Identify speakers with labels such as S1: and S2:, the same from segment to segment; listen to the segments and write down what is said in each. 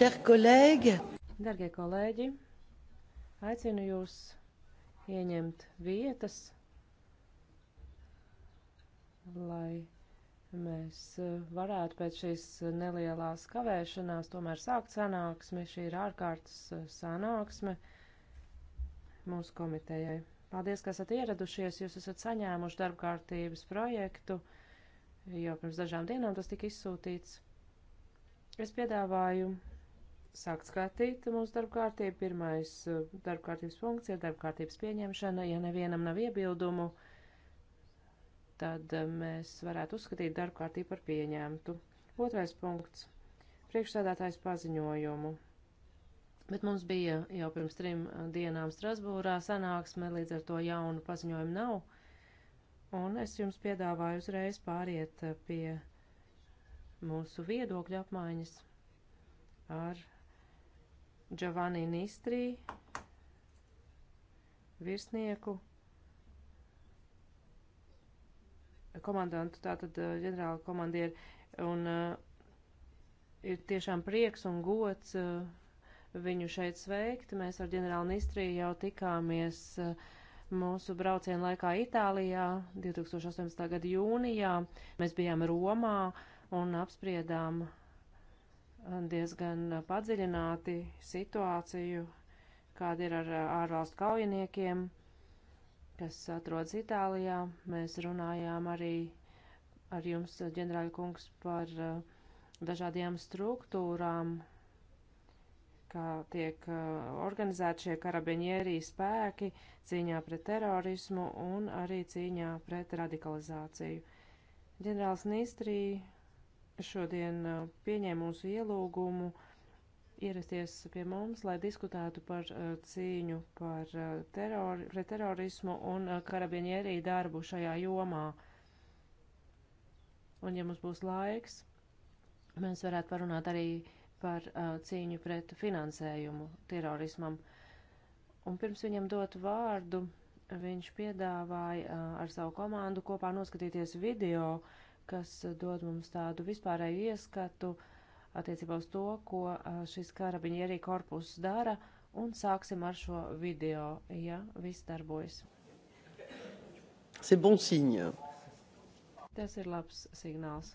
S1: Darbie kolēģi, aicinu jūs ieņemt vietas, lai mēs varētu pēc šīs nelielās kavēšanās tomēr sākt sanāksmi. Šī ir ārkārtas sanāksme mūsu komitejai. Paldies, ka esat ieradušies. Jūs esat saņēmuši darbkārtības projektu, jo pirms dažām dienām tas tika izsūtīts. Es piedāvāju sākt skatīt mūsu darbkārtību. Pirmais uh, darbkārtības punkts ir darbkārtības pieņemšana. Ja nevienam nav iebildumu, tad uh, mēs varētu uzskatīt darbkārtību par pieņemtu. Otrais punkts - priekšsēdētājs paziņojumu. Bet mums bija jau pirms trim uh, dienām Strasbūrā sanāksme, līdz ar to jaunu paziņojumu nav. Un es jums piedāvāju uzreiz pāriet pie mūsu viedokļu apmaiņas ar Giovanni Nistrī, virsnieku, komandantu, tātad eh, ģenerāla komandieru, un uh, ir tiešām prieks un gods uh, viņu šeit sveikt. Mēs ar ģenerālu Nistrī jau tikāmies uh, mūsu braucienu laikā Itālijā 2018. gada jūnijā. Mēs bijām Romā un apspriedām uh, diezgan padziļināti situāciju, kāda ir ar ārvalstu kaujiniekiem, kas atrodas Itālijā. Mēs runājām arī ar jums, ģenerāļa kungs, par uh, dažādajām struktūrām, kā tiek uh, organizēti šie karabinieri spēki cīņā pret terorismu un arī cīņā pret radikalizāciju. Ģenerālis Nistrī šodien pieņēma mūsu ielūgumu ierasties pie mums, lai diskutētu par cīņu par terori, pret terorismu un karabinierī darbu šajā jomā. Un, ja mums būs laiks, mēs varētu parunāt arī par cīņu pret finansējumu terorismam. Un pirms viņam dot vārdu, viņš piedāvāja ar savu komandu kopā noskatīties video uh, kas eh, dod mums tādu vispārēju ieskatu attiecībā uz to, ko eh, šis karabiņa ierī korpus dara, un sāksim ar šo video, ja viss darbojas.
S2: C'est bon signe.
S1: Tas ir labs signāls.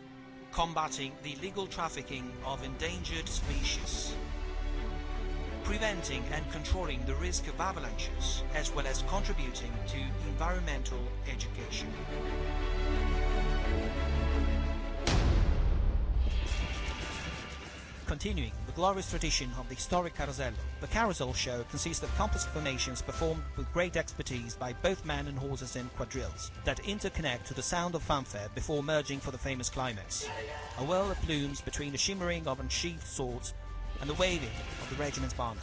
S3: combating the illegal trafficking of endangered species, preventing and controlling the risk of avalanches, as well as contributing to environmental education. Continuing the glorious tradition of the historic carousel, the carousel show consists of complex formations performed with great expertise by both men and horses in quadrilles, that interconnect to the sound of fanfare before merging for the famous climax. A whirl of plumes between the shimmering of unsheathed swords and the waving of the regiment's banner.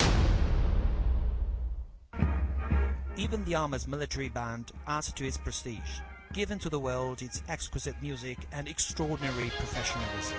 S3: Even the armor's military band adds to its prestige, giving to the world its exquisite music and extraordinary professionalism.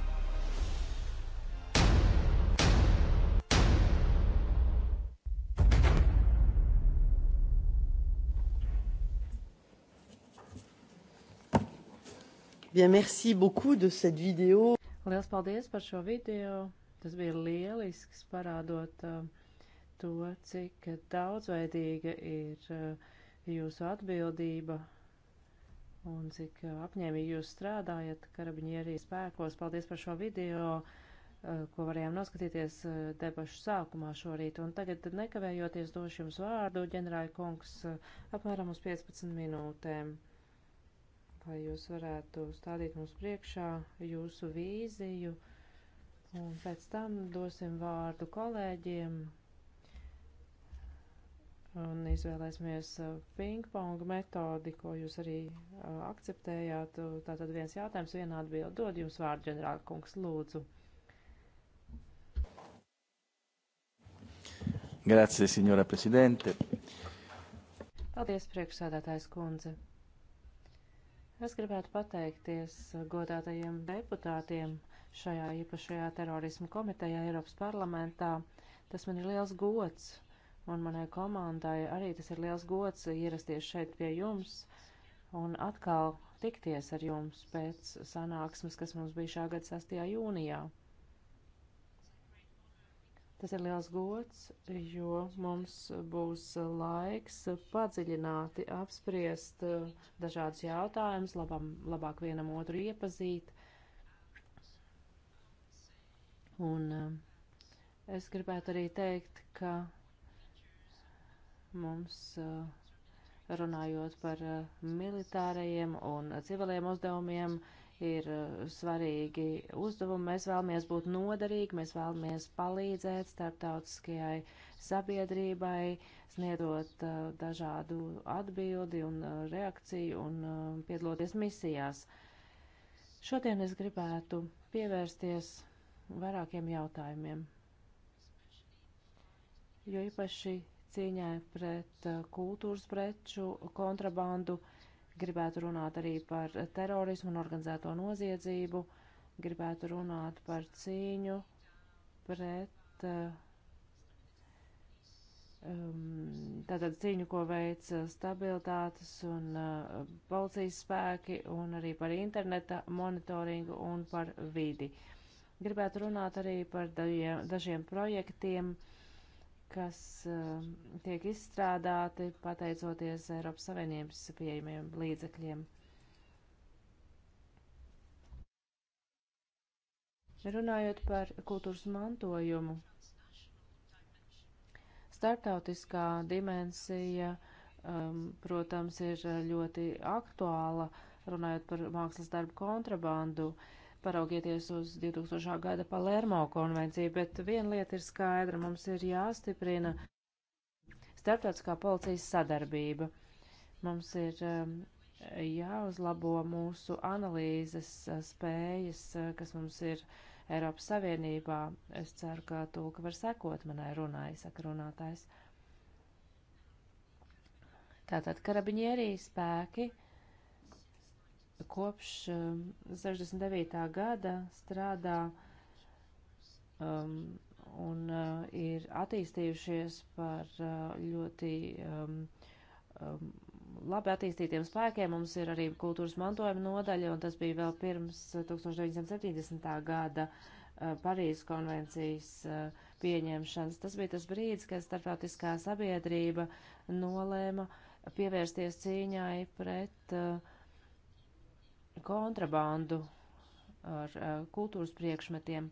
S1: Bien, merci beaucoup de cette video. Liels paldies par šo video. Tas bija lielisks parādot uh, to, cik daudzveidīga ir uh, jūsu atbildība un cik uh, apņēmīgi jūs strādājat karabiņierī spēkos. Paldies par šo video, uh, ko varējām noskatīties uh, debašu sākumā šorīt. Un tagad nekavējoties došu jums vārdu, ģenerāļa kungs, uh, apmēram uz 15 minūtēm lai jūs varētu stādīt mums priekšā jūsu vīziju, un pēc tam dosim vārdu kolēģiem, un izvēlēsimies uh, ping-pong metodi, ko jūs arī uh, akceptējāt. Uh, tātad viens jautājums, viena atbilde. Dod jums vārdu, ģenerāla kungs, lūdzu. Grazie, signora Presidente. Paldies, priekšsēdētājs kundze. Es gribētu pateikties eh, godātajiem deputātiem šajā īpašajā terorismu komitejā Eiropas parlamentā. Tas man ir liels gods, un manai komandai arī tas ir liels gods ierasties šeit pie jums un atkal tikties ar jums pēc sanāksmes, kas mums bija šā gada 6. jūnijā. Tas ir liels gods, jo mums būs laiks padziļināti apspriest eh, dažādus jautājumus, labam, labāk vienam otru iepazīt. Un eh, es gribētu arī teikt, ka mums eh, runājot par militārajiem un civiliem uzdevumiem, uh, ir eh, svarīgi uzdevumi. Mēs vēlamies būt noderīgi, mēs vēlamies palīdzēt starptautiskajai sabiedrībai, sniedot uh, eh, dažādu atbildi un uh, reakciju un uh, piedaloties misijās. Šodien es gribētu pievērsties vairākiem jautājumiem, jo īpaši cīņai pret kultūras preču kontrabandu uh, gribētu runāt arī par terorismu un organizēto noziedzību, gribētu runāt par cīņu pret eh, um, tātad cīņu, ko veic eh, stabilitātes un uh, policijas spēki un arī par interneta monitoringu un par vidi. Gribētu runāt arī par dažiem, dažiem projektiem, uh, kas uh, tiek izstrādāti pateicoties Eiropas Savienības pieejamiem līdzekļiem. Runājot par kultūras mantojumu, startautiskā dimensija, um, protams, ir ļoti aktuāla, runājot par mākslas darbu kontrabandu. Uh, paraugieties uz 2000. gada Palermo konvenciju, bet viena lieta ir skaidra, mums ir jāstiprina starptautiskā policijas sadarbība. Mums ir um, jāuzlabo mūsu analīzes uh, spējas, uh, kas mums ir Eiropas Savienībā. Es ceru, ka tūka var sekot manai runai, saka runātājs. Tātad karabiņierī spēki kopš 69. Um, gada strādā um, un uh, ir attīstījušies par uh, ļoti um, um, labi attīstītiem spēkiem. Mums ir arī kultūras mantojuma nodaļa, un tas bija vēl pirms 1970. Uh, gada uh, Parīzes konvencijas uh, pieņemšanas. Tas bija tas brīdis, kad starptautiskā sabiedrība nolēma pievērsties cīņai pret uh, kontrabandu ar eh, kultūras priekšmetiem.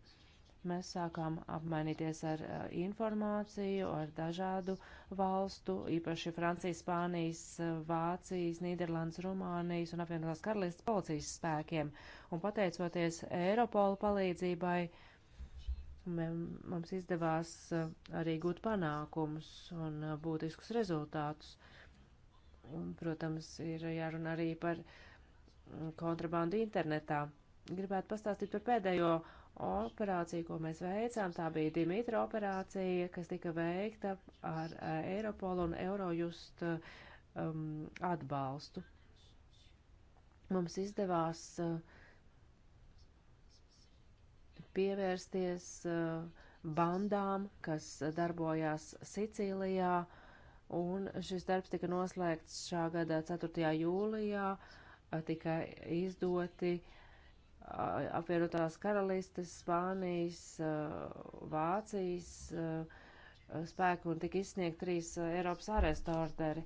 S1: Mēs sākām apmainīties ar eh, informāciju ar dažādu valstu, īpaši Francijas, Spānijas, eh, Vācijas, Nīderlandes, Rumānijas un apvienotās karalistas policijas spēkiem. Un pateicoties Eiropola palīdzībai, mums izdevās arī gūt panākumus un būtiskus rezultātus. Un, protams, ir jārunā arī par uh, kontrabandu internetā. Gribētu pastāstīt par pēdējo operāciju, ko mēs veicām. Tā bija Dimitra operācija, kas tika veikta ar eh, Eiropolu un Eurojust um, atbalstu. Mums izdevās uh, pievērsties uh, bandām, kas darbojās Sicīlijā, un šis darbs tika noslēgts šā gada 4. jūlijā. Uh, tika izdoti apvienotās karalistes, Spānijas, Vācijas spēku un tika izsniegt trīs Eiropas ārēsta orderi.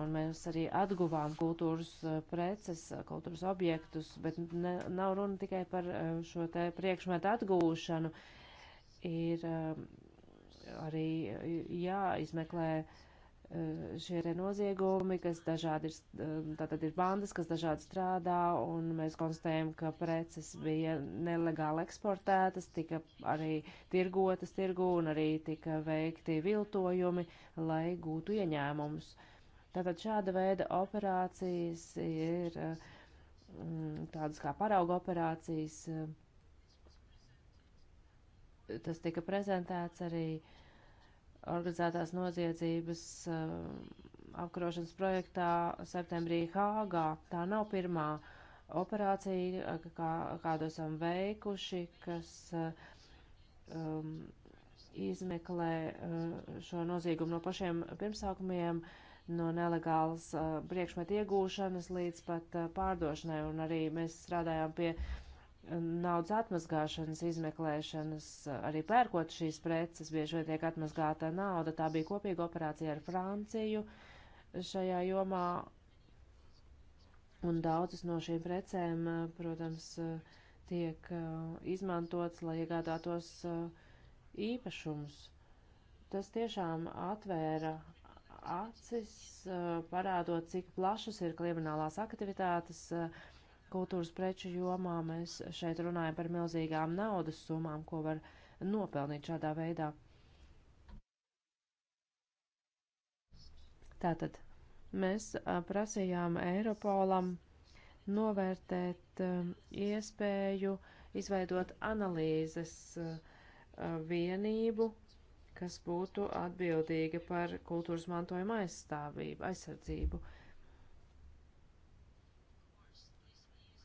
S1: Un mēs arī atguvām kultūras preces, kultūras objektus, bet ne, nav runa tikai par šo te priekšmetu atgūšanu. Ir arī jāizmeklē uh, Eh, šie noziegumi, kas dažādi ir, eh, tātad ir bandas, kas dažādi strādā, un mēs konstatējam, ka preces bija nelegāli eksportētas, tika arī tirgotas tirgu un arī tika veikti viltojumi, lai gūtu ieņēmumus. Tātad šāda veida operācijas ir eh, mm, tādas kā parauga operācijas. Tas tika prezentēts arī uh, organizētās noziedzības eh, apkarošanas projektā septembrī Hāgā. Tā nav pirmā operācija, eh, kā, kādu esam veikuši, kas eh, um, izmeklē šo noziegumu no pašiem pirmsākumiem no nelegālas uh, priekšmetu iegūšanas līdz pat uh, pārdošanai, un arī mēs strādājām pie uh, naudas atmazgāšanas izmeklēšanas, arī pērkot šīs preces, bieži vien tiek atmazgāta nauda. Tā bija kopīga operācija ar Franciju šajā jomā. Un daudzas no šīm precēm, protams, tiek uh, izmantotas, lai iegādātos uh, īpašumus. Tas tiešām atvēra acis, uh, parādot, cik plašas ir kriminālās aktivitātes, uh, kultūras preču jomā mēs šeit runājam par milzīgām naudas summām, ko var nopelnīt šādā veidā. Tātad mēs prasījām Eiropolam novērtēt iespēju izveidot analīzes vienību, kas būtu atbildīga par kultūras mantojuma aizstāvību, aizsardzību. Uh,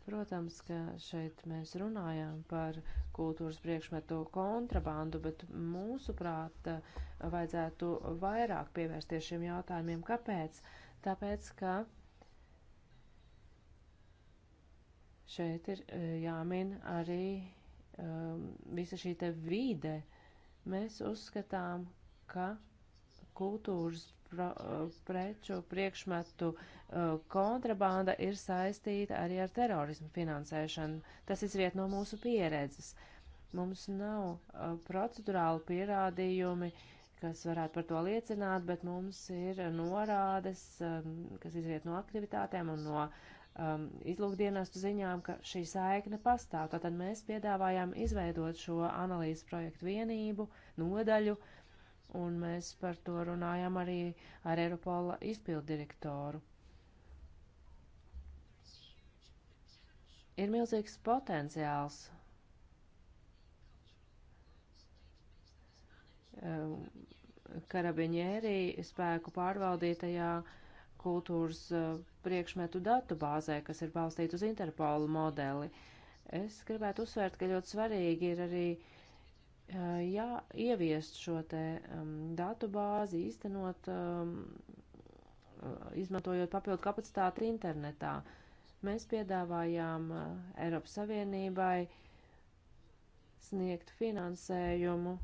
S1: Protams, ka šeit mēs runājām par kultūras priekšmetu kontrabandu, bet mūsuprāt eh, vajadzētu vairāk pievērsties šiem jautājumiem. Kāpēc? Tāpēc, ka šeit ir eh, jāmin arī um, visa šī te vīde. Mēs uzskatām, ka kultūras pro, preču priekšmetu uh, kontrabanda ir saistīta arī ar terorismu finansēšanu. Tas izriet no mūsu pieredzes. Mums nav uh, procedurāli pierādījumi, kas varētu par to liecināt, bet mums ir norādes, um, kas izriet no aktivitātēm un no um, izlūkdienestu ziņām, ka šī saikne pastāv. Tātad mēs piedāvājām izveidot šo analīzes projektu vienību, nodaļu, uh, un mēs par to runājām arī ar Eiropola izpildirektoru. Ir milzīgs potenciāls um, karabiņērī spēku pārvaldītajā kultūras uh, priekšmetu datu bāzē, kas ir balstīta uz Interpolu modeli. Es gribētu uzsvērt, ka ļoti svarīgi ir arī uh, Eh, jā, ieviest šo te um, datu bāzi, īstenot, um, izmantojot papildu kapacitāti internetā. Mēs piedāvājām uh, Eiropas Savienībai sniegt finansējumu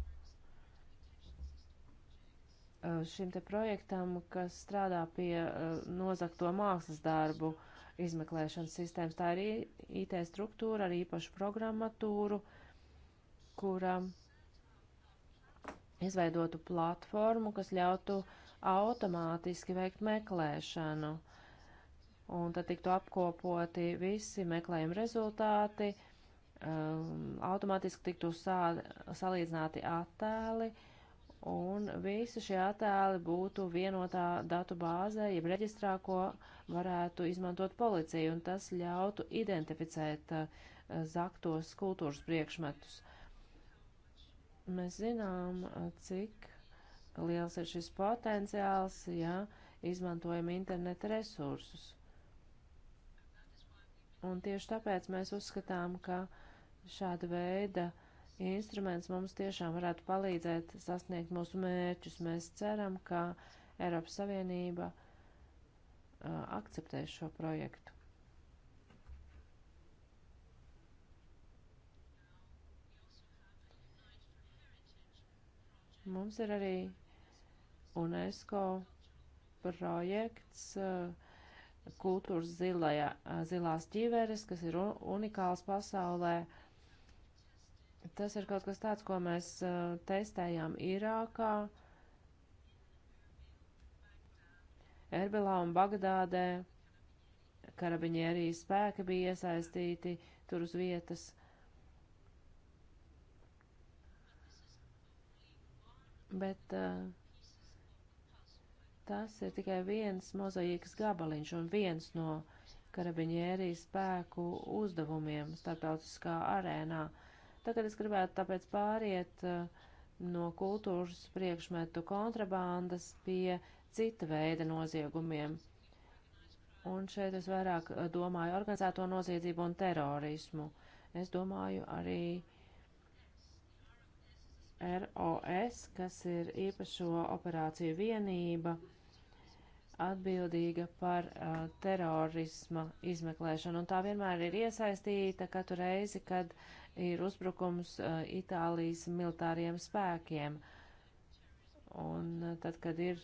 S1: šim te projektam, kas strādā pie uh, nozakto mākslas darbu izmeklēšanas sistēmas. Tā ir IT struktūra ar īpašu programmatūru, kura uh, izveidotu platformu, kas ļautu automātiski veikt meklēšanu. Un tad tiktu apkopoti visi meklējuma rezultāti, um, automātiski tiktu sā, salīdzināti attēli, un visi šie attēli būtu vienotā datu bāzē, jeb reģistrā, ko varētu izmantot policija, un tas ļautu identificēt uh, zaktos kultūras priekšmetus. Uh, Mēs zinām, cik liels ir šis potenciāls, ja izmantojam interneta resursus. Un tieši tāpēc mēs uzskatām, ka šāda veida instruments mums tiešām varētu palīdzēt sasniegt mūsu mērķus. Mēs ceram, ka Eiropas Savienība akceptēs šo projektu. Mums ir arī UNESCO projekts uh, kultūras zilajā, uh, zilās ķīveres, kas ir unikāls pasaulē. Tas ir kaut kas tāds, ko mēs uh, testējām Irākā, Erbilā un Bagdādē. Karabinieri spēki bija iesaistīti tur uz vietas. bet uh, tas ir tikai viens mozaīkas gabaliņš un viens no karabiņērijas spēku uzdevumiem starptautiskā arēnā. Tagad es gribētu tāpēc pāriet uh, no kultūras priekšmetu kontrabandas pie cita veida noziegumiem. Un šeit es vairāk eh, domāju organizēto noziedzību un terorismu. Es domāju arī ROS, kas ir īpašo operāciju vienība, atbildīga par uh, terorisma izmeklēšanu. Un tā vienmēr ir iesaistīta katru reizi, kad ir uzbrukums uh, Itālijas militāriem spēkiem. Un uh, tad, kad ir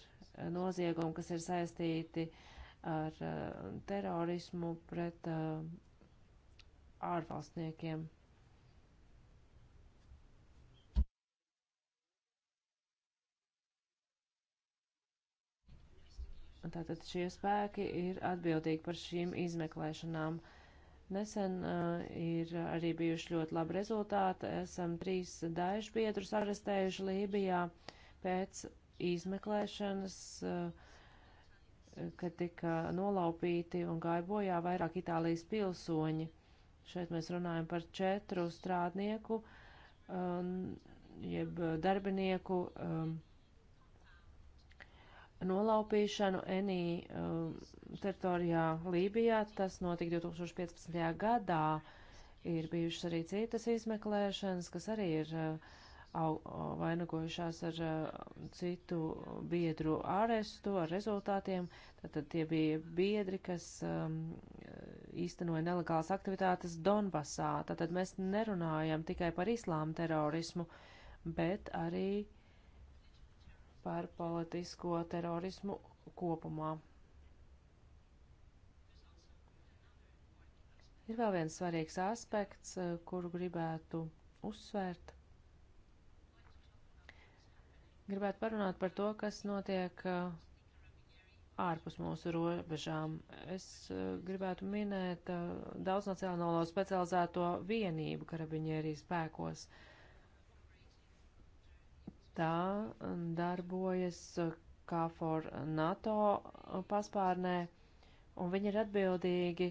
S1: noziegumi, kas ir saistīti ar uh, terorismu pret uh, ārvalstniekiem. Tātad šie spēki ir atbildīgi par šīm izmeklēšanām. Nesen uh, ir arī bijuši ļoti labi rezultāti. Esam trīs daļu biedrus arestējuši Lībijā pēc izmeklēšanas, uh, kad tika nolaupīti un gāja bojā vairāk Itālijas pilsoņi. Šeit mēs runājam par četru strādnieku, um, jeb darbinieku. Um, nolaupīšanu Enī um, teritorijā Lībijā. Tas notika 2015. gadā. Ir bijušas arī citas izmeklēšanas, kas arī ir uh, au, vainagojušās ar uh, citu biedru ārestu, ar rezultātiem. Tātad tie bija biedri, kas um, īstenoja nelegālas aktivitātes Donbasā. Tātad mēs nerunājam tikai par islāma terorismu, bet arī uh, par politisko terorismu kopumā. Ir vēl viens svarīgs aspekts, eh, kuru gribētu uzsvērt. Gribētu parunāt par to, kas notiek eh, ārpus mūsu robežām. Es eh, gribētu minēt daudznacionālo specializēto vienību karabiņierijas spēkos. Uh, Tā darbojas kā for NATO paspārnē, un viņi ir atbildīgi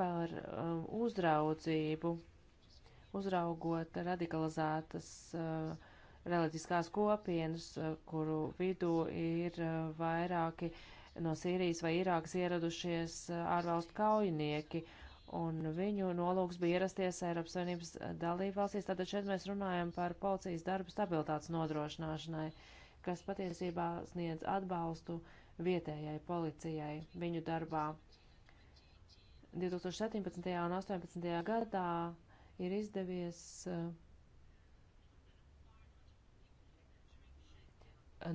S1: par um, uzraudzību, uzraugot radikalizētas uh, reliģiskās kopienas, uh, kuru vidū ir uh, vairāki no Sīrijas vai Irākas ieradušies uh, ārvalstu kaujinieki, un viņu nolūks bija ierasties Eiropas Savienības dalībvalstīs. Tātad šeit mēs runājam par policijas darbu stabilitātes nodrošināšanai, kas patiesībā sniedz atbalstu vietējai policijai viņu darbā. 2017. un 2018. gadā ir izdevies uh,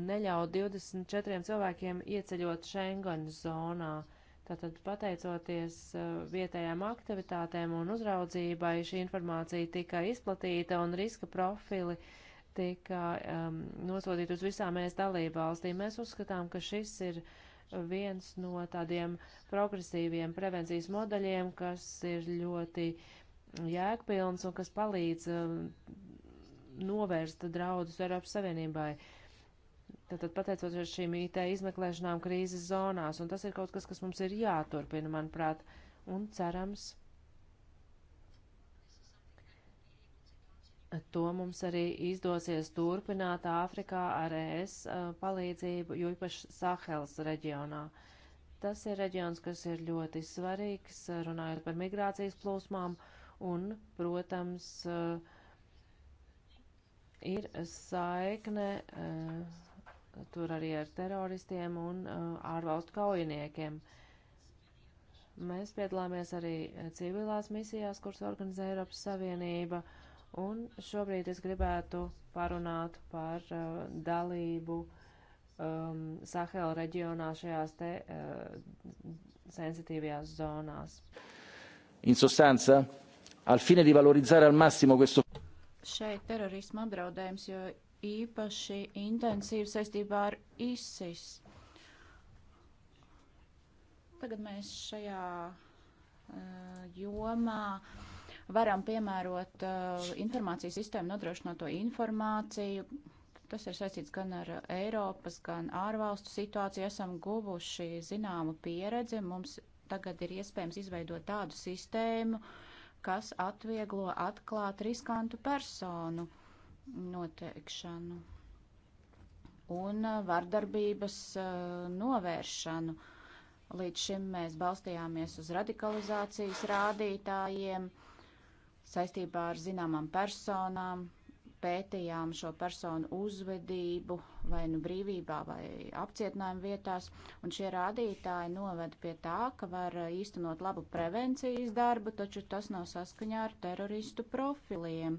S1: neļaut 24 cilvēkiem ieceļot Schengen zonā. Uh, Tātad, pateicoties eh, vietējām aktivitātēm un uzraudzībai, šī informācija tika izplatīta un riska profili tika um, nosodīti uz visām mēs dalību valstīm. Mēs uzskatām, ka šis ir viens no tādiem progresīviem prevencijas modeļiem, kas ir ļoti jēgpilns un kas palīdz um, novērst draudus Eiropas Savienībai. Uh, Tātad pateicoties šīm IT izmeklēšanām krīzes zonās, un tas ir kaut kas, kas mums ir jāturpina, manuprāt, un cerams, to mums arī izdosies turpināt Āfrikā ar ES palīdzību, jo īpaši Sahels reģionā. Tas ir reģions, kas ir ļoti svarīgs, runājot par migrācijas plūsmām, un, protams, ir saikne. Uh, tur arī ar teroristiem un uh, ārvalstu kaujiniekiem. Mēs piedalāmies arī civilās misijās, kuras organizē Eiropas Savienība, un šobrīd es gribētu parunāt par uh, dalību um, Sahela reģionā šajās te uh, sensitīvajās zonās.
S4: In sostanza,
S3: al fine di valorizzare al massimo questo.
S2: Šeit terorisma apdraudējums, jo īpaši intensīvi saistībā ar ISIS. Tagad mēs šajā uh, jomā varam piemērot uh, informācijas sistēmu nodrošinoto informāciju. Tas ir saistīts gan ar Eiropas, gan ārvalstu situāciju. Esam guvuši zināmu pieredzi. Mums tagad ir iespējams izveidot tādu sistēmu, kas atvieglo atklāt riskantu personu uh, noteikšanu un uh, vardarbības uh, novēršanu. Līdz šim mēs balstījāmies uz radikalizācijas rādītājiem saistībā ar zināmām personām, pētījām šo personu uzvedību vai nu brīvībā vai apcietinājuma vietās, un šie rādītāji noved pie tā, ka var īstenot labu prevencijas darbu, taču tas nav saskaņā ar teroristu profiliem,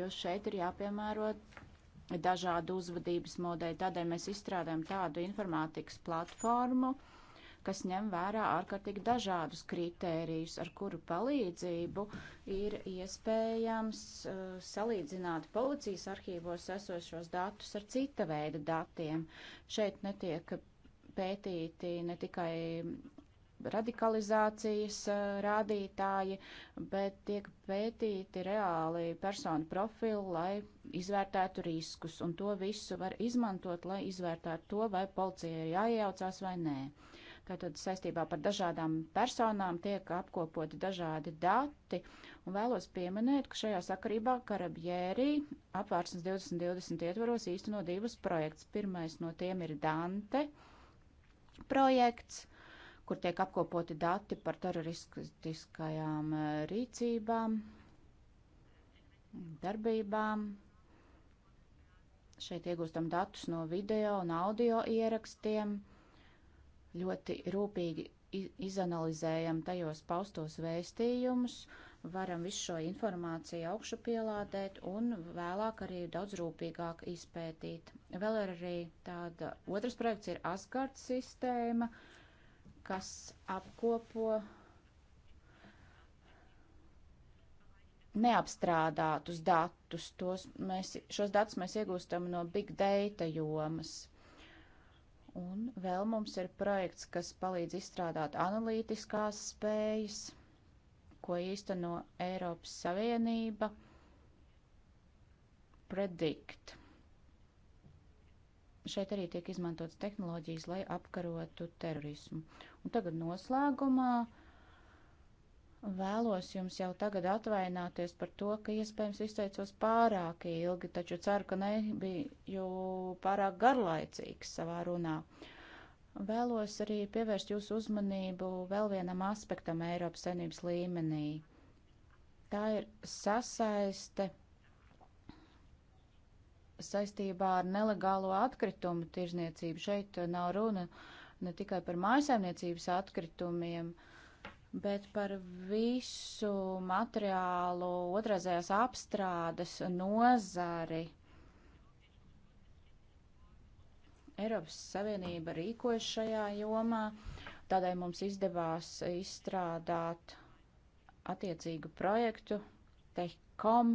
S2: jo šeit ir jāpiemēro dažādu uzvedības modeļu. Tādēļ mēs izstrādājam tādu informātikas platformu, uh, kas ņem vērā ārkārtīgi dažādus kritērijus, ar kuru palīdzību ir iespējams uh, salīdzināt policijas arhīvos esošos datus ar cita veida datiem. Šeit netiek pētīti ne tikai radikalizācijas uh, rādītāji, bet tiek pētīti reāli personu profili, lai izvērtētu riskus, un to visu var izmantot, lai izvērtētu to, vai policija ir jājaucās vai nē. Tātad saistībā par dažādām personām tiek apkopoti dažādi dati. Un vēlos pieminēt, ka šajā sakarībā Karabjērī apvārsnes 2020 ietvaros īsteno divus projekts. Pirmais no tiem ir Dante projekts kur tiek apkopoti dati par teroristiskajām eh, rīcībām, darbībām. Šeit iegūstam datus no video un audio ierakstiem, ļoti rūpīgi izanalizējam tajos paustos vēstījumus, varam visu šo informāciju augšu pielādēt un vēlāk arī daudz rūpīgāk izpētīt. Vēl ir arī tāda, otrs projekts ir Asgard sistēma, kas apkopo neapstrādātus datus. Tos mēs, šos datus mēs iegūstam no big data jomas. Un vēl mums ir projekts, kas palīdz izstrādāt analītiskās spējas, ko īsteno Eiropas Savienība Predict. Šeit arī tiek izmantotas tehnoloģijas, lai apkarotu terorismu. Un tagad noslēgumā uh, Vēlos jums jau tagad atvaināties par to, ka iespējams izteicos pārāk ilgi, taču ceru, ka nebiju pārāk garlaicīgs savā runā. Vēlos arī pievērst jūsu uzmanību vēl vienam aspektam Eiropas senības līmenī. Tā ir sasaiste saistībā ar nelegālo atkritumu tirzniecību. Šeit nav runa ne tikai par mājsaimniecības atkritumiem, uh, bet par visu materiālu otrreizējās apstrādes nozari. Eiropas Savienība rīkojas šajā jomā, tādēļ mums izdevās izstrādāt attiecīgu projektu Tehkom,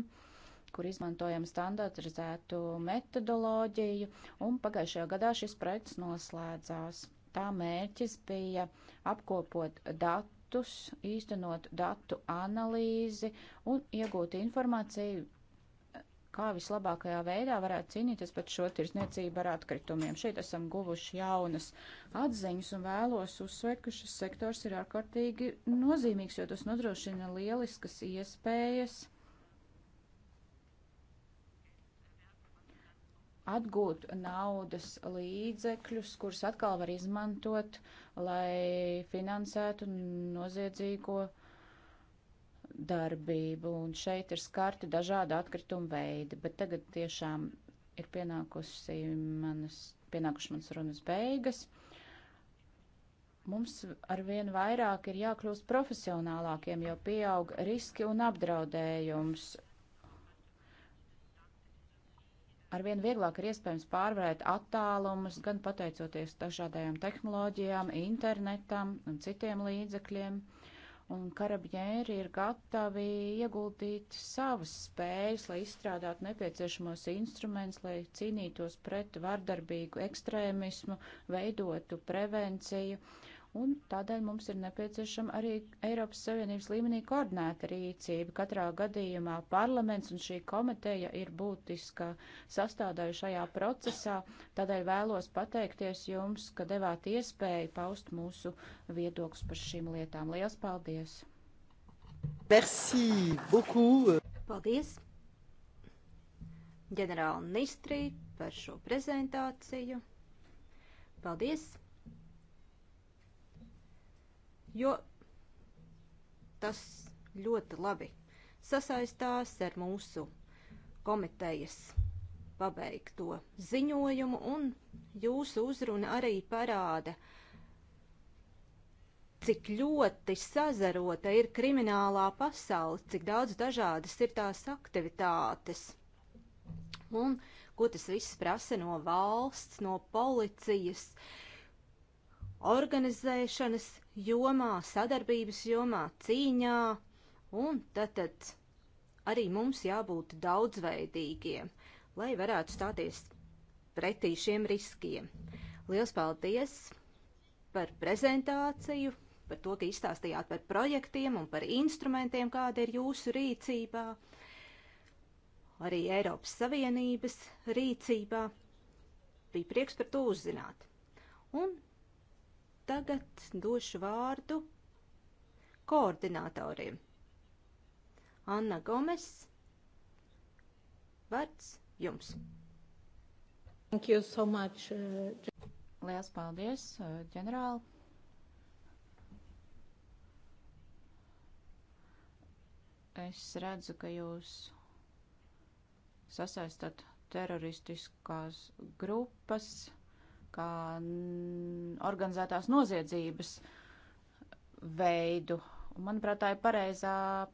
S2: kur izmantojam standartizētu metodoloģiju, un pagājušajā gadā šis projekts noslēdzās. Tā mērķis bija apkopot datu datus, īstenot datu analīzi un iegūt informāciju, kā vislabākajā veidā varētu cīnīties pret šo tirsniecību ar atkritumiem. Šeit esam guvuši jaunas atziņas un vēlos uzsvērt, ka šis sektors ir ārkārtīgi nozīmīgs, jo tas nodrošina lieliskas iespējas atgūt naudas līdzekļus, kurus atkal var izmantot, lai finansētu noziedzīgo darbību. Un šeit ir skarti dažādi atkritumu veidi, bet tagad tiešām ir pienākusi manas, pienākuši manas runas beigas. Mums arvien vairāk ir jākļūst profesionālākiem, jo pieaug riski un apdraudējums Arvien vieglāk ir iespējams pārvarēt attālumus, gan pateicoties dažādajām tehnoloģijām, internetam un citiem līdzekļiem. Un karabinieri ir gatavi ieguldīt savas spējas, lai izstrādātu nepieciešamos instrumentus, lai cīnītos pret vardarbīgu ekstrēmismu, veidotu prevenciju. Uh, Un tādēļ mums ir nepieciešama arī Eiropas Savienības līmenī koordinēta rīcība. Katrā gadījumā parlaments un šī komiteja ir būtiska sastādāja šajā procesā. Tādēļ vēlos pateikties jums, ka devāt iespēju paust mūsu viedokļus par šīm lietām. Lielas paldies!
S3: Merci
S4: beaucoup!
S2: Paldies! ģenerāla ministrī
S4: par šo prezentāciju. Paldies! jo tas ļoti labi sasaistās ar mūsu komitejas pabeigto ziņojumu, un jūsu uzruna arī parāda, cik ļoti sazarota ir kriminālā pasaule, cik daudz dažādas ir tās aktivitātes. Un ko tas viss prasa no valsts, no policijas, organizēšanas jomā, sadarbības jomā, cīņā, un tātad arī mums jābūt daudzveidīgiem, lai varētu stāties pretī šiem riskiem. Lielas paldies par prezentāciju, par to, ka izstāstījāt par projektiem un par instrumentiem, kāda ir jūsu rīcībā, arī Eiropas Savienības rīcībā. Bija prieks par to uzzināt. Un Tagad došu vārdu koordinatoriem.
S2: Anna Gomes, vārds jums. Thank you so much. Uh, Liels paldies, uh, ģenerāli. es redzu, ka jūs sasaistat teroristiskās grupas kā organizētās noziedzības veidu. Un, manuprāt, tā ir pareizā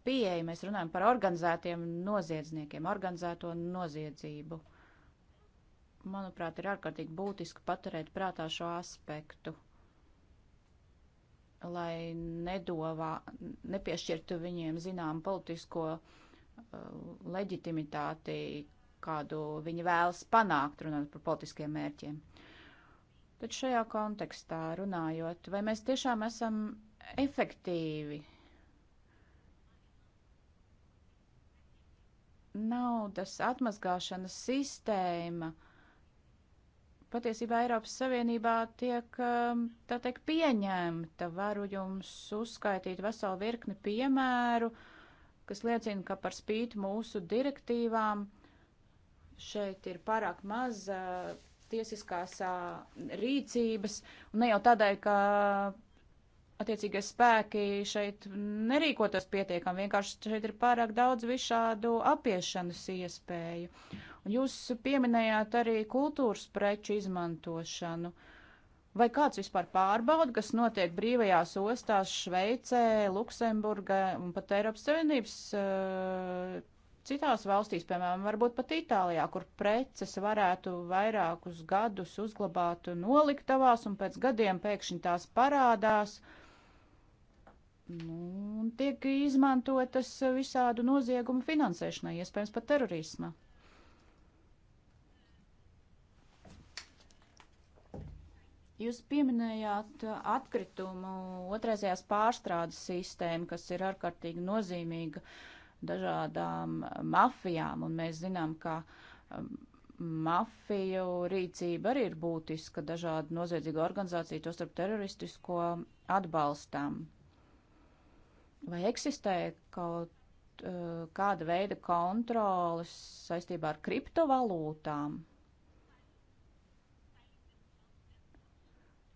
S2: pieeja. Mēs runājam par organizētiem noziedzniekiem, organizēto noziedzību. Manuprāt, ir ārkārtīgi būtiski paturēt prātā šo aspektu, lai nedovā, nepiešķirtu viņiem zinām politisko uh, leģitimitāti, kādu viņi vēlas panākt, runājot par politiskiem mērķiem. Uh, Bet šajā kontekstā runājot, vai mēs tiešām esam efektīvi? Naudas atmazgāšanas sistēma patiesībā Eiropas Savienībā tiek, um, tā teikt, pieņemta. Varu jums uzskaitīt veselu virkni piemēru, kas liecina, ka par spīti mūsu direktīvām šeit ir pārāk maz uh, tiesiskās rīcības, un ne jau tādēļ, ka attiecīgie spēki šeit nerīkotos pietiekami, vienkārši šeit ir pārāk daudz visādu apiešanas iespēju. Un jūs pieminējāt arī kultūras preču izmantošanu. Vai kāds vispār pārbauda, kas notiek brīvajās ostās Šveicē, Luksemburgā un pat Eiropas Savienības uh, Citās valstīs, piemēram, varbūt pat Itālijā, kur preces varētu vairākus gadus uzglabāt noliktavās un pēc gadiem pēkšņi tās parādās nu, un tiek izmantotas visādu noziegumu finansēšanai, iespējams pat terorisma. Jūs pieminējāt atkritumu otrreizējās pārstrādes sistēmu, kas ir ārkārtīgi nozīmīga. Uh, dažādām mafijām, un mēs zinām, ka um, mafiju rīcība arī ir būtiska dažādu noziedzīgu organizāciju, to starp teroristisko atbalstām. Vai eksistē kaut uh, kāda veida kontrolas saistībā ar kriptovalūtām?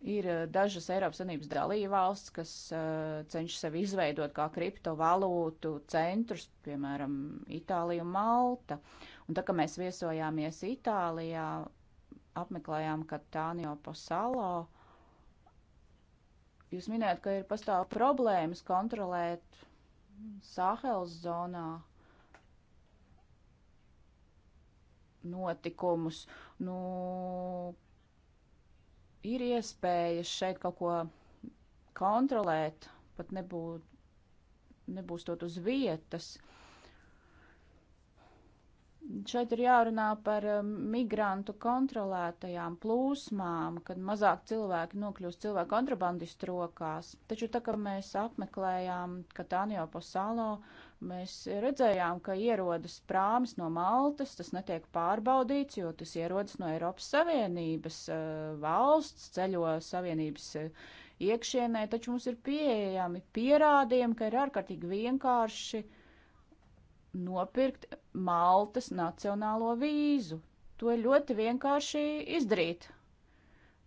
S2: Ir eh, dažas Eiropas Savienības dalībvalsts, kas uh, cenšas sevi izveidot kā kriptovalūtu centrus, piemēram, Itālija un Malta. Un tā kā mēs viesojāmies Itālijā, apmeklējām Katānio Pasalo, jūs minējat, ka ir pastāv problēmas kontrolēt Sāhels zonā notikumus. Nu, ir iespējas šeit kaut ko kontrolēt, pat nebūt, nebūs tot uz vietas. Šeit ir jārunā par um, migrantu kontrolētajām plūsmām, kad mazāk cilvēki nokļūst cilvēku kontrabandistu rokās. Taču tā kā mēs apmeklējām Katānio Posalo, uh, Mēs redzējām, ka ierodas prāmis no Maltas, tas netiek pārbaudīts, jo tas ierodas no Eiropas Savienības eh, valsts, ceļo Savienības eh, iekšienē, taču mums ir pieejami pierādījumi, ka ir ārkārtīgi vienkārši nopirkt Maltas nacionālo vīzu. To ir ļoti vienkārši izdarīt.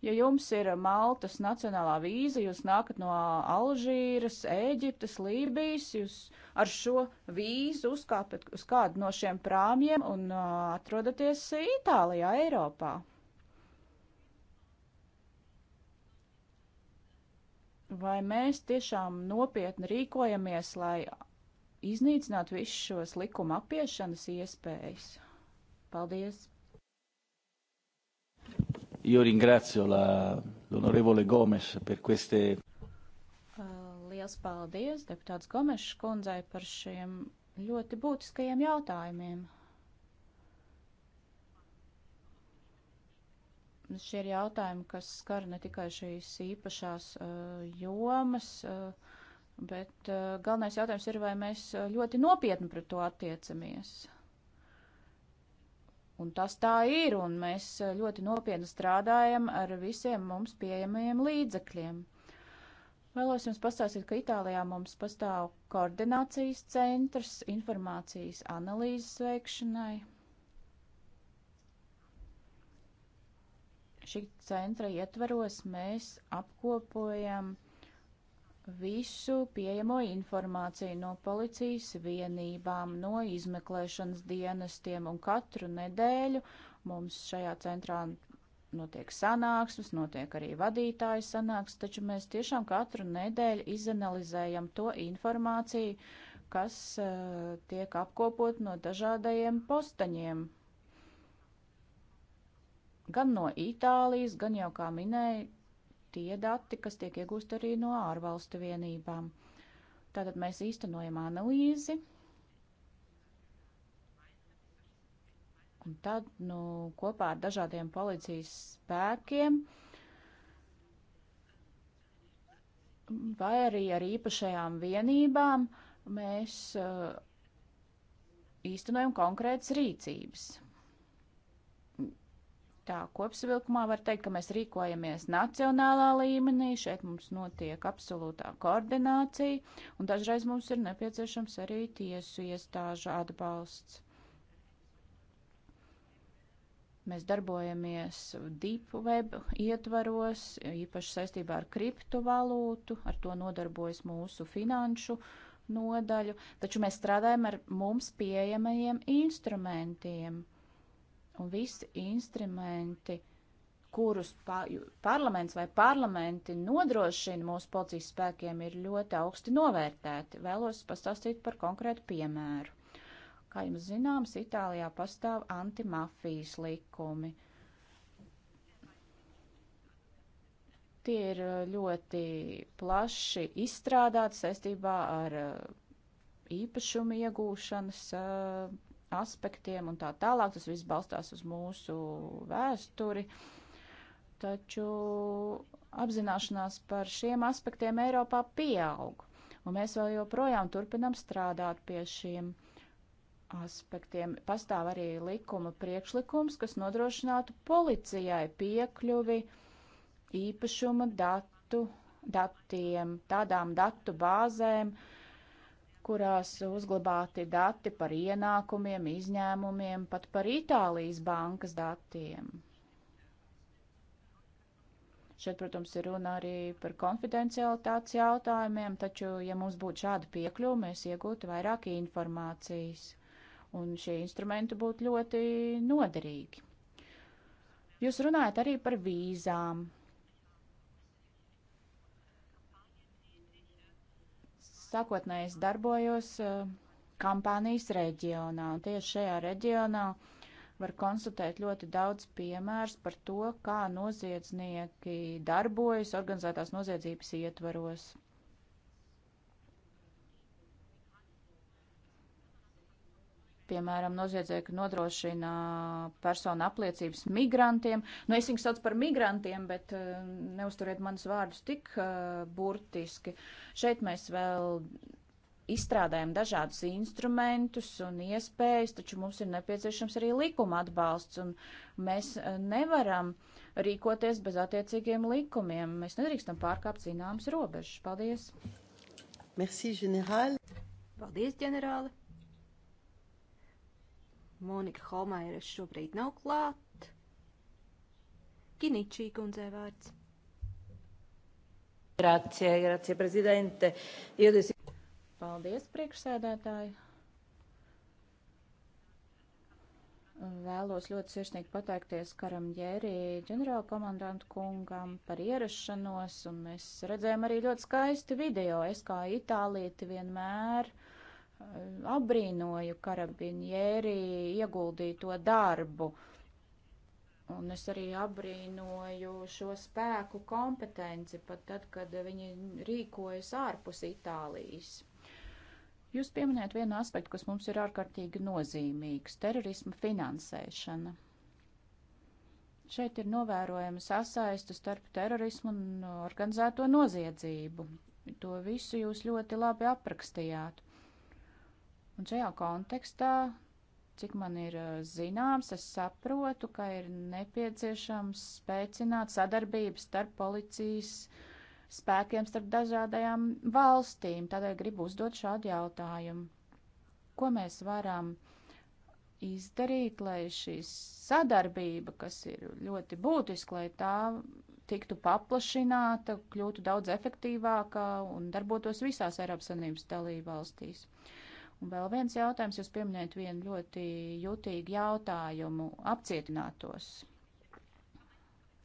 S2: Ja jums ir Maltas nacionālā vīza, jūs nākat no Alžīras, Ēģiptes, Lībijas, jūs ar šo vīzu uzkāpjat uz kādu no šiem prāmjiem un uh, atrodaties Itālijā, Eiropā. Vai mēs tiešām nopietni rīkojamies, lai iznīcinātu visus šos likuma apiešanas iespējas? Paldies!
S4: Io ringrazio l'onorevole Gomes per queste.
S2: Uh, liels paldies deputāts Gomes kundzei par šiem ļoti būtiskajiem jautājumiem. Šie ir jautājumi, kas skar ne tikai šīs īpašās uh, jomas, uh, bet uh, galvenais jautājums ir, vai mēs uh, ļoti nopietni pret to attiecamies. Un tas tā ir, un mēs ļoti nopietni strādājam ar visiem mums pieejamajiem līdzekļiem. Vēlos jums pastāstīt, ka Itālijā mums pastāv koordinācijas centrs informācijas analīzes veikšanai. Šī centra ietvaros mēs apkopojam uh, visu pieejamo informāciju no policijas vienībām, no izmeklēšanas dienestiem un katru nedēļu mums šajā centrā notiek sanāksmes, notiek arī vadītāju sanāksmes, taču mēs tiešām katru nedēļu izanalizējam to informāciju, kas uh, tiek apkopot no dažādajiem postaņiem. Gan no Itālijas, gan jau kā minēja, tie dati, kas tiek iegūsti arī no ārvalstu vienībām. Tātad mēs īstenojam analīzi, un tad nu, kopā ar dažādiem policijas spēkiem vai arī ar īpašajām vienībām mēs uh, īstenojam konkrētas rīcības. Tā kopsavilkumā var teikt, ka mēs rīkojamies nacionālā līmenī, šeit mums notiek absolūtā koordinācija, un dažreiz mums ir nepieciešams arī tiesu iestāžu atbalsts. Mēs darbojamies DeepWeb ietvaros, īpaši saistībā ar kriptovalūtu, ar to nodarbojas mūsu finanšu nodaļu, taču mēs strādājam ar mums pieejamajiem instrumentiem un visi instrumenti, kurus pa, parlaments vai parlamenti nodrošina mūsu policijas spēkiem, ir ļoti augsti novērtēti. Vēlos pastāstīt par konkrētu piemēru. Kā jums zināms, Itālijā pastāv antimafijas likumi. Tie ir uh, ļoti plaši izstrādāti saistībā ar uh, īpašumu iegūšanas uh, aspektiem un tā tālāk. Tas viss balstās uz mūsu vēsturi. Taču apzināšanās par šiem aspektiem Eiropā pieaug. Un mēs vēl joprojām turpinam strādāt pie šiem aspektiem. Pastāv arī likuma priekšlikums, kas nodrošinātu policijai piekļuvi īpašuma datu datiem, tādām datu bāzēm, uh, kurās uzglabāti dati par ienākumiem, izņēmumiem, pat par Itālijas bankas datiem. Šeit, protams, ir runa arī par konfidencialitātes jautājumiem, taču, ja mums būtu šāda piekļuva, mēs iegūtu vairāk informācijas, un šie instrumenti būtu ļoti noderīgi. Jūs runājat arī par vīzām. sākotnēji es darbojos eh, kampānijas reģionā, un tieši šajā reģionā var konstatēt ļoti daudz piemērs par to, kā noziedznieki darbojas organizētās noziedzības ietvaros. piemēram, noziedznieki nodrošina personu apliecības migrantiem. Nu, es viņus sauc par migrantiem, bet eh, neusturiet manus vārdus tik uh, burtiski. Šeit mēs vēl izstrādājam dažādus instrumentus un iespējas, taču mums ir nepieciešams arī likuma atbalsts, un mēs eh, nevaram rīkoties bez attiecīgiem likumiem. Mēs nedrīkstam pārkāpt zināmas robežas. Paldies! Merci, ģenerāli! Paldies, ģenerāli!
S4: Monika Holmaira šobrīd nav klāt. Kiničī kundzē vārds.
S1: Grazie,
S2: grazie, prezidente. Iedis... Paldies, priekšsēdētāji. Vēlos ļoti sirsnīgi pateikties Karam Jērī, ģenerāla komandantu kungam par ierašanos, un mēs redzējām arī ļoti skaisti video. Es kā itālieti vienmēr uh, apbrīnoju karabinieri ieguldīto darbu. Un es arī apbrīnoju šo spēku kompetenci pat tad, kad viņi rīkojas ārpus Itālijas. Jūs pieminējat vienu aspektu, kas mums ir ārkārtīgi nozīmīgs - terorisma finansēšana. Šeit ir novērojama sasaista starp terorismu un organizēto noziedzību. To visu jūs ļoti labi aprakstījāt. Un šajā kontekstā, cik man ir eh, zināms, es saprotu, ka ir nepieciešams spēcināt sadarbību starp policijas spēkiem, starp dažādajām valstīm. Tādēļ gribu uzdot šādu jautājumu. Ko mēs varam izdarīt, lai šī sadarbība, kas ir ļoti būtiska, lai tā tiktu paplašināta, kļūtu daudz efektīvākā un darbotos visās Eiropas Savienības dalībvalstīs. valstīs? Un vēl viens jautājums, jūs pieminējat vienu ļoti jutīgu jautājumu - apcietinātos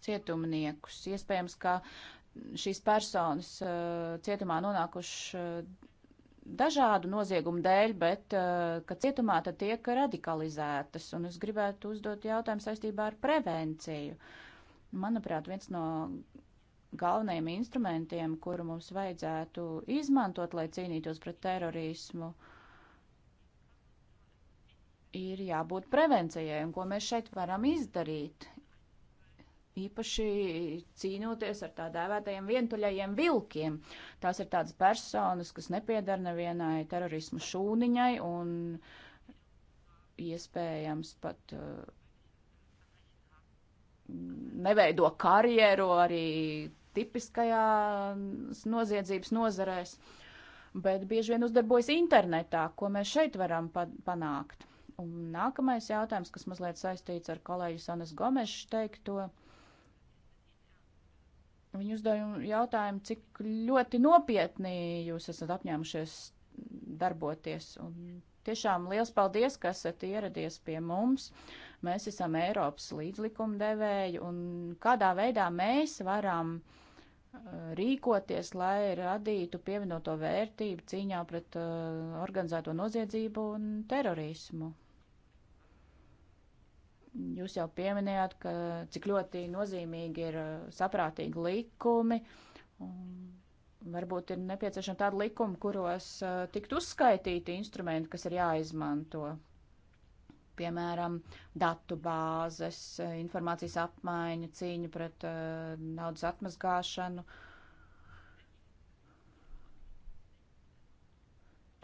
S2: cietumniekus. Iespējams, ka šīs personas uh, cietumā nonākuši uh, dažādu noziegumu dēļ, bet uh, ka cietumā tad tiek radikalizētas. Un es gribētu uzdot jautājumu saistībā ar prevenciju. Manuprāt, viens no galvenajiem instrumentiem, kuru mums vajadzētu izmantot, lai cīnītos pret terorismu, uh, ir jābūt prevencijai un ko mēs šeit varam izdarīt. Īpaši cīnoties ar tā dēvētajiem vientuļajiem vilkiem. Tās ir tādas personas, kas nepiedara nevienai terorismu šūniņai un iespējams pat uh, neveido karjeru arī tipiskajā noziedzības nozarēs, bet bieži vien uzdarbojas internetā, ko mēs šeit varam panākt. Un nākamais jautājums, kas mazliet saistīts ar kolēģi Sanas Gomešu teikto. Viņa uzdevuma jautājumu, cik ļoti nopietni jūs esat apņēmušies darboties. Un tiešām liels paldies, ka esat ieradies pie mums. Mēs esam Eiropas līdzlikumdevēji, un kādā veidā mēs varam uh, rīkoties, lai radītu pievienoto vērtību cīņā pret uh, organizēto noziedzību un terorismu. Jūs jau pieminējāt, ka cik ļoti nozīmīgi ir uh, saprātīgi likumi. Varbūt ir nepieciešama tāda likuma, kuros uh, tiktu uzskaitīti instrumenti, kas ir jāizmanto. Piemēram, datu bāzes, uh, informācijas apmaiņa, cīņa pret naudas atmazgāšanu.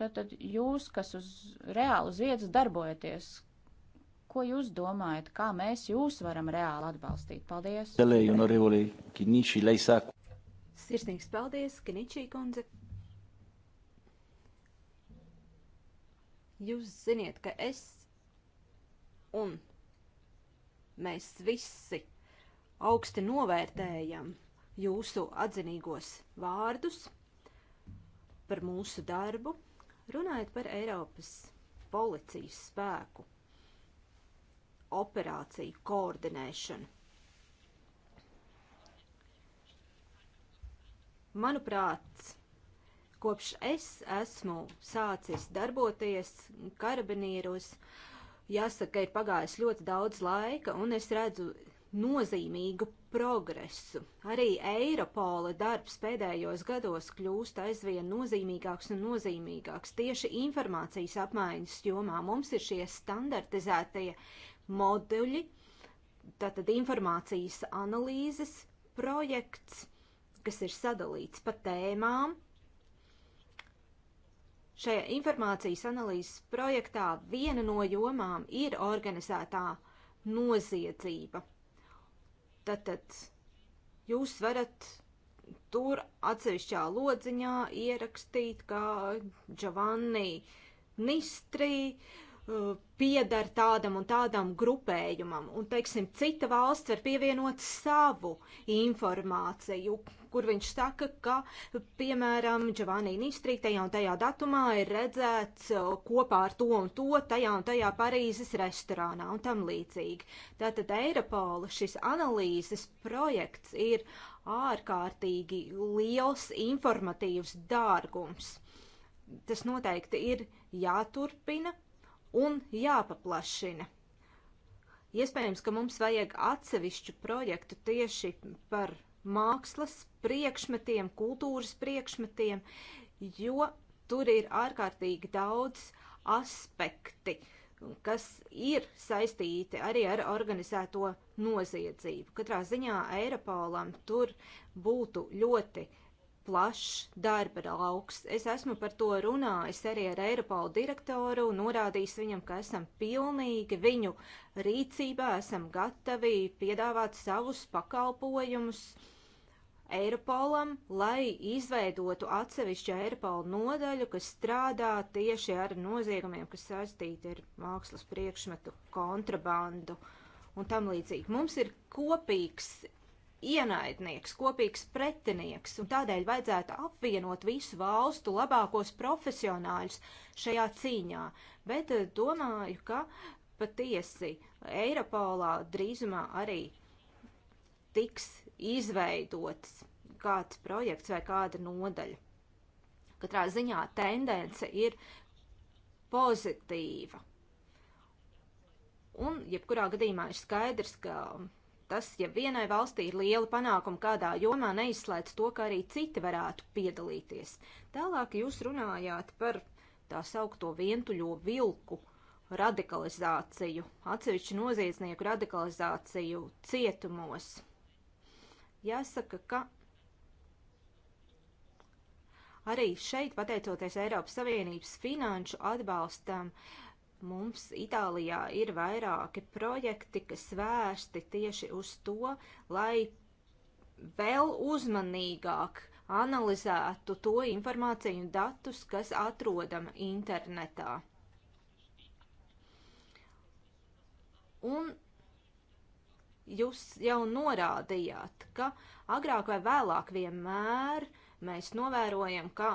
S2: Tātad jūs, kas uz reāli uz vietas darbojaties, Ko jūs domājat, kā mēs jūs varam reāli atbalstīt? Paldies! Sirsnīgs paldies, Kiničī
S4: kundze! Jūs ziniet, ka es un mēs visi augsti novērtējam jūsu atzinīgos vārdus par mūsu darbu, runājot par Eiropas policijas spēku operāciju koordinēšanu. Manuprāt, kopš es esmu sācis darboties karabinieros, jāsaka, ir pagājis ļoti daudz laika, un es redzu nozīmīgu progresu. Arī Eiropola darbs pēdējos gados kļūst aizvien nozīmīgāks un nozīmīgāks. Tieši informācijas apmaiņas jomā mums ir šie standartizētie moduļi, tātad informācijas analīzes projekts, kas ir sadalīts pa tēmām. Šajā informācijas analīzes projektā viena no jomām ir organizētā noziedzība. Tātad jūs varat tur atsevišķā lodziņā ierakstīt, kā Giovanni Nistri uh, Uh, pieder tādam un tādam grupējumam, un, teiksim, cita valsts var pievienot savu informāciju, kur viņš saka, ka, piemēram, Giovanni Nistri tajā un tajā datumā ir redzēts uh, kopā ar to un to tajā un tajā Parīzes restorānā un tam līdzīgi. Tātad Eiropola šis analīzes projekts ir ārkārtīgi liels informatīvs dārgums. Tas noteikti ir jāturpina, un jāpaplašina. Iespējams, ka mums vajag atsevišķu projektu tieši par mākslas priekšmetiem, kultūras priekšmetiem, jo tur ir ārkārtīgi daudz aspekti, kas ir saistīti arī ar organizēto noziedzību. Katrā ziņā Eiropolam tur būtu ļoti plašs darba lauks. Es esmu par to runājis arī ar Eiropalu direktoru un norādījis viņam, ka esam pilnīgi viņu rīcībā, esam gatavi piedāvāt savus pakalpojumus Eiropolam, lai izveidotu atsevišķu Eiropolu nodaļu, kas strādā tieši ar noziegumiem, kas saistīti ar mākslas priekšmetu kontrabandu. Un tam līdzīgi mums ir kopīgs ienaidnieks, kopīgs pretinieks, un tādēļ vajadzētu apvienot visu valstu labākos profesionāļus šajā cīņā. Bet eh, domāju, ka patiesi Eiropolā drīzumā arī tiks izveidots kāds projekts vai kāda nodaļa. Katrā ziņā tendence ir pozitīva. Un, jebkurā gadījumā, ir skaidrs, ka tas, ja vienai valstī ir liela panākuma kādā jomā, neizslēdz to, ka arī citi varētu piedalīties. Tālāk jūs runājāt par tā saukto vientuļo vilku radikalizāciju, atsevišķu noziedznieku radikalizāciju cietumos. Jāsaka, ka arī šeit, pateicoties Eiropas Savienības finanšu atbalstam, uh, mums Itālijā ir vairāki projekti, kas vērsti tieši uz to, lai vēl uzmanīgāk analizētu to informāciju un datus, kas atrodama internetā. Un jūs jau norādījāt, ka agrāk vai vēlāk vienmēr mēs novērojam, ka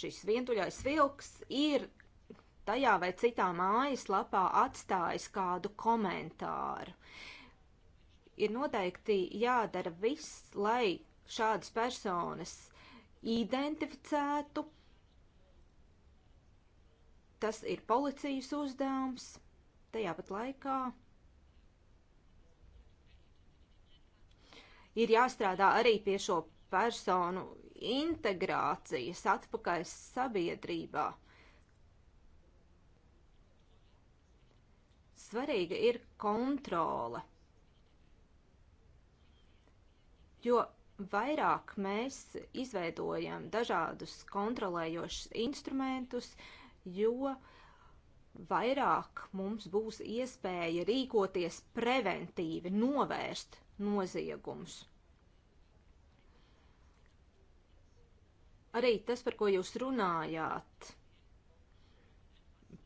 S4: šis vientuļais vilks ir tajā vai citā mājaslapā atstājis kādu komentāru. Ir noteikti jādara viss, lai šādas personas identificētu. Tas ir policijas uzdevums. Tajā pat laikā ir jāstrādā arī pie šo personu integrācijas atpakaļ sabiedrībā. svarīga ir kontrole. Jo vairāk mēs izveidojam dažādus kontrolējošus instrumentus, jo vairāk mums būs iespēja rīkoties preventīvi, novērst noziegumus. Arī tas, par ko jūs runājāt,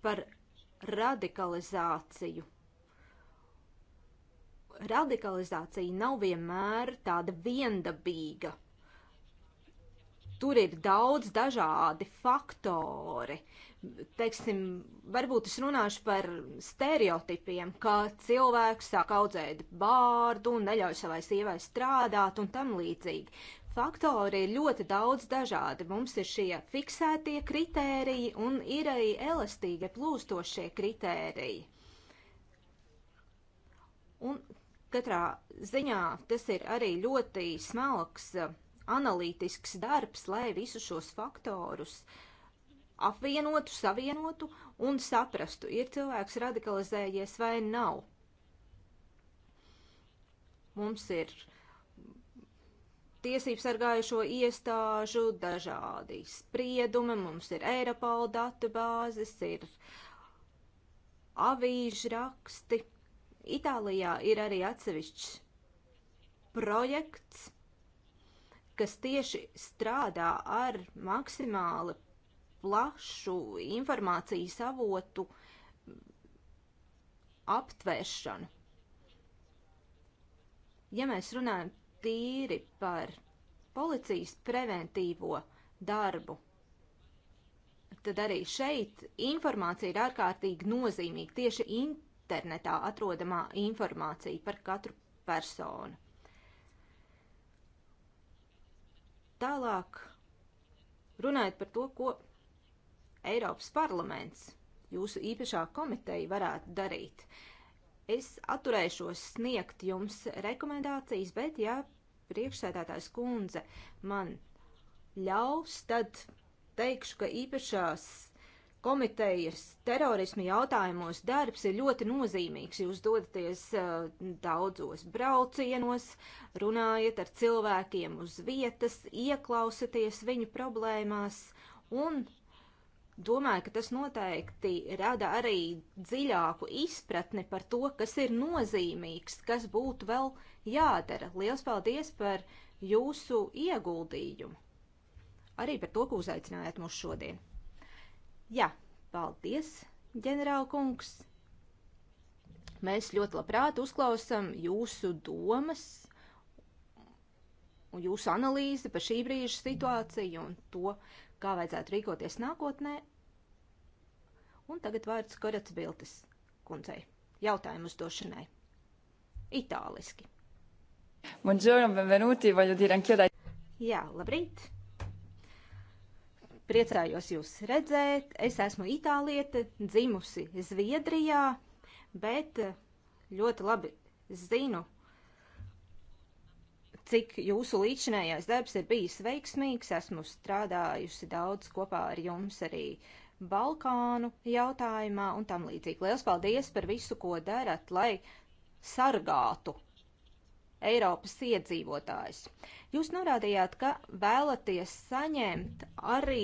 S4: par radikalizāciju. Radikalizācija nav vienmēr tāda viendabīga. Tur ir daudz dažādi faktori. Teiksim, varbūt es runāšu par stereotipiem, ka cilvēks sāk audzēt bārdu, neļauj savai sievai strādāt un tam līdzīgi faktori ir ļoti daudz dažādi. Mums ir šie fiksētie kritēriji un ir arī elastīgi plūstošie kritēriji. Un katrā ziņā tas ir arī ļoti smalks analītisks darbs, lai visus šos faktorus apvienotu, savienotu un saprastu, ir cilvēks radikalizējies vai nav. Mums ir uh, tiesību sargājušo iestāžu dažādi spriedumi, mums ir Eiropola datu bāzes, ir avīžu raksti. Itālijā ir arī atsevišķs projekts, kas tieši strādā ar maksimāli plašu informācijas avotu aptvēršanu. Ja mēs runājam tīri par policijas preventīvo darbu, tad arī šeit informācija ir ārkārtīgi nozīmīga. Tieši internetā atrodamā informācija par katru personu. Tālāk runājot par to, ko Eiropas parlaments, jūsu īpašā komiteja varētu darīt. Uh, Es atturēšos sniegt jums rekomendācijas, bet ja priekšsēdētājs kundze man ļaus, tad teikšu, ka īpašās komitejas terorismu jautājumos darbs ir ļoti nozīmīgs. Jūs dodaties uh, daudzos braucienos, runājat ar cilvēkiem uz vietas, ieklausaties viņu problēmās un domāju, ka tas noteikti rada arī dziļāku izpratni par to, kas ir nozīmīgs, kas būtu vēl jādara. Lielas paldies par jūsu ieguldījumu. Arī par to, ka uzaicinājāt mūs šodien. Jā, paldies, ģenerālkungs. Mēs ļoti labprāt uzklausam jūsu domas un jūsu analīzi par šī brīža situāciju un to, kā vajadzētu rīkoties nākotnē, Un tagad vārds Korats Biltis kundzei. Jautājumu uzdošanai. Itāliski.
S1: Buongiorno, benvenuti, voglio dire anch'io da...
S4: Jā, labrīt. Priecājos jūs redzēt. Es esmu itāliete, dzimusi Zviedrijā, bet eh, ļoti labi zinu, cik jūsu līdzinājās darbs ir bijis veiksmīgs. Esmu strādājusi daudz kopā ar jums arī uh, Balkānu jautājumā un tam līdzīgi. Liels paldies par visu, ko darat, lai sargātu Eiropas iedzīvotājs. Jūs norādījāt, ka vēlaties saņemt arī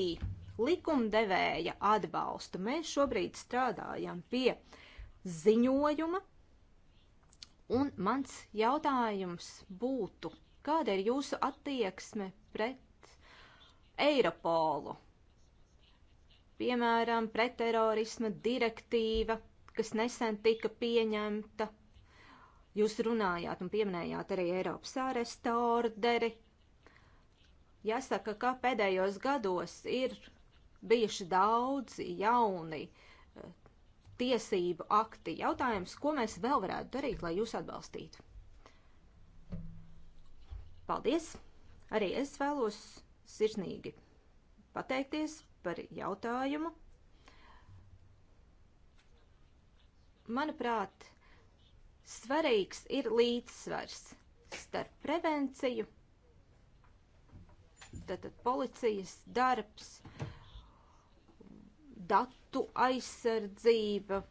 S4: likumdevēja atbalstu. Mēs šobrīd strādājam pie ziņojuma, un mans jautājums būtu, kāda ir jūsu attieksme pret Eiropolu? Piemēram, pretterorisma direktīva, kas nesen tika pieņemta. Jūs runājāt un pieminējāt arī Eiropas āresta orderi. Jāsaka, ka pēdējos gados ir bijuši daudzi jauni eh, tiesību akti. Jautājums, ko mēs vēl varētu darīt, lai jūs atbalstītu? Paldies! Arī es vēlos sirsnīgi pateikties par jautājumu. Manuprāt, svarīgs ir līdzsvars starp prevenciju, tātad policijas darbs, datu aizsardzība,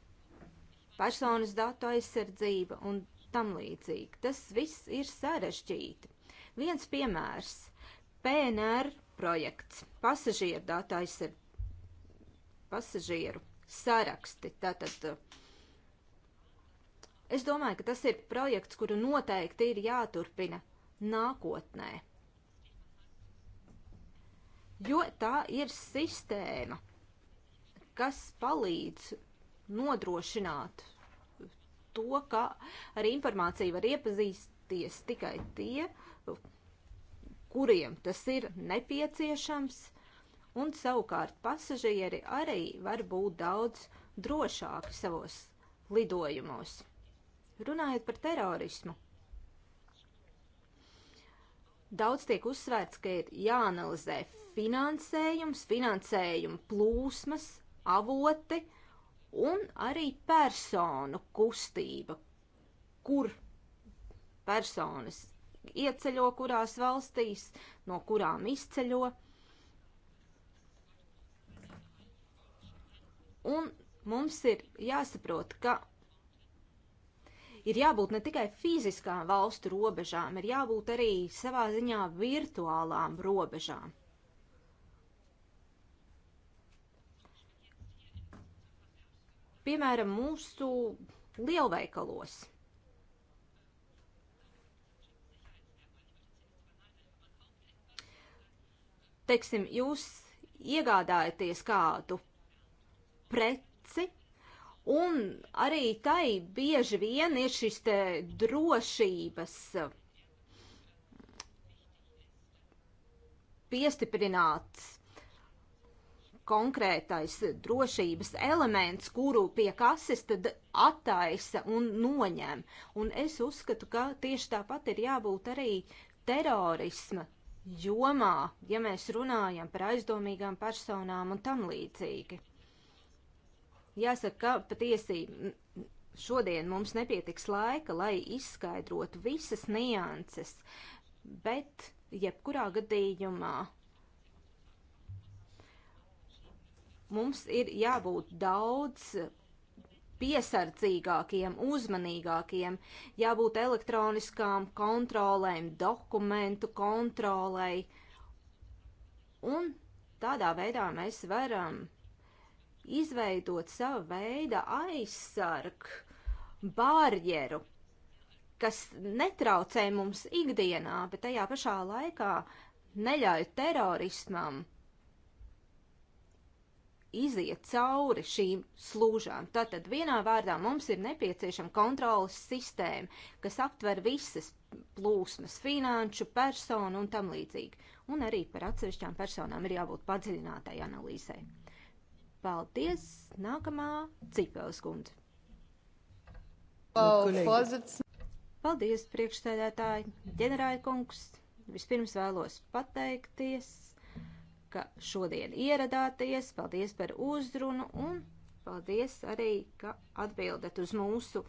S4: personas datu aizsardzība un tam līdzīgi. Tas viss ir sarežģīti. Viens piemērs - PNR projekts. Pasažieru datu aizsardzība, pasažieru saraksti. Tātad eh, es domāju, ka tas ir projekts, kuru noteikti ir jāturpina nākotnē. Jo tā ir sistēma, kas palīdz nodrošināt to, ka ar informāciju var iepazīsties tikai tie, uh, kuriem tas ir nepieciešams, un savukārt pasažieri arī var būt daudz drošāki savos lidojumos. Runājot par terorismu, daudz tiek uzsvērts, ka ir jāanalizē finansējums, finansējuma plūsmas, avoti un arī personu kustība, kur personas ieceļo kurās valstīs, no kurām izceļo. Un mums ir jāsaprot, ka ir jābūt ne tikai fiziskām valstu robežām, ir jābūt arī savā ziņā virtuālām robežām. Piemēram, mūsu lielveikalos teiksim, jūs iegādājaties kādu preci, un arī tai bieži vien ir šis te drošības mm, piestiprināts konkrētais drošības elements, kuru pie kases tad attaisa un noņem. Un es uzskatu, ka tieši tāpat ir jābūt arī terorisma jomā, ja mēs runājam par aizdomīgām personām un tam līdzīgi. Jāsaka, ka patiesi šodien mums nepietiks laika, lai izskaidrotu visas nianses, bet jebkurā gadījumā mums ir jābūt daudz piesardzīgākiem, uzmanīgākiem, jābūt elektroniskām kontrolēm, dokumentu kontrolei, un tādā veidā mēs varam izveidot savu veidu aizsarg barjeru, kas netraucē mums ikdienā, bet tajā pašā laikā neļauj terorismam iziet cauri šīm slūžām. Tātad vienā vārdā mums ir nepieciešama kontrolas sistēma, kas aptver visas plūsmas, finanšu, personu un tam līdzīgi. Un arī par atsevišķām personām ir jābūt padziļinātai analīzē. Paldies! Nākamā Cipels kundze. Nu, Paldies, priekšstādētāji, ģenerāļkungs! Vispirms vēlos pateikties ka šodien ieradāties, paldies par uzrunu un paldies arī, ka atbildat uz mūsu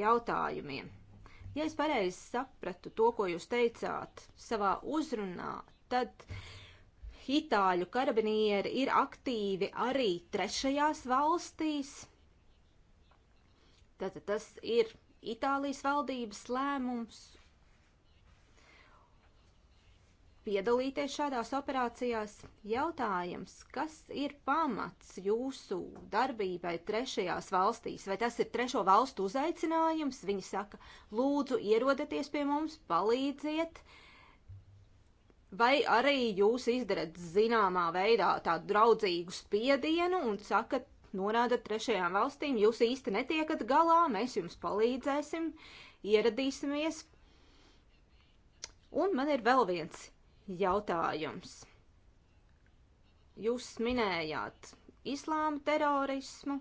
S4: jautājumiem. Ja es pareizi sapratu to, ko jūs teicāt savā uzrunā, tad itāļu karabinieri ir aktīvi arī trešajās valstīs. Tātad tas ir Itālijas valdības lēmums piedalīties šādās operācijās. Jautājums, kas ir pamats jūsu darbībai trešajās valstīs? Vai tas ir trešo valstu uzaicinājums? Viņi saka, lūdzu, ierodieties pie mums, palīdziet. Vai arī jūs izdarat zināmā veidā tādu draudzīgu spiedienu un sakat, norādat trešajām valstīm, jūs īsti netiekat galā, mēs jums palīdzēsim, ieradīsimies, Un man ir vēl viens jautājums. Jūs minējāt islāma terorismu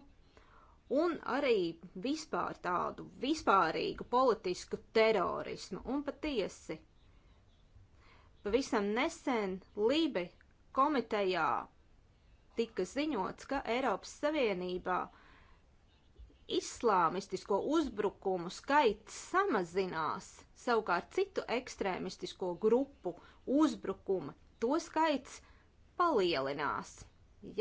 S4: un arī vispār tādu vispārīgu politisku terorismu. Un patiesi, pavisam nesen Lībe komitejā tika ziņots, ka Eiropas Savienībā uh, islāmistisko uzbrukumu skaits samazinās, savukārt citu ekstrēmistisko grupu uzbrukuma to skaits palielinās.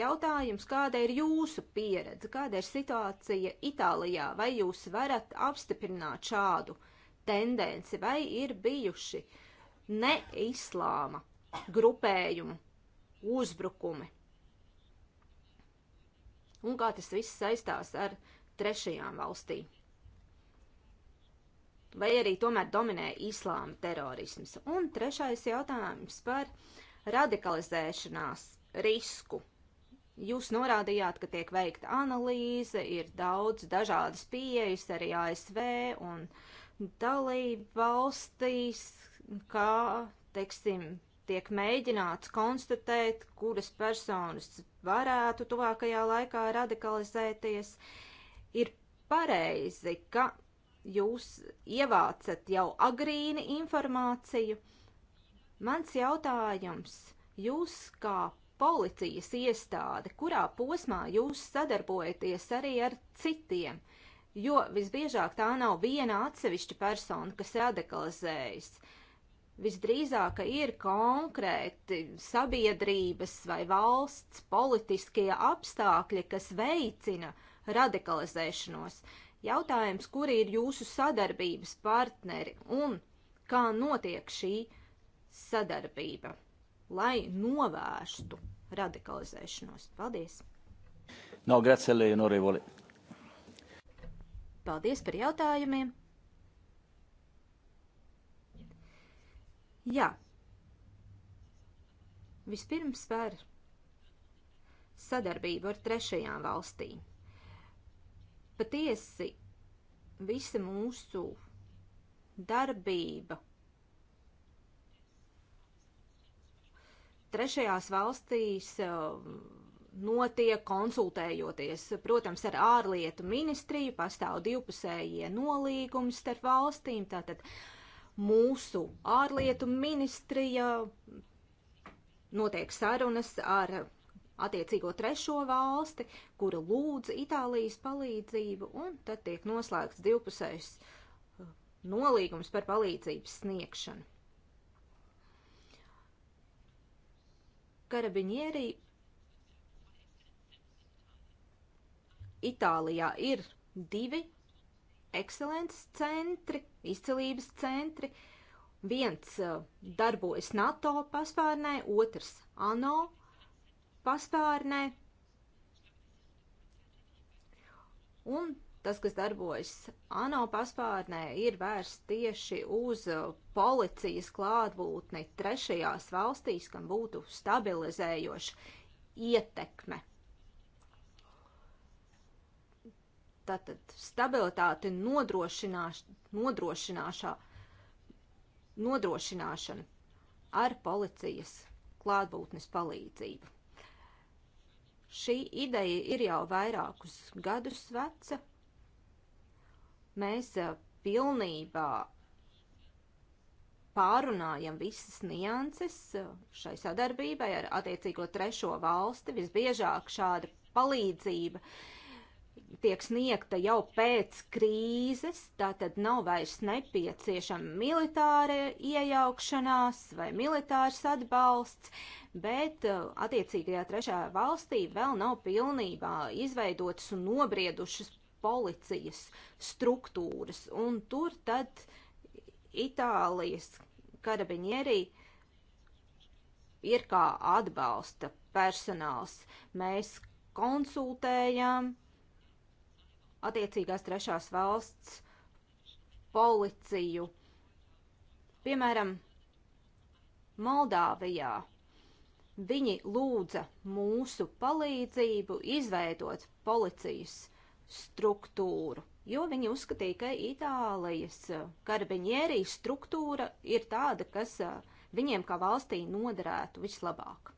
S4: Jautājums, kāda ir jūsu pieredze, kāda ir situācija Itālijā, vai jūs varat apstiprināt šādu tendenci, vai ir bijuši neislāma grupējumu uzbrukumi? Un kā tas viss saistās ar uh, trešajām valstī. Vai arī tomēr dominē islāma terorisms? Un trešais jautājums par radikalizēšanās risku. Jūs norādījāt, ka tiek veikta analīze, ir daudz dažādas pieejas arī ASV un dalību valstīs, kā, teiksim, tiek mēģināts konstatēt, kuras personas varētu tuvākajā laikā radikalizēties. Uh, ir pareizi, ka jūs ievācat jau agrīni informāciju. Mans jautājums, jūs kā policijas iestāde, kurā posmā jūs sadarbojaties arī ar citiem, jo visbiežāk tā nav viena atsevišķa persona, kas radikalizējas. Visdrīzāk ir konkrēti sabiedrības vai valsts politiskie apstākļi, kas veicina radikalizēšanos. Jautājums, kuri ir jūsu sadarbības partneri un kā notiek šī sadarbība, lai novērstu radikalizēšanos. Paldies! No, grazie, Leonorevoli. Paldies par jautājumiem! Jā. Vispirms par sadarbību ar trešajām valstīm patiesi visa mūsu darbība trešajās valstīs um, notiek konsultējoties, protams, ar ārlietu ministriju, pastāv divpusējie nolīgumi starp valstīm, tātad mūsu ārlietu ministrija notiek sarunas ar attiecīgo trešo valsti, kura lūdz Itālijas palīdzību, un tad tiek noslēgts divpusējs uh, nolīgums par palīdzības sniegšanu. Karabiņierī Itālijā ir divi ekscelences centri, izcelības centri. Viens uh, darbojas NATO paspārnē, otrs ANO pastārnē. Un tas, kas darbojas ANO paspārnē, ir vērsts tieši uz policijas klātbūtni trešajās valstīs, kam būtu stabilizējoša ietekme. Tātad stabilitāti nodrošināš, nodrošināšā, nodrošināšana ar policijas klātbūtnes palīdzību. Šī ideja ir jau vairākus gadus veca. Mēs eh, pilnībā pārunājam visas nianses eh, šai sadarbībai ar attiecīgo trešo valsti. Visbiežāk šāda palīdzība tiek sniegta jau pēc krīzes, tātad nav vairs nepieciešama militāra iejaukšanās vai militārs atbalsts, bet uh, attiecīgajā trešā valstī vēl nav pilnībā izveidotas un nobriedušas policijas struktūras, un tur tad Itālijas karabinieri ir kā atbalsta personāls. Mēs konsultējam, attiecīgās trešās valsts policiju. Piemēram, Moldāvijā viņi lūdza mūsu palīdzību izveidot policijas struktūru, jo viņi uzskatīja, ka Itālijas karabiņierī struktūra ir tāda, kas viņiem kā valstī noderētu vislabāk.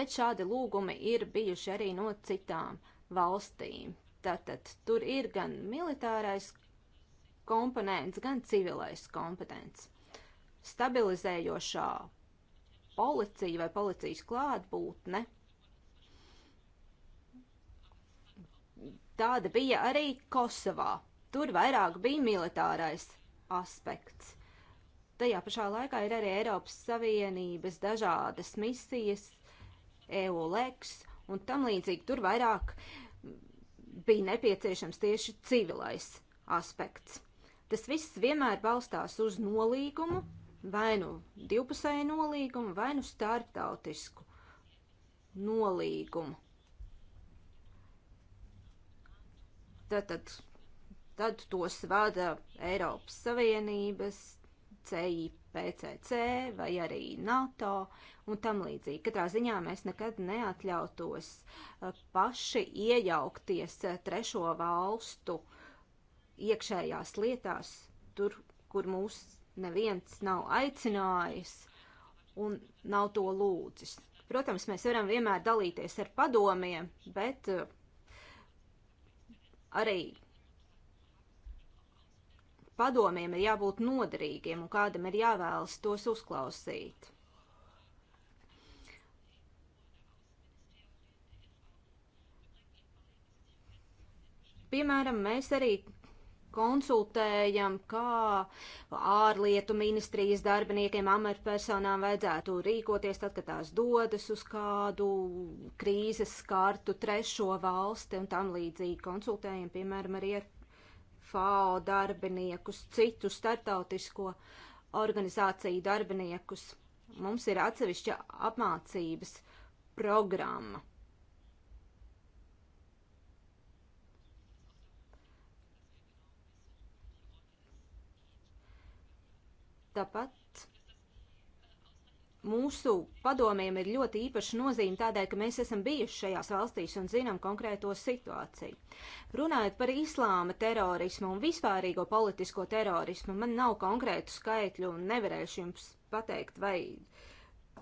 S4: Bet šādi lūgumi ir bijuši arī no citām valstīm. Tātad tur ir gan militārais komponents, gan civilais komponents. Stabilizējošā policija vai policijas klātbūtne. Tāda bija arī Kosovā. Tur vairāk bija militārais aspekts. Tajā pašā laikā ir arī Eiropas Savienības dažādas misijas, EULEX un tam līdzīgi. Tur vairāk bija nepieciešams tieši civilais aspekts. Tas viss vienmēr balstās uz nolīgumu, vai nu divpusēju nolīgumu, vai nu starptautisku nolīgumu. Tātad, tad tos vada Eiropas Savienības CIP PCC vai arī NATO un tam līdzīgi. Katrā ziņā mēs nekad neatļautos uh, paši iejaukties uh, trešo valstu iekšējās lietās, tur, kur mūs neviens nav aicinājis un nav to lūdzis. Protams, mēs varam vienmēr dalīties ar padomiem, bet uh, arī padomiem ir jābūt noderīgiem un kādam ir jāvēlas tos uzklausīt. Piemēram, mēs arī konsultējam, kā ārlietu ministrijas darbiniekiem, amatpersonām vajadzētu rīkoties tad, kad tās dodas uz kādu krīzes skartu trešo valsti un tam līdzīgi konsultējam, piemēram, arī ar FAO darbiniekus, citu startautisko organizāciju darbiniekus. Mums ir atsevišķa apmācības programma. Tāpat mūsu padomiem ir ļoti īpaša nozīme tādēļ, ka mēs esam bijuši šajās valstīs un zinām konkrēto situāciju. Runājot par islāma terorismu un vispārīgo politisko terorismu, man nav konkrētu skaitļu un nevarēšu jums pateikt, vai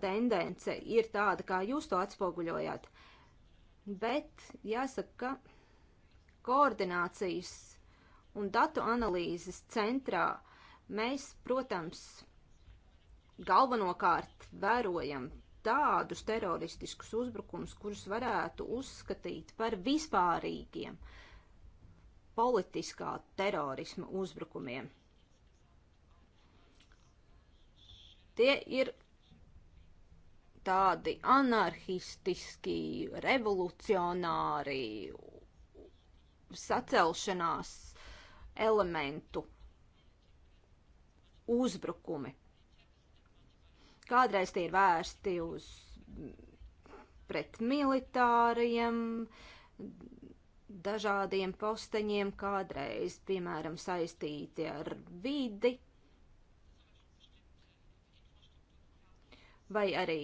S4: tendence ir tāda, kā jūs to atspoguļojāt. Bet jāsaka, ka koordinācijas un datu analīzes centrā mēs, protams, galvenokārt vērojam tādus teroristiskus uzbrukumus, kurus varētu uzskatīt par vispārīgiem politiskā terorisma uzbrukumiem. Tie ir tādi anarchistiski, revolucionāri sacelšanās elementu uzbrukumi. Kādreiz tie ir vērsti uz pret militāriem, dažādiem posteņiem, kādreiz, piemēram, saistīti ar vidi, vai arī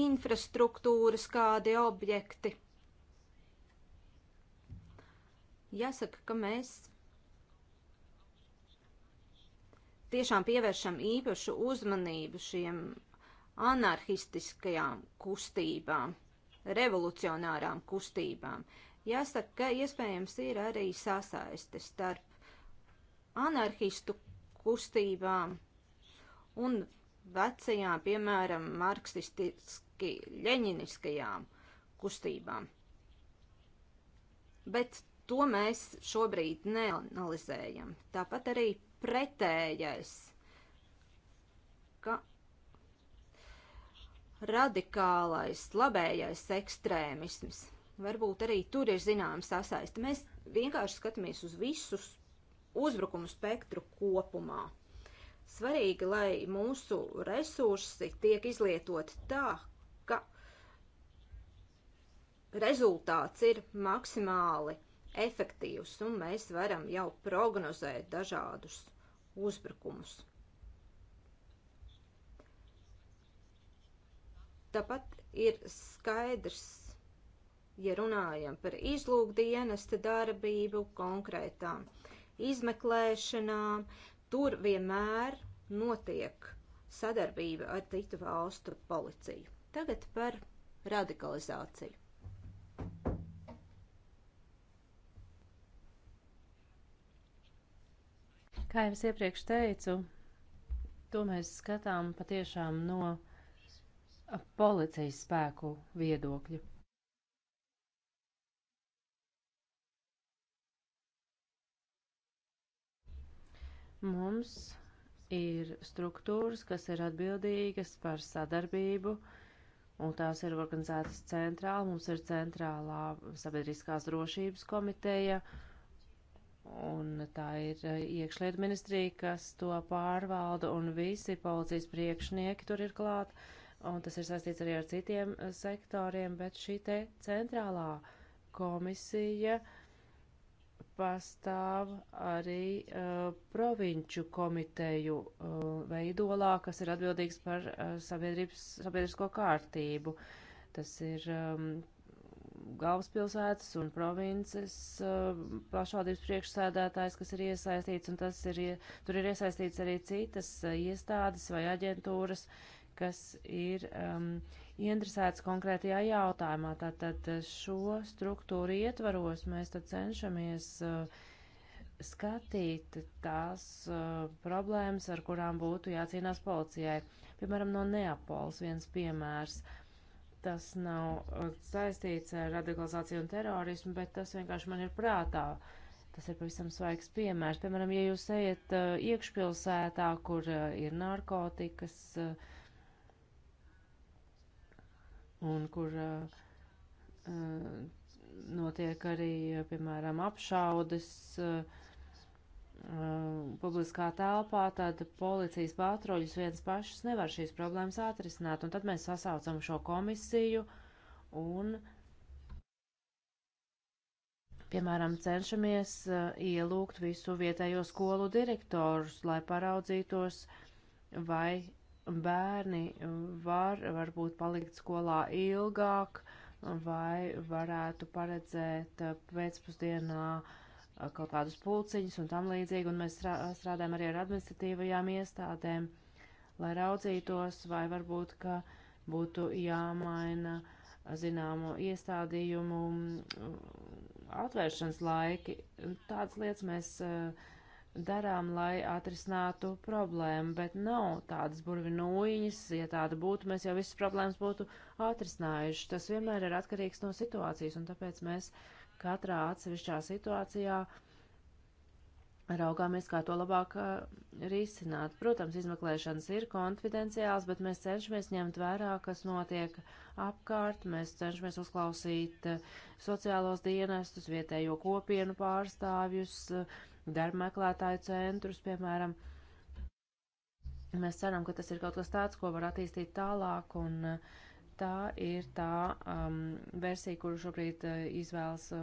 S4: infrastruktūras kādi objekti. Jāsaka, ka mēs tiešām pievēršam īpašu uzmanību šiem anarchistiskajām kustībām, revolucionārām kustībām. Jāsaka, ka iespējams ir arī sasaiste starp anarchistu kustībām un vecajām, piemēram, marksistiski ļeņiniskajām kustībām. Bet to mēs šobrīd neanalizējam. Tāpat arī pretējais, ka radikālais, labējais ekstrēmisms. Varbūt arī tur ir zināma sasaiste. Mēs vienkārši skatāmies uz visu uzbrukumu spektru kopumā. Svarīgi, lai mūsu resursi tiek izlietoti tā, ka rezultāts ir maksimāli efektīvs, un mēs varam jau prognozēt dažādus uzbrukumus. Tāpat ir skaidrs, ja runājam par izlūkdienesta darbību konkrētām izmeklēšanām, tur vienmēr notiek sadarbība ar citu valstu policiju. Tagad par radikalizāciju. Kā jau es iepriekš teicu,
S1: to mēs skatām patiešām no policijas spēku viedokļu. Mums ir struktūras, kas ir atbildīgas par sadarbību, un tās ir organizētas centrāli. Mums ir centrālā sabiedriskās drošības komiteja, uh, un tā ir eh, iekšlietu ministrija, kas to pārvalda, un visi policijas priekšnieki tur ir klāt, un tas ir saistīts arī ar citiem eh, sektoriem, bet šī te centrālā komisija pastāv arī uh, provinču komiteju uh, veidolā, kas ir atbildīgs par uh, sabiedrības, sabiedrisko kārtību. Tas ir um, galvaspilsētas un provinces eh, pašvaldības priekšsēdētājs, kas ir iesaistīts, un tas ir, tur ir iesaistīts arī citas eh, iestādes vai aģentūras, kas ir um, ehm, ieinteresētas konkrētajā jautājumā. Tātad eh, šo struktūru ietvaros mēs tad cenšamies uh, skatīt tās uh, problēmas, ar kurām būtu jācīnās policijai. Piemēram, no Neapols viens piemērs. Uh, tas nav uh, saistīts ar radikalizāciju un terorismu, bet tas vienkārši man ir prātā. Tas ir pavisam svaigs piemērs. Piemēram, ja jūs ejat uh, iekšpilsētā, kur uh, ir narkotikas uh, un kur uh, uh, notiek arī, piemēram, apšaudes. Uh, Uh, publiskā telpā, tad policijas patruļus viens pašs nevar šīs problēmas atrisināt. Un tad mēs sasaucam šo komisiju un, piemēram, cenšamies uh, ielūgt visu vietējo skolu direktorus, lai paraudzītos, vai bērni var varbūt palikt skolā ilgāk, vai varētu paredzēt uh, pēcpusdienā uh, kaut kādus pulciņus un tam līdzīgi, un mēs strādājam arī ar administratīvajām iestādēm, lai raudzītos, vai varbūt, ka būtu jāmaina zināmu iestādījumu atvēršanas laiki. Tādas lietas mēs darām, lai atrisinātu problēmu, bet nav tādas burvinūjiņas, ja tāda būtu, mēs jau visas problēmas būtu atrisinājuši. Tas vienmēr ir atkarīgs no situācijas, un tāpēc mēs uh, katrā atsevišķā situācijā raugāmies, kā to labāk risināt. Protams, izmeklēšanas ir konfidenciāls, bet mēs cenšamies ņemt vērā, kas notiek apkārt, mēs cenšamies uzklausīt sociālos dienestus, vietējo kopienu pārstāvjus, darbmeklētāju centrus, piemēram. Mēs ceram, ka tas ir kaut kas tāds, ko var attīstīt tālāk un uh, tā ir tā um, versija, kuru šobrīd uh, izvēlas uh,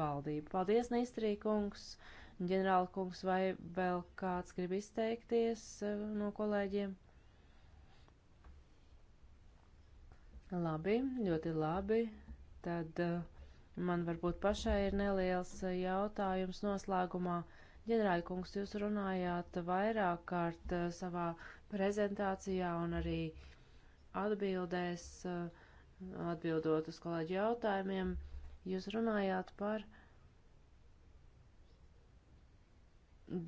S1: valdība. Paldies, Nistrī kungs, ģenerāla kungs, vai vēl kāds grib izteikties uh, no kolēģiem? Labi, ļoti labi. Tad uh, man varbūt pašai ir neliels uh, jautājums noslēgumā. Ģenerāla kungs, jūs runājāt vairāk kārt uh, savā prezentācijā un arī uh, atbildēs, eh, atbildot uz kolēģi jautājumiem, jūs runājāt par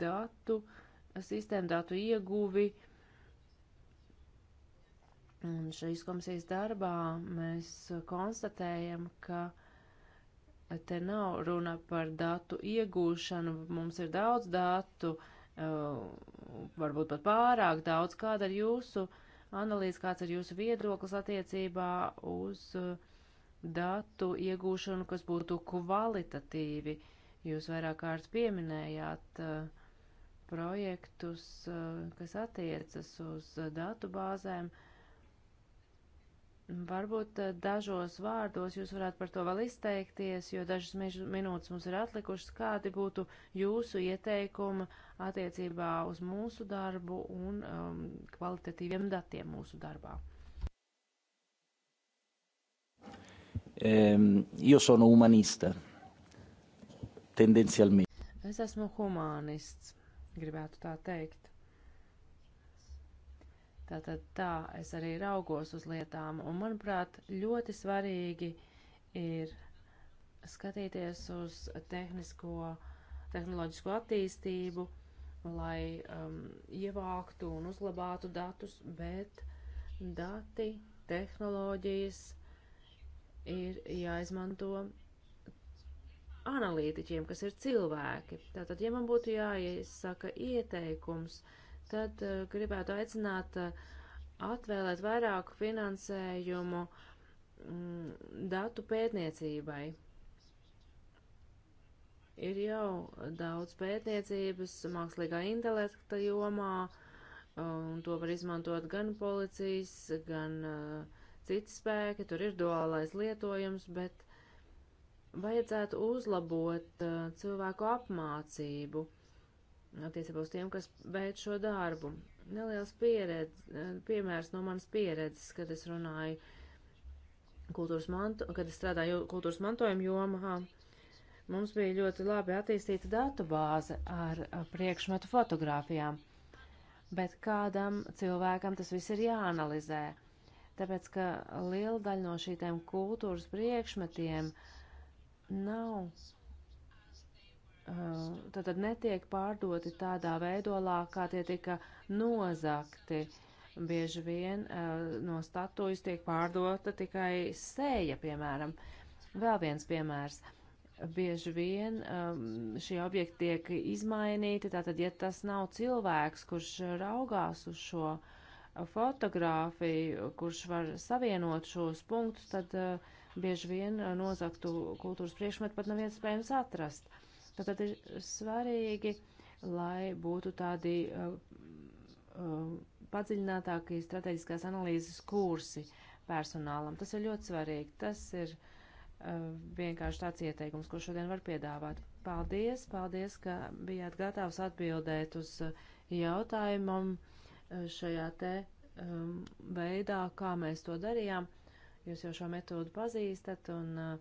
S1: datu, sistēmu datu ieguvi. Un šīs komisijas darbā mēs konstatējam, ka te nav runa par datu iegūšanu. Mums ir daudz datu, eh, varbūt pat pārāk daudz. Kāda ir jūsu uh, analīzi, kāds ir jūsu viedoklis attiecībā uz uh, datu iegūšanu, kas būtu kvalitatīvi. Jūs vairāk kārt pieminējāt uh, projektus, uh, kas attiecas uz datu bāzēm. Uh, Varbūt eh, dažos vārdos jūs varētu par to vēl izteikties, jo dažas minūtes mums ir atlikušas. Kādi būtu jūsu ieteikumi attiecībā uz mūsu darbu un um, kvalitatīviem datiem mūsu darbā?
S3: Um, io sono umanista, tendenzialmente.
S1: Es esmu humanists, gribētu tā teikt. Tātad tā es arī raugos uz lietām, un manuprāt, ļoti svarīgi ir skatīties uz tehnisko, tehnoloģisko attīstību, lai um, ievāktu un uzlabātu datus, bet dati, tehnoloģijas ir jāizmanto analītiķiem, kas ir cilvēki. Tātad, ja man būtu jāiesaka ieteikums, uh, tad eh, gribētu aicināt eh, atvēlēt vairāku finansējumu mm, datu pētniecībai. Ir jau daudz pētniecības mākslīgā intelekta jomā, un to var izmantot gan policijas, gan uh, citi spēki, tur ir duālais lietojums, bet vajadzētu uzlabot uh, cilvēku apmācību attiecībā uz tiem, kas beidz šo darbu. Neliels pieredz, eh, piemērs no manas pieredzes, kad es runāju kultūras manto, kad es strādāju kultūras mantojuma jomā, mums bija ļoti labi attīstīta datubāze ar priekšmetu fotogrāfijām. Bet kādam cilvēkam tas viss ir jāanalizē, tāpēc ka liela daļa no šīm kultūras priekšmetiem nav tātad netiek pārdoti tādā veidolā, kā tie tika nozakti. Bieži vien no statujas tiek pārdota tikai sēja, piemēram. Vēl viens piemērs. Bieži vien šie objekti tiek izmainīti, tātad, ja tas nav cilvēks, kurš raugās uz šo fotogrāfiju, kurš var savienot šos punktus, tad bieži vien nozaktu kultūras priekšmetu pat nav iespējams atrast. Uh, Tātad ir svarīgi, lai būtu tādi uh, uh, padziļinātāki strateģiskās analīzes kursi personālam. Tas ir ļoti svarīgi. Tas ir uh, vienkārši tāds ieteikums, ko šodien var piedāvāt. Paldies, paldies, ka bijāt gatavs atbildēt uz uh, jautājumam uh, šajā te um, veidā, kā mēs to darījām. Jūs jau šo metodu pazīstat un uh,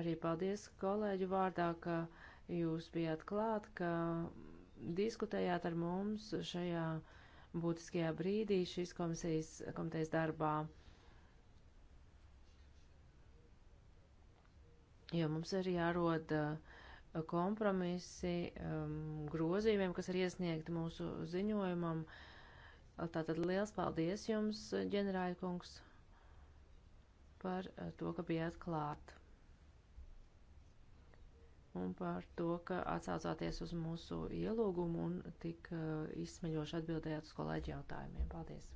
S1: arī paldies kolēģu vārdā, ka uh, jūs bijāt klāt, ka diskutējāt ar mums šajā būtiskajā brīdī šīs komisijas komitejas darbā. Jo mums ir jārod uh, kompromisi um, grozījumiem, kas ir iesniegti mūsu ziņojumam. Tātad liels paldies jums, ģenerāļkungs, par uh, to, ka bijāt klāt un par to, ka atsaucāties uz mūsu ielūgumu un tik uh, izsmeļoši atbildējāt uz kolēģi jautājumiem. Paldies!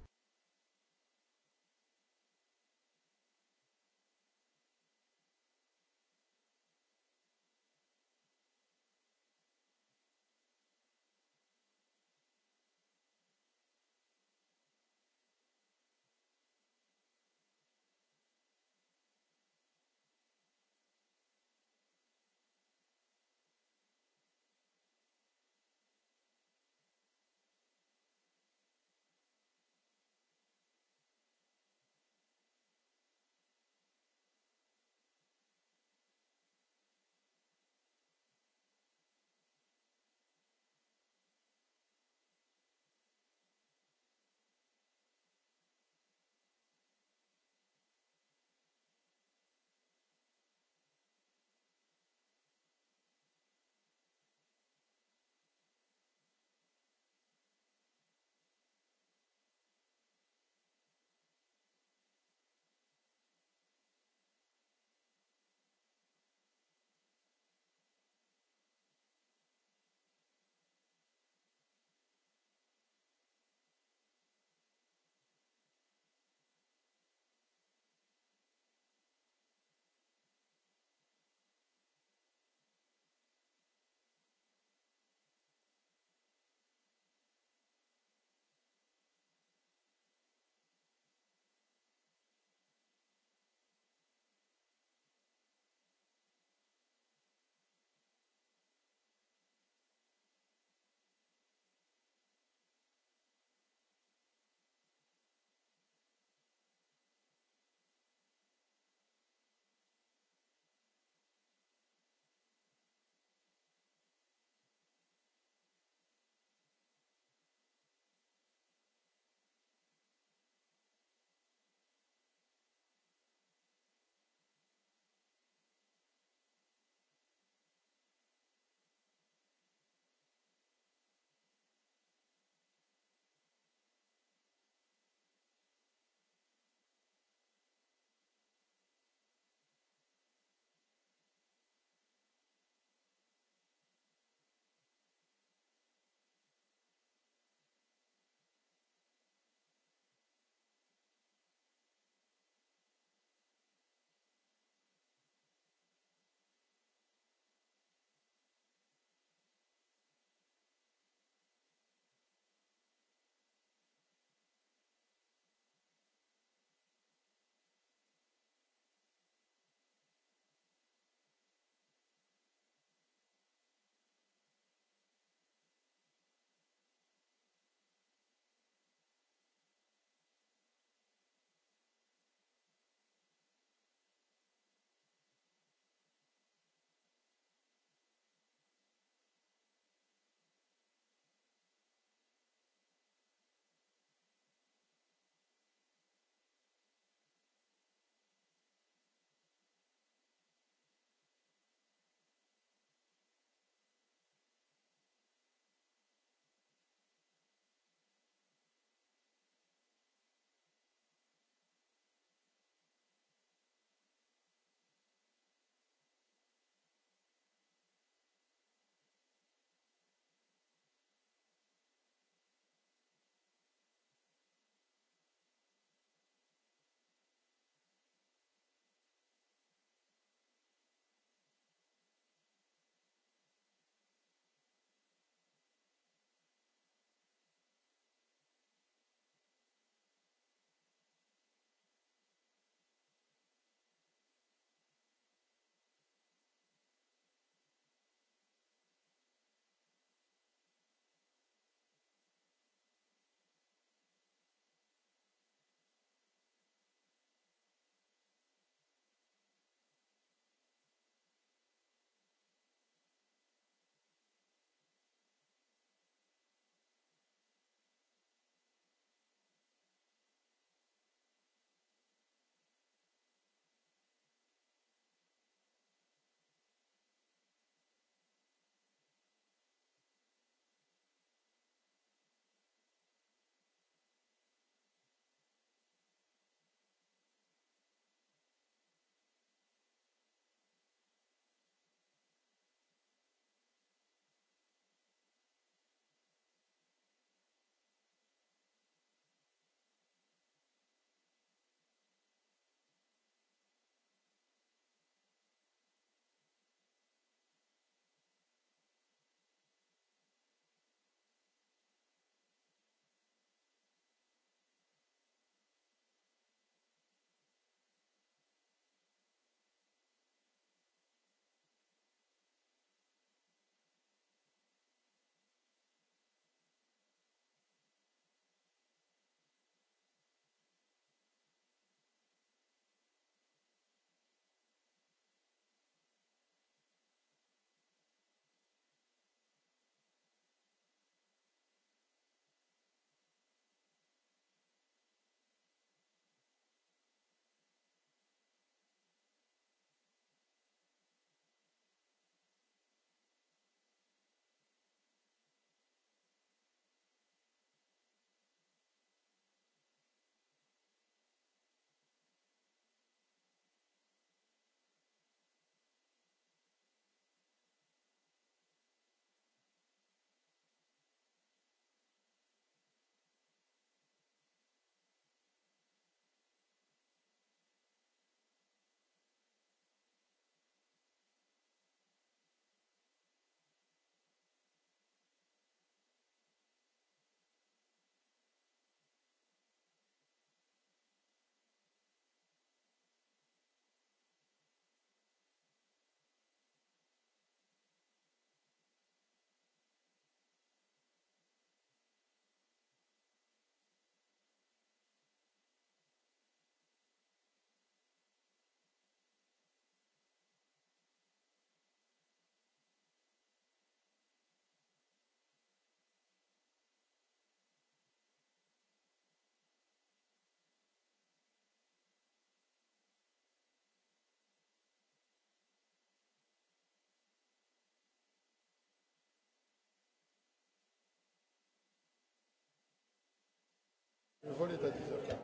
S1: Vol est à 10h40.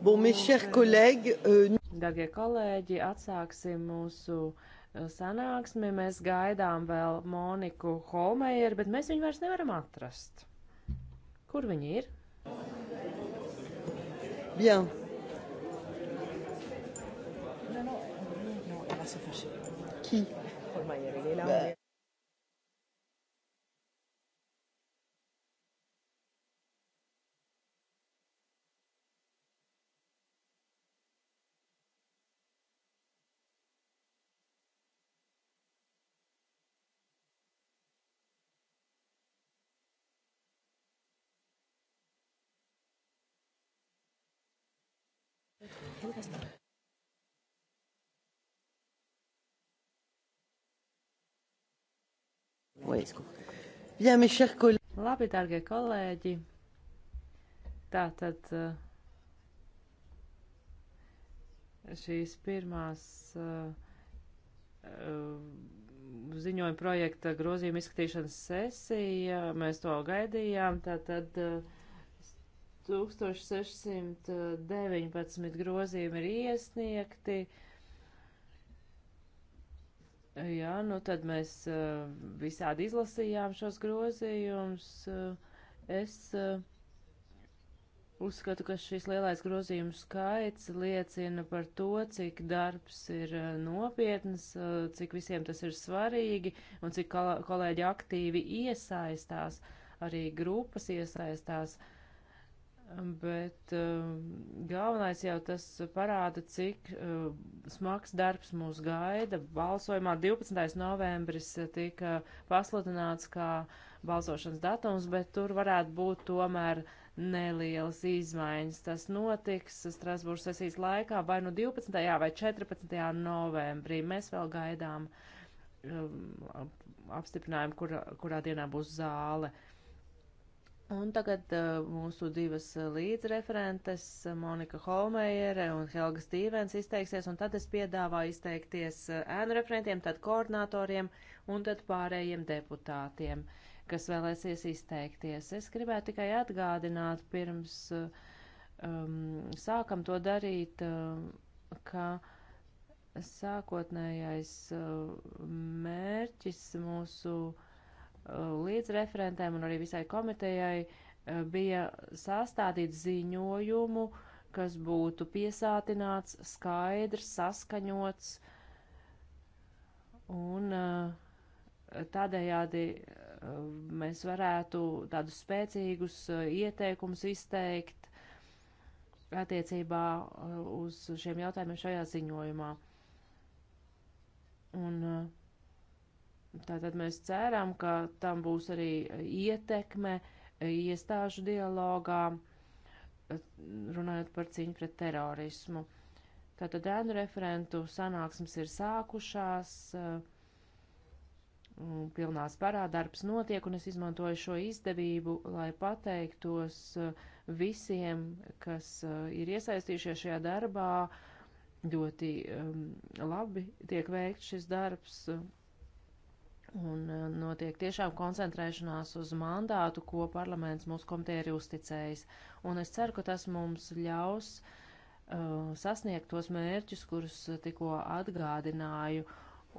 S1: Bon, mes chers collègues, euh... Dargie kolēģi, atsāksim mūsu sanāksmi. Mēs gaidām vēl Moniku Holmējeru, bet mēs viņu vairs nevaram atrast. Kur viņa ir? Bien.
S3: Non, non, non, elle va se fâcher. Qui Holmējeru, elle est là. Bah. Fantastic
S2: vajadzku.
S1: Jā, mēs šeit ko. Labi, dārgie kolēģi. Tā tad eh, šīs pirmās eh, eh, ziņojuma projekta grozījuma izskatīšanas sesija, mēs to gaidījām, tā tad 1619 grozījumi ir iesniegti. Jā, nu tad mēs visādi izlasījām šos grozījumus. Es uzskatu, ka šis lielais grozījumu skaits liecina par to, cik darbs ir nopietns, cik visiem tas ir svarīgi un cik kolēģi aktīvi iesaistās, arī grupas iesaistās. Uh, bet uh, galvenais jau tas parāda, cik uh, smags darbs mūs gaida. Balsojumā 12. novembris tika pasludināts kā balsošanas datums, bet tur varētu būt tomēr nelielas izmaiņas. Tas notiks Strasbūras sesijas laikā vai nu 12. vai 14. novembrī. Mēs vēl gaidām um, apstiprinājumu, kurā, kurā dienā būs zāle. Uh, Un tagad uh, mūsu divas uh, līdzreferentes, uh, Monika Holmējere un Helga Stīvens, izteiksies, un tad es piedāvāju izteikties ēnu referentiem, tad koordinatoriem un tad pārējiem deputātiem, kas vēlēsies izteikties. Es gribētu tikai atgādināt pirms um, sākam to darīt, um, ka sākotnējais um, mērķis mūsu uh, Uh, līdz referentēm un arī visai komitejai uh, bija sastādīt ziņojumu, kas būtu piesātināts, skaidrs, saskaņots un uh, tādējādi mēs varētu tādus spēcīgus ieteikumus izteikt attiecībā uz šiem jautājumiem šajā ziņojumā. Un uh, Tātad mēs ceram, ka tam būs arī ietekme iestāžu dialogā, runājot par cīņu pret terorismu. Tātad ēnu referentu sanāksmes ir sākušās, pilnā spārā darbs notiek, un es izmantoju šo izdevību, lai pateiktos visiem, kas eh, ir iesaistījušies šajā darbā. Ļoti um, labi tiek veikts šis darbs, Un e, notiek tiešām koncentrēšanās uz mandātu, ko parlaments mūsu komitē ir uzticējis. Un es ceru, ka tas mums ļaus uh, sasniegt tos mērķus, kurus tikko atgādināju.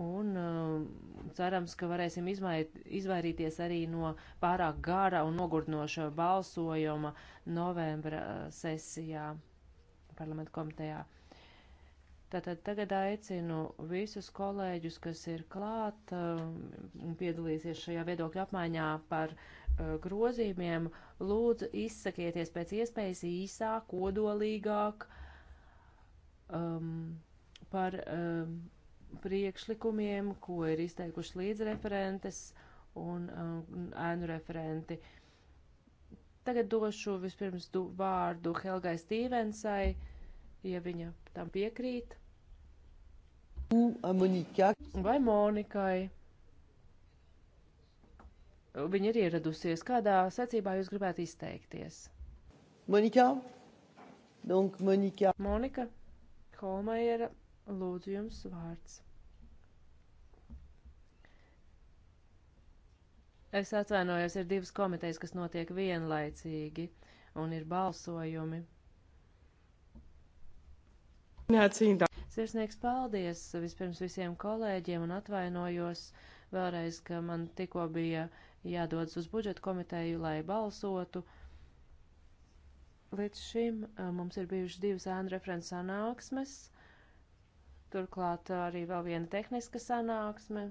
S1: Un uh, cerams, ka varēsim izvairīties arī no pārāk gara un nogurdinoša balsojuma novembra sesijā parlamentu komitejā. Tātad tagad aicinu visus kolēģus, kas ir klāt um, un piedalīsies šajā viedokļa apmaiņā par uh, grozījumiem, lūdzu izsakieties pēc iespējas īsāk, kodolīgāk um, par um, priekšlikumiem, ko ir izteikuši līdzreferentes un um, ēnu referenti. Tagad došu vispirms du, vārdu Helgai Stīvensai, ja viņa tam piekrīt. Vai Monikai? Viņa ir ieradusies. Kādā secībā jūs gribētu izteikties? Monika? Donc, Monika. Monika Holmajera, lūdzu jums vārds. Es atvainojos, ir divas komitejas, kas notiek vienlaicīgi, un ir balsojumi. Sirsnieks paldies vispirms visiem kolēģiem un atvainojos vēlreiz, ka man tikko bija jādodas uz budžetu komiteju, lai balsotu. Līdz šim eh, mums ir bijušas divas ēnu referents sanāksmes, turklāt eh, arī vēl viena tehniska sanāksme,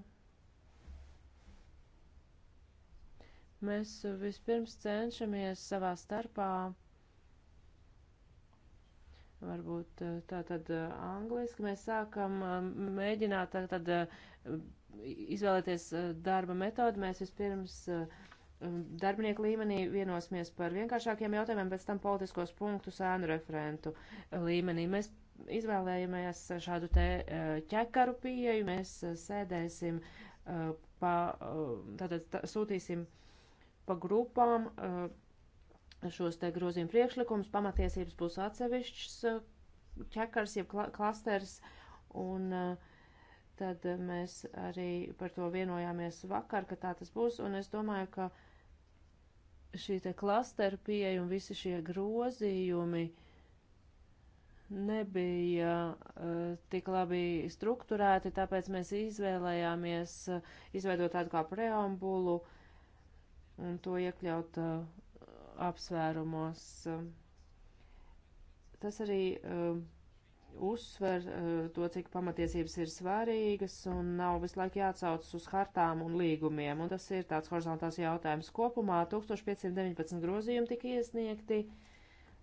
S1: mēs vispirms cenšamies savā starpā Varbūt eh, tā tad eh, angliski mēs sākam eh, mēģināt tā tad izvēlēties darba metodu. Mēs vispirms darbinieku līmenī vienosimies par vienkāršākiem jautājumiem, pēc tam politiskos punktus ēnu referentu līmenī. Mēs izvēlējamies šādu te ķekaru pieeju, mēs sēdēsim, pa, tātad tā, sūtīsim pa grupām šos te grozījumu priekšlikumus. Pamatiesības būs atsevišķs ķekars, eh, jeb klasters, un eh, tad mēs arī par to vienojāmies vakar, ka tā tas būs, un es domāju, ka šī te klastera pieeja un visi šie grozījumi nebija uh, tik labi strukturēti, tāpēc mēs izvēlējāmies uh, izveidot tādu kā preambulu un to iekļaut uh, apsvērumos. Tas arī uh, uzsver uh, to, cik pamatiesības ir svarīgas un nav visu laiku jāatsaucas uz hartām un līgumiem. Un tas ir tāds horizontāls jautājums. Kopumā 1519 grozījumi tika iesniegti. Uh,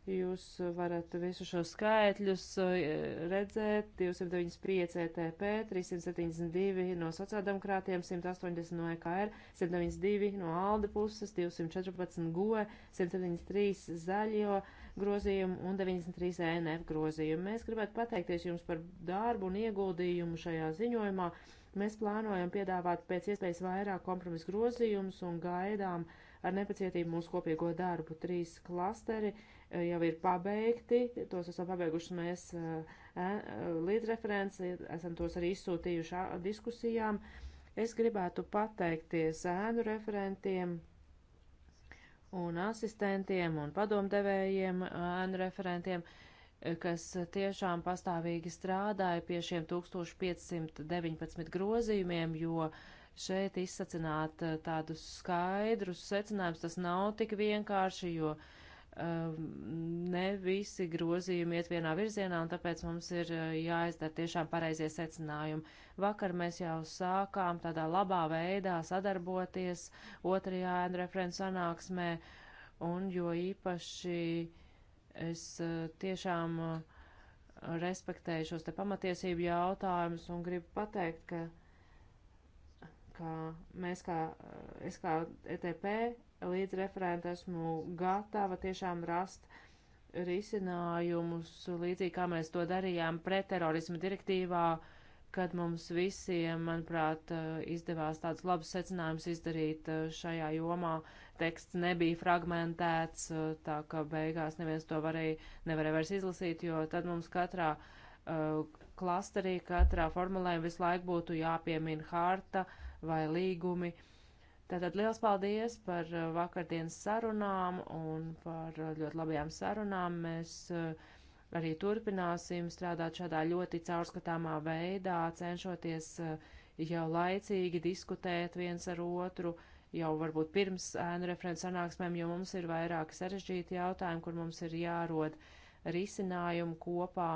S1: Jūs varat visu šo skaitļus e, redzēt 295 ETP, 372 no sociāldemokrātiem, 180 no EKR, 192 no ALDE puses, 214 GOE, 173 zaļo grozījumu un 93 ENF grozījumu. Mēs gribētu pateikties jums par darbu un ieguldījumu šajā ziņojumā. Mēs plānojam piedāvāt pēc iespējas vairāk kompromisu grozījumus un gaidām ar nepacietību mūsu kopīgo darbu. Trīs klasteri Eh, jau ir pabeigti, tos esam pabeiguši mēs eh, eh, līdzreferents, esam tos arī izsūtījuši diskusijām. Es gribētu pateikties ēnu referentiem un asistentiem un padomdevējiem ēnu referentiem, kas tiešām pastāvīgi strādāja pie šiem 1519 grozījumiem, jo šeit izsacināt tādus skaidrus secinājumus tas nav tik vienkārši, jo uh, Ehm, ne visi grozījumi iet vienā virzienā, un tāpēc mums ir eh, jāizdara tiešām pareizie secinājumi. Vakar mēs jau sākām tādā labā veidā sadarboties otrajā Endreferents sanāksmē, un jo īpaši es eh, tiešām eh, respektēju šos te pamatiesību jautājumus un gribu pateikt, ka ka mēs kā, es kā ETP līdz referenta esmu gatava tiešām rast risinājumus, līdzīgi kā mēs to darījām pretterorismu direktīvā, kad mums visiem, manuprāt, izdevās tādus labus secinājumus izdarīt šajā jomā. Teksts nebija fragmentēts, tā ka beigās neviens to varēja, nevarēja vairs izlasīt, jo tad mums katrā uh, klasterī, katrā formulējumā visu laiku būtu jāpiemina harta vai līgumi. Uh, Tātad liels paldies par uh, vakardienas sarunām un par uh, ļoti labajām sarunām. Mēs uh, arī turpināsim strādāt šādā ļoti caurskatāmā veidā, cenšoties jau laicīgi diskutēt viens ar otru, jau varbūt pirms ēnu referents sanāksmēm, jo mums ir vairāki sarežģīti jautājumi, kur mums ir jārod risinājumu kopā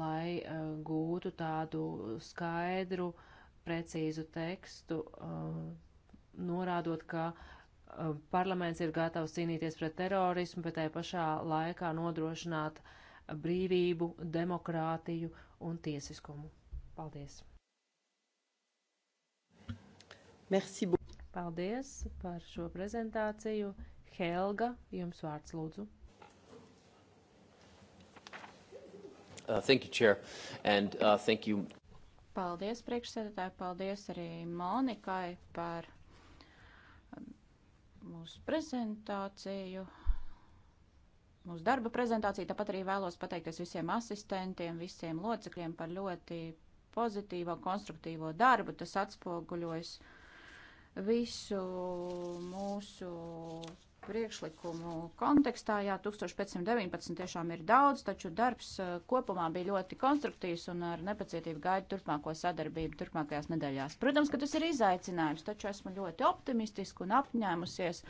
S1: lai uh, gūtu tādu skaidru uh, precīzu tekstu, uh, norādot, ka uh, parlaments ir gatavs cīnīties pret terorismu, bet tajā pašā laikā nodrošināt brīvību, demokrātiju un tiesiskumu. Paldies! Merci beaucoup. Paldies par šo prezentāciju.
S2: Helga, jums vārds lūdzu.
S3: Uh, thank you, Chair, and uh, thank you.
S2: Paldies priekšsēdētāji, paldies arī Monikai par mūsu prezentāciju, mūsu darba prezentāciju. Tāpat arī vēlos pateikties visiem asistentiem, visiem locekļiem par ļoti pozitīvo, konstruktīvo darbu. Tas atspoguļojas visu mūsu priekšlikumu kontekstā. Jā, 1519 tiešām ir daudz, taču darbs eh, kopumā bija ļoti konstruktīvs un ar nepacietību gaidu turpmāko sadarbību turpmākajās nedēļās. Protams, ka tas ir izaicinājums, taču esmu ļoti optimistiski un apņēmusies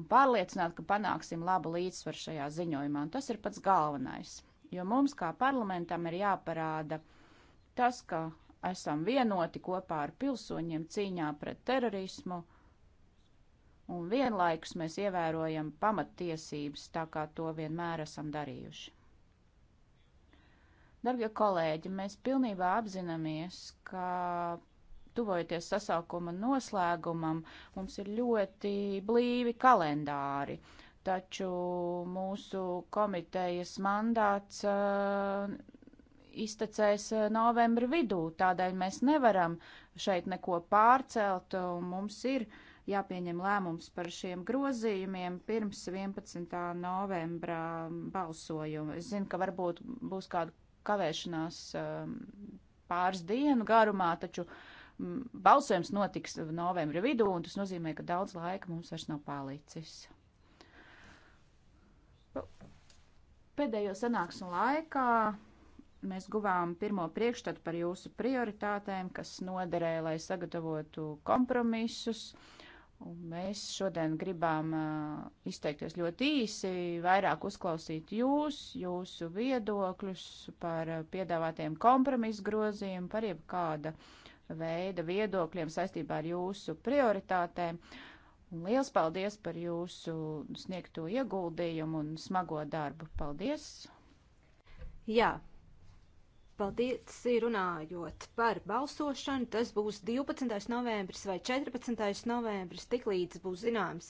S2: un pārliecināta, ka panāksim labu līdzsvaru šajā ziņojumā. Un tas ir pats galvenais, jo mums kā parlamentam ir jāparāda tas, ka esam vienoti kopā ar pilsoņiem cīņā pret terorismu un vienlaikus mēs ievērojam pamattiesības, tā kā to vienmēr esam darījuši. Darbie kolēģi, mēs pilnībā apzināmies, ka tuvojoties sasaukuma noslēgumam, mums ir ļoti blīvi kalendāri, taču mūsu komitejas mandāts uh, iztecēs eh, novembra vidū, tādēļ mēs nevaram šeit neko pārcelt, un mums ir uh, jāpieņem lēmums par šiem grozījumiem pirms 11. novembra balsojuma. Es zinu, ka varbūt būs kāda kavēšanās um, pāris dienu garumā, taču mm, balsojums notiks novembra vidū, un tas nozīmē, ka daudz laika mums vairs nav palicis. Nu, pēdējo sanāksmu laikā mēs guvām pirmo priekšstatu par jūsu prioritātēm, kas noderēja, lai sagatavotu kompromisus. Uh, Un mēs šodien gribam uh, izteikties ļoti īsi, vairāk uzklausīt jūs, jūsu viedokļus par uh, piedāvātiem kompromisu grozījumiem, par jebkāda veida viedokļiem saistībā ar jūsu prioritātēm. Un liels paldies par jūsu sniegto ieguldījumu un smago darbu. Paldies! Jā, Paldies, runājot par balsošanu, tas būs
S4: 12. novembris vai 14. novembris, tik līdz būs zināms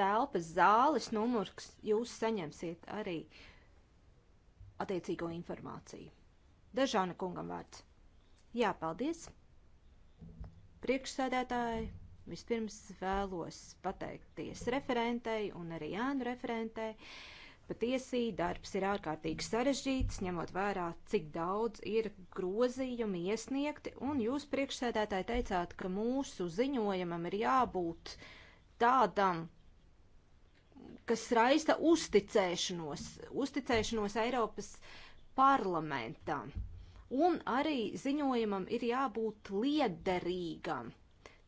S4: telpas zāles numurs, jūs saņemsiet arī attiecīgo informāciju. Dažāna kungam vārds. Jā, paldies. Priekšsēdētāji, vispirms vēlos pateikties referentei un arī Jānu referentei. Uh, Patiesi darbs ir ārkārtīgi sarežģīts, ņemot vērā, cik daudz ir grozījumi iesniegti, un jūs priekšsēdētāji teicāt, ka mūsu ziņojumam ir jābūt tādam, kas raista uzticēšanos, uzticēšanos Eiropas parlamentam. Un arī ziņojumam ir jābūt liederīgam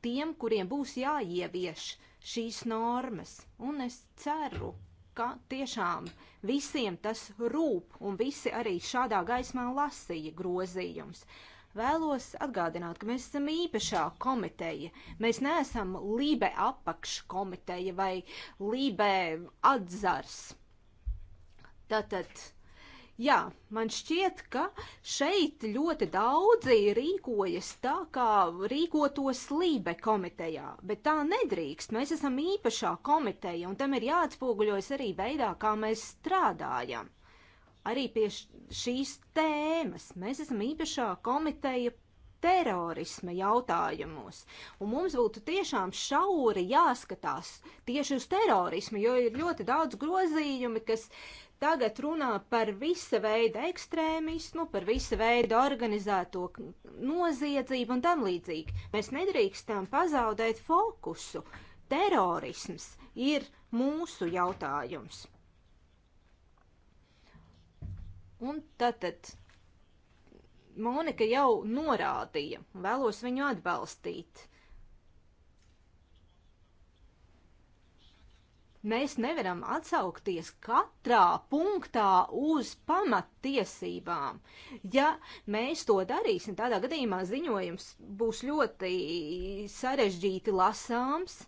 S4: tiem, kuriem būs jāievieš šīs normas. Un es ceru, ka tiešām visiem tas rūp un visi arī šādā gaismā lasīja grozījums. Vēlos atgādināt, ka mēs esam īpašā komiteja. Mēs neesam lībe apakškomiteja vai lībe atzars. Tātad Jā, man šķiet, ka šeit ļoti daudzi rīkojas tā, kā rīkotos Lībe komitejā, bet tā nedrīkst. Mēs esam īpašā komiteja, un tam ir jāatspoguļojas arī veidā, kā mēs strādājam. Arī pie šīs tēmas mēs esam īpašā komiteja terorisma jautājumos. Un mums būtu tiešām šauri jāskatās tieši uz terorismu, jo ir ļoti daudz grozījumi, kas tagad runā par visa veida ekstrēmismu, par visa veida organizēto noziedzību un tam līdzīgi. Mēs nedrīkstam pazaudēt fokusu. Terorisms ir mūsu jautājums. Un tātad Monika jau norādīja, vēlos viņu atbalstīt. Mēs nevaram atsaukties katrā punktā uz pamattiesībām. Ja mēs to darīsim, tādā gadījumā ziņojums būs ļoti sarežģīti lasāms.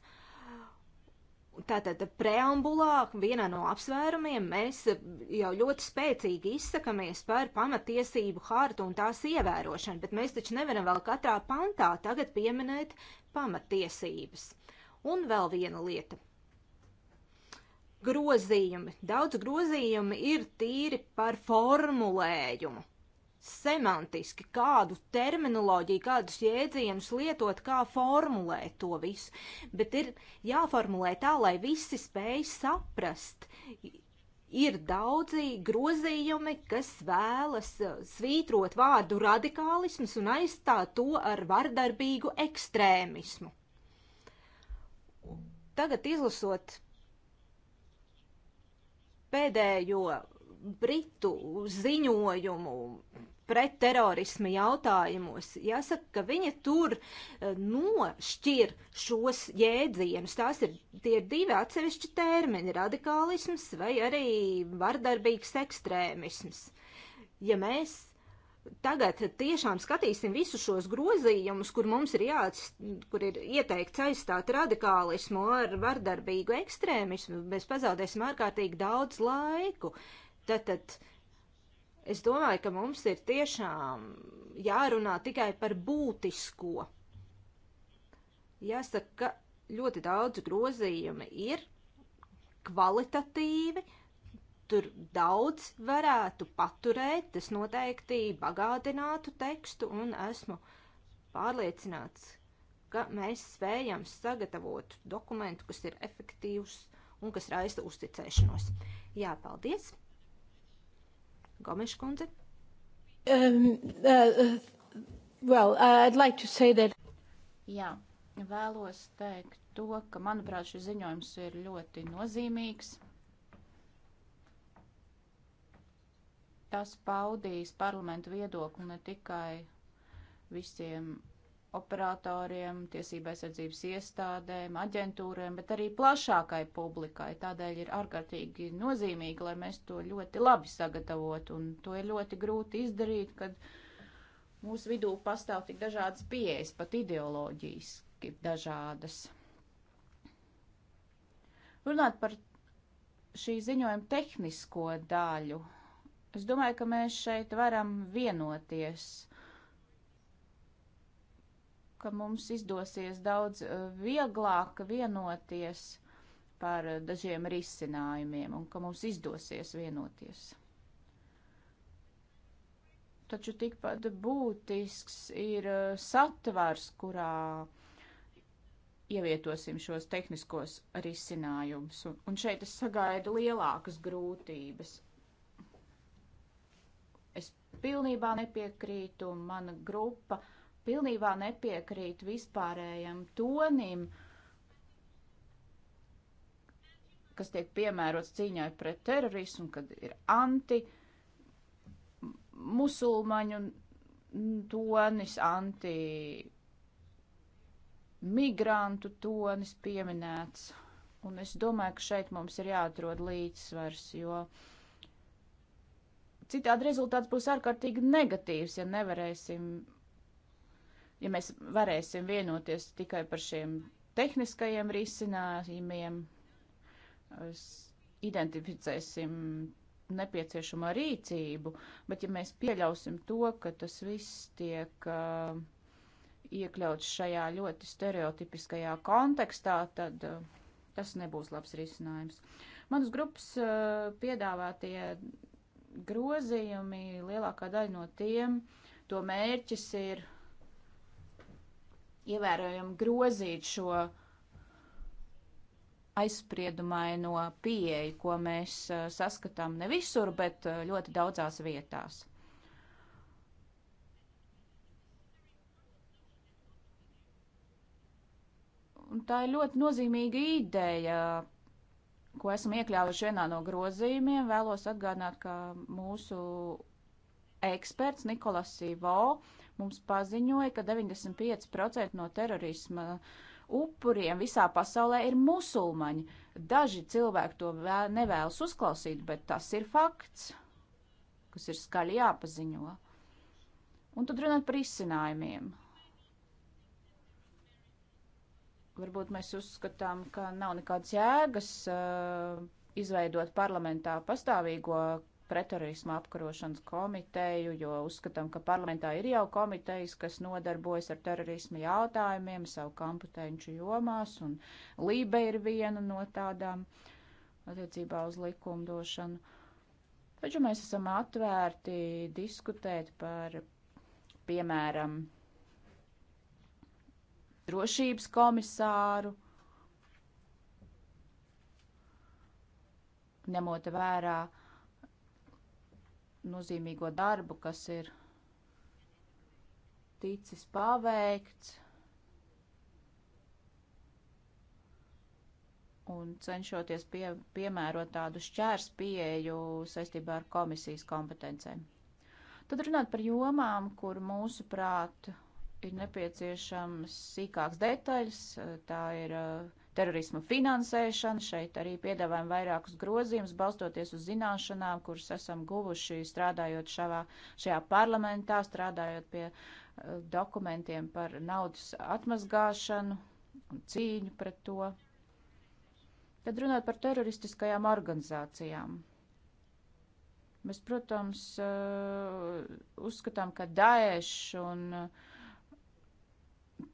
S4: Tātad preambulā vienā no apsvērumiem mēs jau ļoti spēcīgi izsakamies par pamatiesību hartu un tās ievērošanu, bet mēs taču nevaram vēl katrā pantā tagad pieminēt pamatiesības. Un vēl viena lieta grozījumi, daudz grozījumi ir tīri par formulējumu. Semantiski, kādu terminoloģiju, kādus jēdzienus lietot, kā formulēt to visu. Bet ir jāformulē tā, lai visi spēj saprast. Ir daudzi grozījumi, kas vēlas uh, svītrot vārdu radikālisms un aizstāt to ar vardarbīgu ekstrēmismu. Tagad izlasot pēdējo Britu ziņojumu pret terorismu jautājumos. Jāsaka, ka viņi tur eh, nošķir šos jēdzienus. Tās ir, tie ir divi atsevišķi termini - radikālisms vai arī vardarbīgs ekstrēmisms. Ja mēs tagad tiešām skatīsim visus šos grozījumus, kur mums ir jāats, kur ir ieteikts aizstāt radikālismu ar vardarbīgu ekstrēmismu, mēs pazaudēsim ārkārtīgi daudz laiku. Tātad es domāju, ka mums ir tiešām jārunā tikai par būtisko. Jāsaka, ka ļoti daudz grozījumi ir kvalitatīvi, tur daudz varētu paturēt, tas noteikti bagātinātu tekstu un esmu pārliecināts, ka mēs spējam sagatavot dokumentu, kas ir efektīvs un kas raista uzticēšanos. Jā, paldies! Gomeša kundze.
S2: Um, uh, uh well, uh, I'd like to say that. Jā, vēlos teikt to, ka, manuprāt, šis ziņojums ir ļoti nozīmīgs tas paudīs parlamentu viedokli ne tikai visiem operatoriem, tiesība aizsardzības iestādēm, aģentūriem, bet arī plašākai publikai. Tādēļ ir ārkārtīgi nozīmīgi, lai mēs to ļoti labi sagatavotu, un to ir ļoti grūti izdarīt, kad mūsu vidū pastāv tik dažādas pieejas, pat ideoloģiski dažādas. Runāt par šī ziņojuma tehnisko daļu Es domāju, ka mēs šeit varam vienoties, ka mums izdosies daudz eh, vieglāk vienoties par dažiem risinājumiem un ka mums izdosies vienoties. Taču tikpat būtisks ir eh, satvars, kurā ievietosim šos tehniskos risinājumus. Un, un šeit es sagaidu lielākas grūtības. Es pilnībā nepiekrītu, un mana grupa pilnībā nepiekrīt vispārējam tonim, kas tiek piemērots cīņai pret terorismu, kad ir anti musulmaņu tonis, anti migrantu tonis pieminēts. Un es domāju, ka šeit mums ir jāatrod līdzsvars, jo uh, Citādi rezultāts būs ārkārtīgi negatīvs, ja nevarēsim, ja mēs varēsim vienoties tikai par šiem tehniskajiem risinājumiem, identificēsim nepieciešamo rīcību, bet ja mēs pieļausim to, ka tas viss tiek uh, iekļauts šajā ļoti stereotipiskajā kontekstā, tad uh, tas nebūs labs risinājums. Manas grupas uh, piedāvātie grozījumi, lielākā daļa no tiem, to mērķis ir ievērojami grozīt šo aizspriedumaino pieeju, ko mēs eh, saskatām ne visur, bet eh, ļoti daudzās vietās. Un tā ir ļoti nozīmīga ideja ko esam iekļāvuši vienā no grozījumiem. Vēlos atgādināt, ka mūsu eksperts Nikolas Sivo mums paziņoja, ka 95% no terorisma upuriem visā pasaulē ir musulmaņi. Daži cilvēki to vēl nevēlas uzklausīt, bet tas ir fakts, kas ir skaļi jāpaziņo. Un tad runāt par izcinājumiem. varbūt mēs uzskatām, ka nav nekādas jēgas uh, izveidot parlamentā pastāvīgo pretorismu apkarošanas komiteju, jo uzskatām, ka parlamentā ir jau komitejas, kas nodarbojas ar terorismu jautājumiem savu kompetenču jomās, un Lībe ir viena no tādām attiecībā uz likumdošanu. Taču mēs esam atvērti diskutēt par, piemēram, drošības komisāru, ņemot vērā nozīmīgo darbu, kas ir ticis paveikts, un cenšoties pie, piemērot tādu šķērs pieeju saistībā ar komisijas kompetencēm. Tad runāt par jomām, kur mūsuprāt, prāt ir nepieciešams sīkāks detaļas, tā ir uh, terorismu finansēšana, šeit arī piedāvājam vairākus grozījumus, balstoties uz zināšanām, kuras esam guvuši strādājot šavā, šajā parlamentā, strādājot pie uh, dokumentiem par naudas atmazgāšanu un cīņu pret to. Tad runāt par teroristiskajām organizācijām. Mēs, protams, uh, uzskatām, ka Daesh un uh,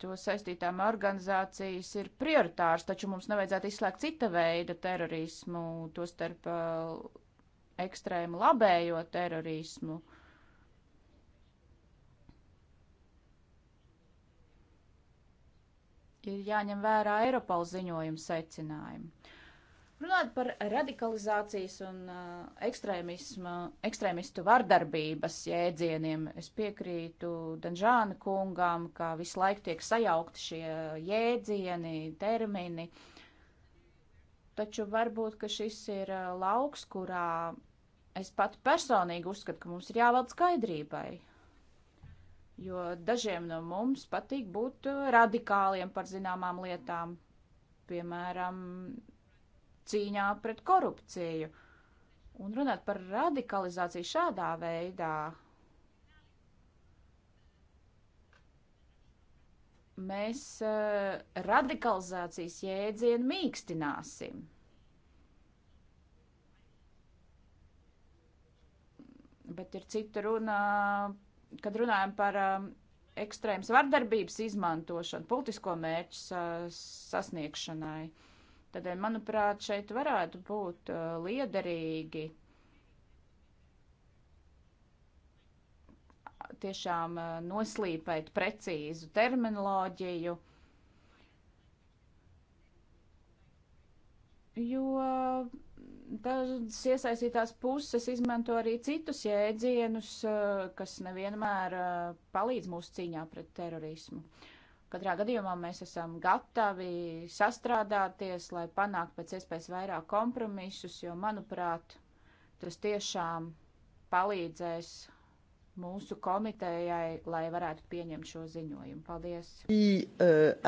S2: to saistītām organizācijas ir prioritārs, taču mums nevajadzētu izslēgt cita veida terorismu, to starp uh, ekstrēmu labējo terorismu. Ir jāņem vērā Eiropas ziņojuma secinājumi. Runāt par radikalizācijas un ekstrēmisma, ekstrēmistu vardarbības jēdzieniem, es piekrītu Danžāna kungām, ka visu laiku tiek sajaukti šie jēdzieni, termini. Taču varbūt, ka šis ir lauks, kurā es pat personīgi uzskatu, ka mums ir jāvald skaidrībai. Jo dažiem no mums patīk būt radikāliem par zināmām lietām. Piemēram, cīņā pret korupciju. Un runāt par radikalizāciju šādā veidā. Mēs uh, radikalizācijas jēdzienu mīkstināsim. Bet ir cita runa, kad runājam par uh, ekstrēmas vardarbības izmantošanu, politisko mērķu uh, sasniegšanai. Uh, Tādēļ, eh, manuprāt, šeit varētu būt uh, liederīgi tiešām uh, noslīpēt precīzu terminoloģiju, jo dažas iesaistītās puses izmanto arī citus jēdzienus, uh, kas nevienmēr palīdz mūsu cīņā pret terorismu. Katrā gadījumā mēs esam gatavi sastrādāties, lai panāktu pēc iespējas vairāk kompromisus, jo, manuprāt, tas tiešām palīdzēs mūsu komitejai, lai varētu pieņemt šo ziņojumu. Paldies!
S1: Uh,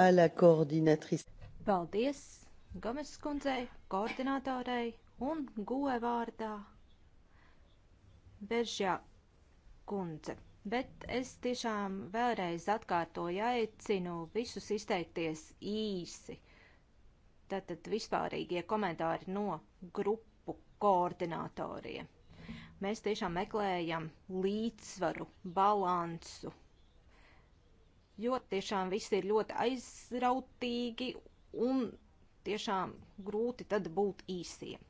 S2: Paldies Gomes kundzei, koordinātorei
S4: un goe vārdā Beržā kundze. Bet es tiešām vēlreiz atkārtoju, aicinu visus izteikties īsi. Tātad vispārīgie komentāri no grupu koordinatoriem. Mēs tiešām meklējam līdzsvaru, balansu, jo tiešām viss ir ļoti aizrautīgi un tiešām grūti tad būt īsiem.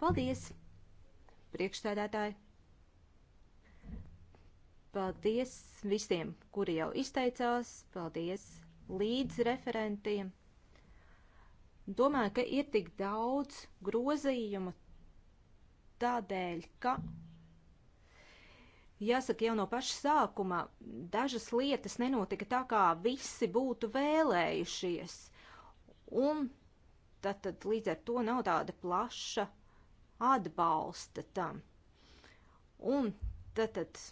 S4: Paldies, priekšstādātāji! Paldies visiem, kuri jau izteicās. Paldies līdz referentiem. Domāju, ka ir tik daudz grozījumu tādēļ, ka Jāsaka, jau no paša sākuma dažas lietas nenotika tā, kā visi būtu vēlējušies. Un tad, tad līdz ar to nav tāda plaša atbalsta tam. Un tad, tad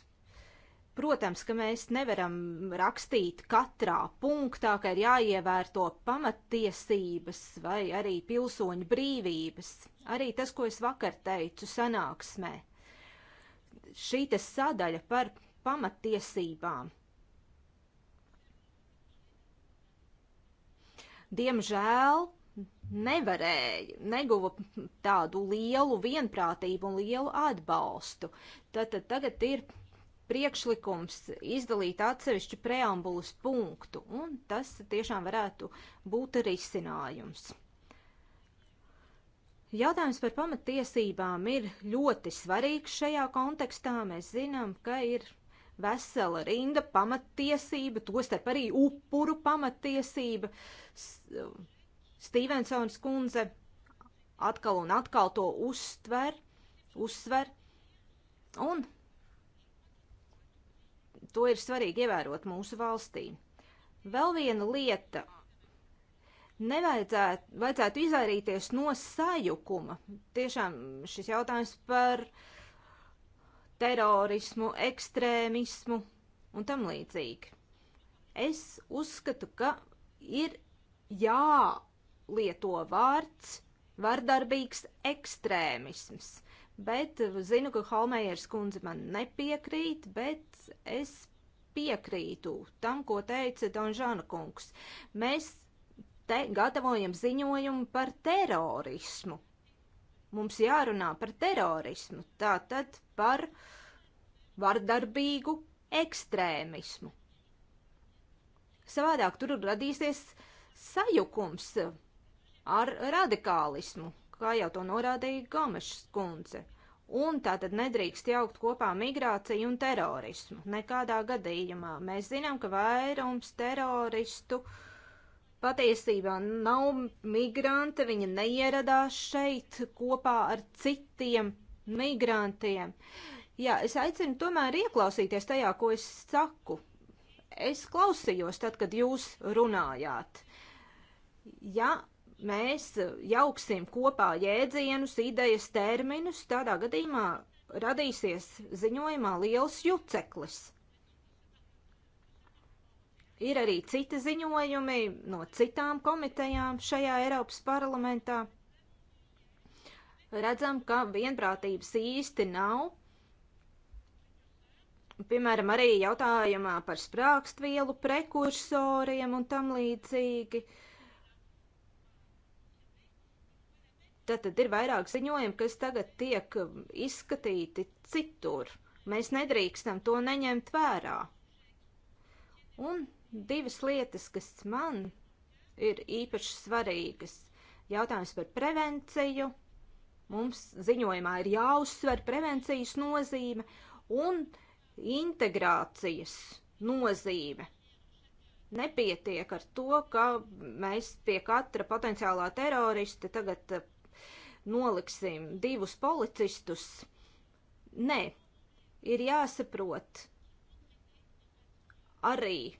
S4: Protams, ka mēs nevaram rakstīt katrā punktā, ka ir jāievērto pamatiesības vai arī pilsoņu brīvības. Arī tas, ko es vakar teicu sanāksmē. Šī te sadaļa par pamatiesībām. Diemžēl nevarēja, neguva tādu lielu vienprātību un lielu atbalstu. Tad, tad tagad ir priekšlikums izdalīt atsevišķu preambulas punktu, un tas tiešām varētu būt risinājums. Jautājums par pamatiesībām ir ļoti svarīgs šajā kontekstā. Mēs zinām, ka ir vesela rinda pamatiesība, tostarp arī upuru pamatiesība. Stevensons kundze atkal un atkal to uztver, uzsver, un to ir svarīgi ievērot mūsu valstī. Vēl viena lieta. Nevajadzētu vajadzētu izvairīties no sajukuma. Tiešām šis jautājums par terorismu, ekstrēmismu un tam līdzīgi. Es uzskatu, ka ir jālieto vārds vardarbīgs ekstrēmisms bet zinu, ka Holmējers kundze man nepiekrīt, bet es piekrītu tam, ko teica Donžana kungs. Mēs te gatavojam ziņojumu par terorismu. Mums jārunā par terorismu, tātad par vardarbīgu ekstrēmismu. Savādāk tur radīsies sajukums ar radikālismu, kā jau to norādīja Gomešs kundze. Un tā tad nedrīkst jaukt kopā migrāciju un terorismu. Nekādā gadījumā mēs zinām, ka vairums teroristu patiesībā nav migranti, viņi neieradās šeit kopā ar citiem migrantiem. Jā, es aicinu tomēr ieklausīties tajā, ko es saku. Es klausījos tad, kad jūs runājāt. Ja mēs jauksim kopā jēdzienus, idejas, terminus, tādā gadījumā radīsies ziņojumā liels juceklis. Ir arī citi ziņojumi no citām komitejām šajā Eiropas parlamentā. Redzam, ka vienprātības īsti nav. Piemēram, arī jautājumā par sprākstvielu prekursoriem un tam līdzīgi. Uh, Tātad ir vairāk ziņojumi, kas tagad tiek um, izskatīti citur. Mēs nedrīkstam to neņemt vērā. Un divas lietas, kas man ir īpaši svarīgas. Jautājums par prevenciju. Mums ziņojumā ir jāuzsver prevencijas nozīme un integrācijas nozīme. Nepietiek ar to, ka mēs pie katra potenciālā terorista tagad noliksim divus policistus. Nē, ir jāsaprot arī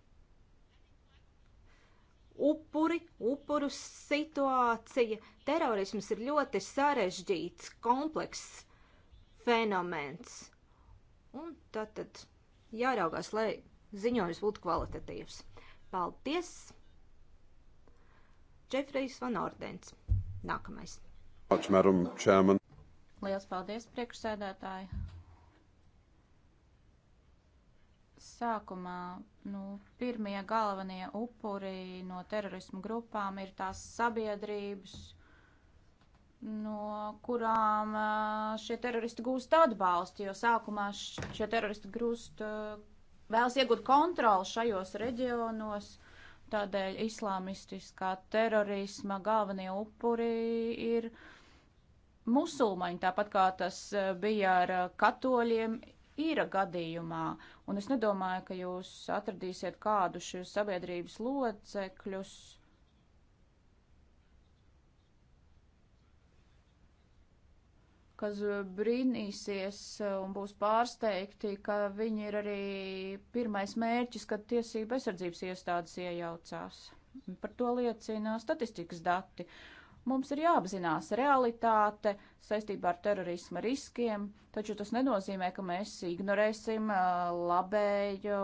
S4: upuri, upuru situācija. Terorisms ir ļoti sarežģīts, komplekss fenomens. Un tad, tad jāraugās, lai ziņojums būtu kvalitatīvs. Paldies! Džefrijs Van Ordens. Nākamais. Much,
S3: Madam Chairman.
S2: Liels paldies, priekšsēdētāji. Sākumā nu, pirmie galvenie upuri no terorismu grupām ir tās sabiedrības, no kurām šie teroristi gūst atbalstu, jo sākumā šie teroristi gūst, vēlas iegūt kontroli šajos reģionos. Tādēļ islāmistiskā terorisma galvenie upuri ir uh, musulmaņi, tāpat kā tas eh, bija ar eh, katoļiem īra gadījumā. Un es nedomāju, ka jūs atradīsiet kādu šīs sabiedrības locekļus. kas eh, brīnīsies un būs pārsteigti, ka viņi ir arī pirmais mērķis, kad tiesība aizsardzības iestādes iejaucās. Par to liecina statistikas dati. Uh, Mums ir jāapzinās realitāte saistībā ar terorisma riskiem, taču tas nenozīmē, ka mēs ignorēsim labējo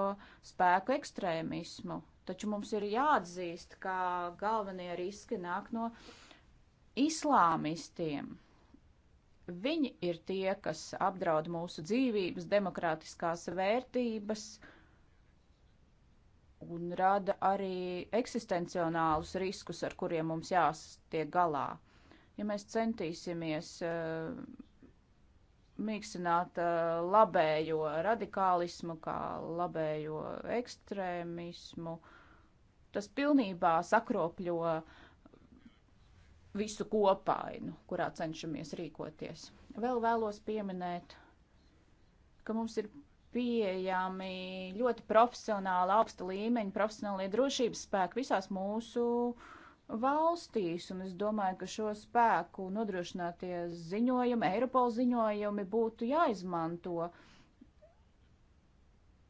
S2: spēku ekstrēmismu. Taču mums ir jāatzīst, ka galvenie riski nāk no islāmistiem. Viņi ir tie, kas apdraud mūsu dzīvības, demokrātiskās vērtības, uh, un rada arī eksistenciālus riskus, ar kuriem mums jāstiek galā. Ja mēs centīsimies uh, mīkstināt uh, labējo radikālismu, kā labējo ekstrēmismu, tas pilnībā sakropļo visu kopainu, kurā cenšamies rīkoties. Vēl vēlos pieminēt, ka mums ir pieejami ļoti profesionāli, augsta līmeņa profesionālie drošības spēki visās mūsu valstīs, un es domāju, ka šo spēku nodrošinātie ziņojumi, Eiropola ziņojumi būtu jāizmanto.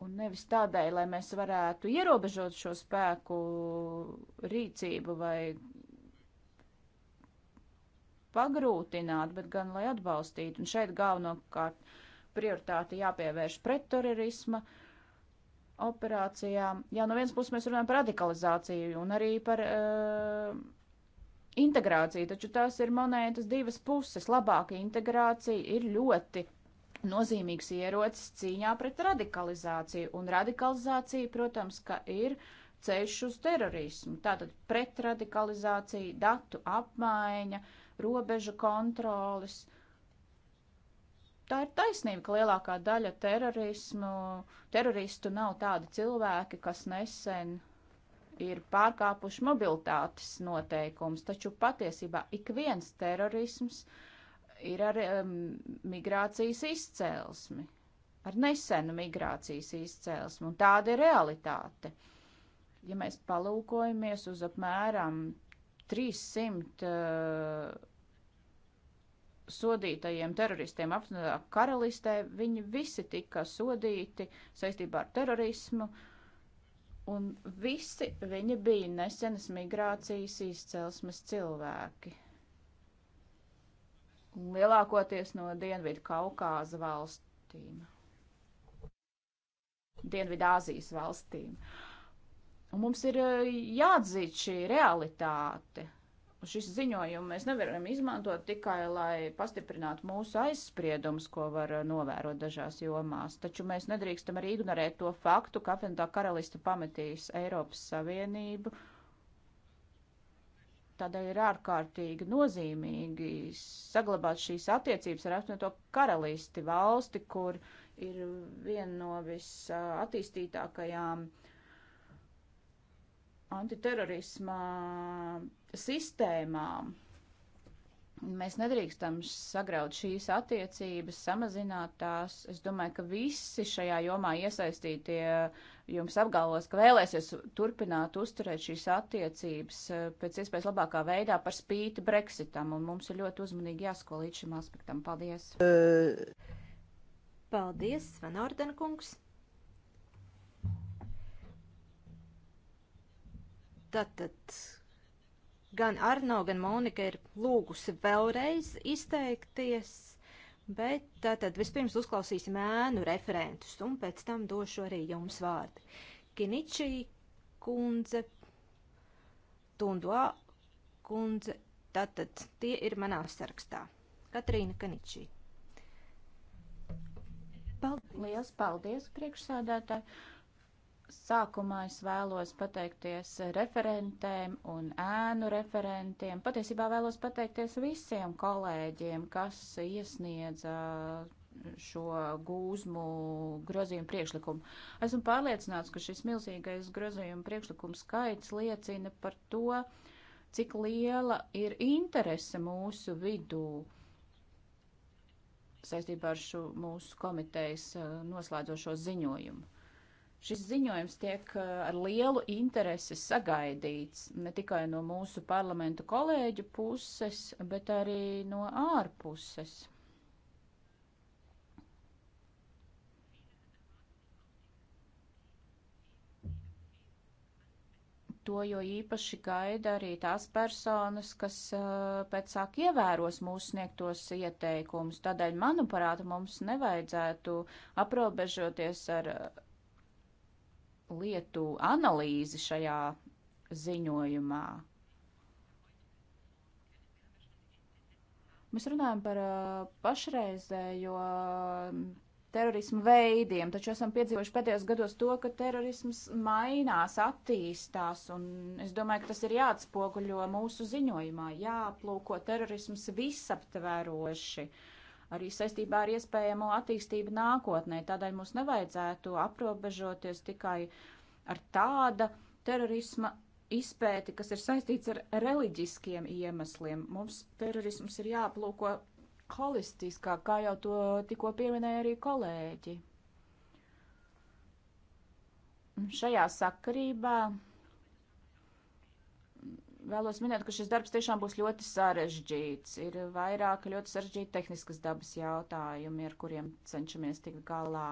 S2: Un nevis tādēļ, lai mēs varētu ierobežot šo spēku rīcību vai pagrūtināt, bet gan lai atbalstītu. Un šeit galvenokārt prioritāte jāpievērš pretterorisma operācijām. Jā, no vienas puses mēs runājam par radikalizāciju un arī par uh, integrāciju, taču tās ir monētas divas puses. Labāka integrācija ir ļoti nozīmīgs ierocis cīņā pret radikalizāciju, un radikalizācija, protams, ka ir ceļš uz terorismu. Tātad pretradikalizācija, datu apmaiņa, robežu kontrolis. Uh, tā ir taisnība, ka lielākā daļa terorismu, teroristu nav tādi cilvēki, kas nesen ir pārkāpuši mobilitātes noteikums, taču patiesībā ik viens terorisms ir ar um, migrācijas izcēlesmi, ar nesenu migrācijas izcēlesmi, un tāda ir realitāte. Ja mēs palūkojamies uz apmēram 300 uh, sodītajiem teroristiem apvienotā karalistē, viņi visi tika sodīti saistībā ar terorismu, un visi viņi bija nesenas migrācijas izcelsmes cilvēki. Lielākoties no Dienvidu Kaukāza valstīm. Dienvidāzijas valstīm. Un mums ir eh, jāatzīst šī realitāte šis ziņojumu mēs nevaram izmantot tikai, lai pastiprinātu mūsu aizspriedumus, ko var uh, novērot dažās jomās. Taču mēs nedrīkstam arī ignorēt to faktu, ka apvienotā karalista pametīs Eiropas Savienību. Tādēļ ir ārkārtīgi nozīmīgi saglabāt šīs attiecības ar apvienoto karalisti valsti, kur ir viena no visattīstītākajām antiterorisma sistēmām. Mēs nedrīkstam sagraut šīs attiecības, samazināt tās. Es domāju, ka visi šajā jomā iesaistītie jums apgalvos, ka vēlēsies turpināt uzturēt šīs attiecības eh, pēc iespējas labākā veidā par spīti Brexitam, un mums ir ļoti uzmanīgi jāsako līdz šim aspektam. Paldies! Paldies, Sven Ordenkungs!
S4: Tātad. Tā Gan Arno, gan Monika ir lūgusi vēlreiz izteikties, bet tātad vispirms uzklausīsim ēnu referentus un pēc tam došu arī jums vārdu. Kiničī kundze, Tundua kundze, tātad tie ir manā sarakstā.
S2: Katrīna Kaničī. Paldies, Liels paldies, priekšsādātāji! Sākumā es vēlos pateikties referentēm un ēnu referentiem. Patiesībā vēlos pateikties visiem kolēģiem, kas iesniedza šo gūzmu grozījumu priekšlikumu. Esmu pārliecināts, ka šis milzīgais grozījumu priekšlikumu skaits liecina par to, cik liela ir interese mūsu vidū saistībā ar šo mūsu komitejas eh, noslēdzošo ziņojumu. Šis ziņojums tiek eh, ar lielu interesi sagaidīts ne tikai no mūsu parlamentu kolēģu puses, bet arī no ārpuses. To jo īpaši gaida arī tās personas, kas eh, pēc sāk ievēros mūsu sniegtos ieteikumus. Tādēļ, manuprāt, mums nevajadzētu aprobežoties ar lietu analīzi šajā ziņojumā. Mēs runājam par uh, pašreizējo um, terorismu veidiem, taču esam piedzīvojuši pēdējos gados to, ka terorisms mainās, attīstās, un es domāju, ka tas ir jāatspoguļo mūsu ziņojumā, jāplūko terorisms visaptveroši. Uh, arī saistībā ar iespējamo attīstību nākotnē. Tādēļ mums nevajadzētu aprobežoties tikai ar tāda terorisma izpēti, kas ir saistīts ar reliģiskiem iemesliem. Mums terorisms ir jāplūko holistiskā, kā jau to tikko pieminēja arī kolēģi. Šajā sakarībā vēlos minēt, ka šis darbs tiešām būs ļoti sarežģīts. Ir vairāk ļoti sarežģīti tehniskas dabas jautājumi, ar kuriem cenšamies tikt galā.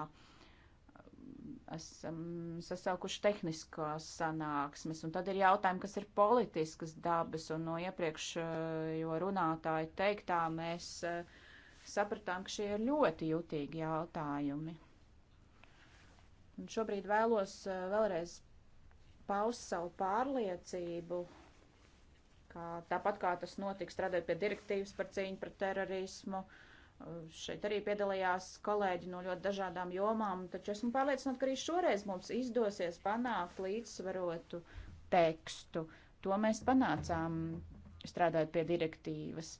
S2: Esam sasaukuši tehniskās sanāksmes, un tad ir jautājumi, kas ir politiskas dabas, un no iepriekšējo runātāju teiktā mēs eh, sapratām, ka šie ir ļoti jutīgi jautājumi. Un šobrīd vēlos eh, vēlreiz paust savu pārliecību kā, tāpat kā tas notika strādājot pie direktīvas par cīņu pret terorismu. Šeit arī piedalījās kolēģi no ļoti dažādām jomām, taču esmu pārliecināta, ka arī šoreiz mums izdosies panākt līdzsvarotu tekstu. To mēs panācām strādājot pie direktīvas.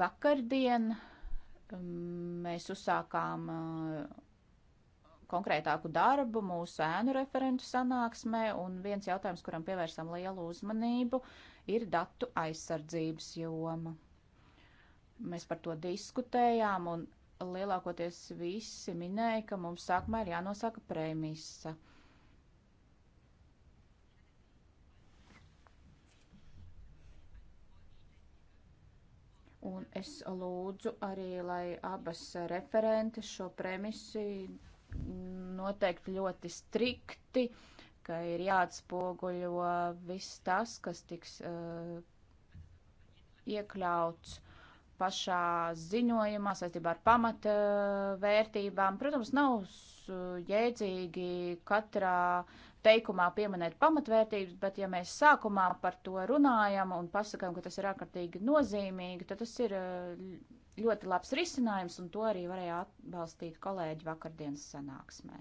S2: Vakardien mm, mēs uzsākām uh, konkrētāku darbu mūsu ēnu referentu sanāksmē, un viens jautājums, kuram pievērsam lielu uzmanību, ir datu aizsardzības joma. Mēs par to diskutējām, un lielākoties visi minēja, ka mums sākumā ir jānosaka premisa. Un es lūdzu arī, lai abas referentes šo premisu noteikti ļoti strikti, ka ir jāatspoguļo viss tas, kas tiks uh, iekļauts pašā ziņojumā saistībā ar pamata eh, vērtībām. Protams, nav jēdzīgi katrā teikumā pieminēt pamatvērtības, bet ja mēs sākumā par to runājam un pasakām, ka tas ir ārkārtīgi nozīmīgi, tad tas ir eh, ļoti labs risinājums, un to arī varēja atbalstīt kolēģi vakardienas sanāksmē.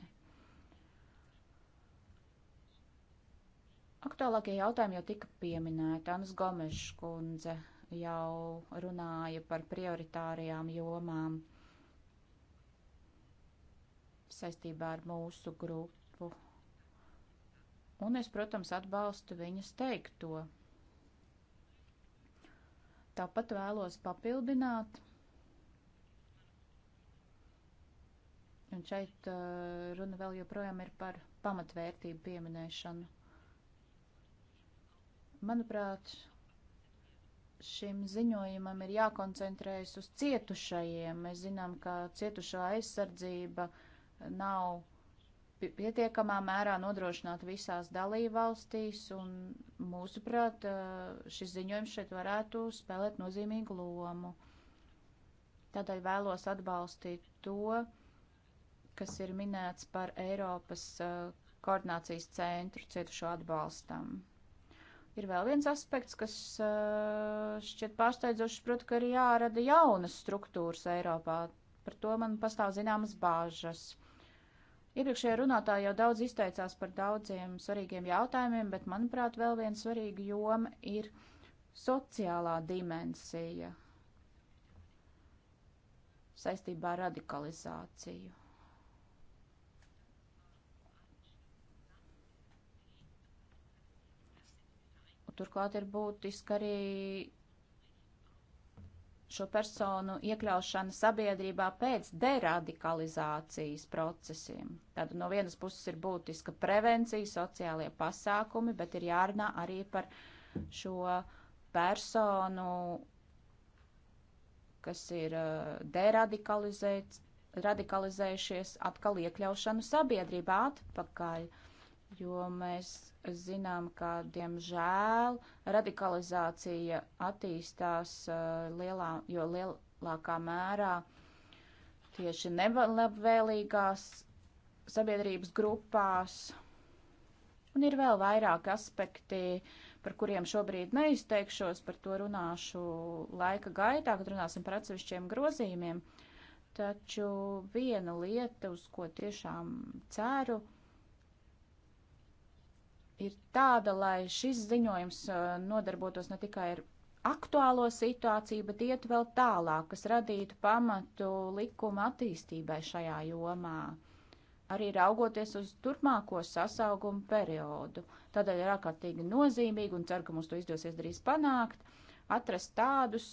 S2: Aktuālākie jautājumi jau tika pieminēti. Anas Gomeša kundze jau runāja par prioritārajām jomām saistībā ar mūsu grupu. Un es, protams, atbalstu viņas teikto. Tāpat vēlos papildināt Un šeit uh, runa vēl joprojām ir par pamatvērtību pieminēšanu. Manuprāt, šim ziņojumam ir jākoncentrējas uz cietušajiem. Mēs zinām, ka cietušā aizsardzība nav pietiekamā mērā nodrošināta visās dalībvalstīs, un mūsuprāt, uh, šis ziņojums šeit varētu spēlēt nozīmīgu lomu. Tādēļ vēlos atbalstīt to, kas ir minēts par Eiropas eh, koordinācijas centru cietušo atbalstam. Ir vēl viens aspekts, kas eh, šķiet pārsteidzošs, proti, ka ir jārada jaunas struktūras Eiropā. Par to man pastāv zināmas bāžas. Iepriekšējā runātāja jau daudz izteicās par daudziem svarīgiem jautājumiem, bet, manuprāt, vēl viena svarīga joma ir sociālā dimensija saistībā ar radikalizāciju. Turklāt ir būtiski arī šo personu iekļaušana sabiedrībā pēc deradikalizācijas procesiem. Tad no vienas puses ir būtiska prevencija, sociālie pasākumi, bet ir jārunā arī par šo personu, kas ir eh, deradikalizēts, radikalizējušies atkal iekļaušanu sabiedrībā atpakaļ. Uh, jo mēs zinām, ka, diemžēl, radikalizācija attīstās eh, lielā, jo lielākā mērā tieši nelabvēlīgās sabiedrības grupās. Un ir vēl vairāk aspekti, par kuriem šobrīd neizteikšos, par to runāšu laika gaitā, kad runāsim par atsevišķiem grozījumiem. Taču viena lieta, uz ko tiešām ceru, ir ir tāda, lai šis ziņojums uh, nodarbotos ne tikai ar aktuālo situāciju, bet iet vēl tālāk, kas radītu pamatu likuma attīstībai šajā jomā, arī raugoties uz turpmāko sasaugumu periodu. Tādēļ ir ārkārtīgi nozīmīgi, un ceru, ka mums to izdosies drīz panākt, atrast tādus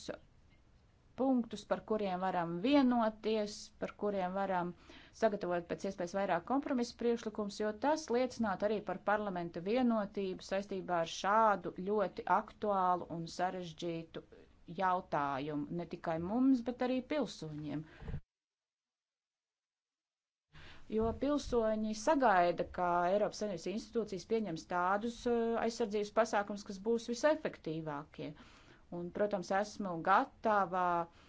S2: punktus, par kuriem varam vienoties, par kuriem varam uh, sagatavot pēc iespējas vairāk kompromisu priekšlikums, jo tas liecinātu arī par parlamenta vienotību saistībā ar šādu ļoti aktuālu un sarežģītu jautājumu ne tikai mums, bet arī pilsoņiem. Jo pilsoņi sagaida, ka Eiropas Savienības institūcijas pieņems tādus uh, aizsardzības pasākums, kas būs visefektīvākie. Un, protams, esmu gatava uh,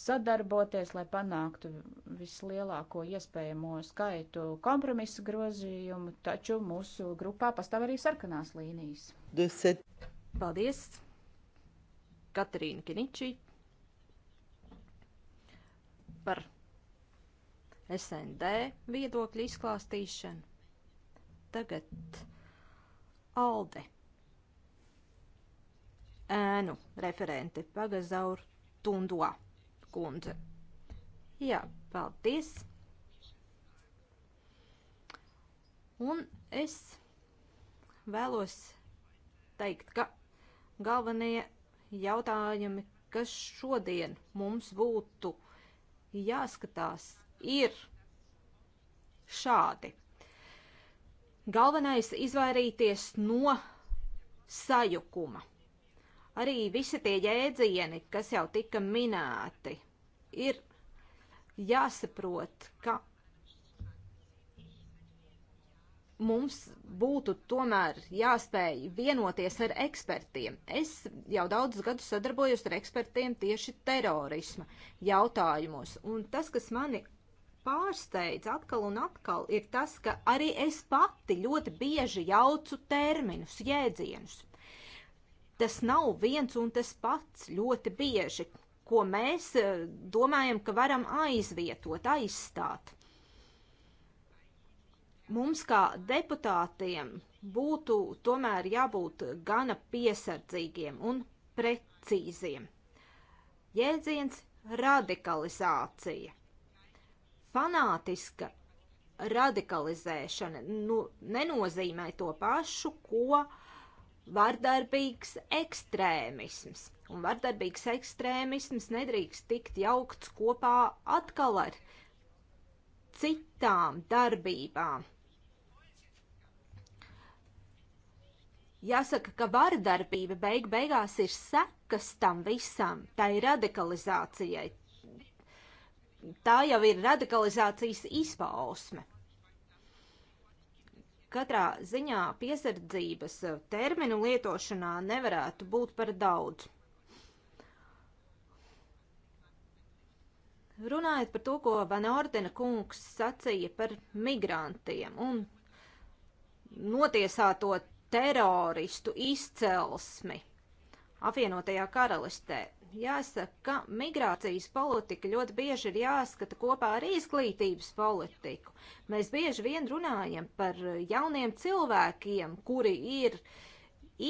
S2: sadarboties, lai panāktu vislielāko iespējamo skaitu kompromisu grozījumu, taču mūsu grupā pastāv arī sarkanās līnijas. Duset. Paldies! Katrīna Kiničī par
S4: SND viedokļu izklāstīšanu. Tagad Alde ēnu referente Pagazaur Tunduā kundze. Jā, paldies. Un es vēlos teikt, ka galvenie jautājumi, kas šodien mums būtu jāskatās, ir šādi. Galvenais izvairīties no sajukuma. Arī visi tie jēdzieni, kas jau tika minēti, ir jāsaprot, ka mums būtu tomēr jāspēj vienoties ar ekspertiem. Es jau daudzus gadus sadarbojos ar ekspertiem tieši terorisma jautājumos, un tas, kas mani pārsteidz atkal un atkal, ir tas, ka arī es pati ļoti bieži jaucu terminus, jēdzienus tas nav viens un tas pats ļoti bieži, ko mēs eh, domājam, ka varam aizvietot, aizstāt. Mums kā deputātiem būtu tomēr jābūt gana piesardzīgiem un precīziem. Jēdziens radikalizācija. Fanātiska radikalizēšana nu, nenozīmē to pašu, ko uh, vardarbīgs ekstrēmisms. Un vardarbīgs ekstrēmisms nedrīkst tikt jaukts kopā atkal ar citām darbībām. Jāsaka, ka vardarbība beig beigās ir sekas tam visam, tai radikalizācijai. Tā jau ir radikalizācijas izpausme katrā ziņā piesardzības eh, terminu lietošanā nevarētu būt par daudz. Runājot par to, ko Van Ordena kungs sacīja par migrantiem un notiesāto teroristu izcelsmi apvienotajā karalistē, Jāsaka, ka migrācijas politika ļoti bieži ir jāskata kopā ar izglītības politiku. Mēs bieži vien runājam par jauniem cilvēkiem, kuri ir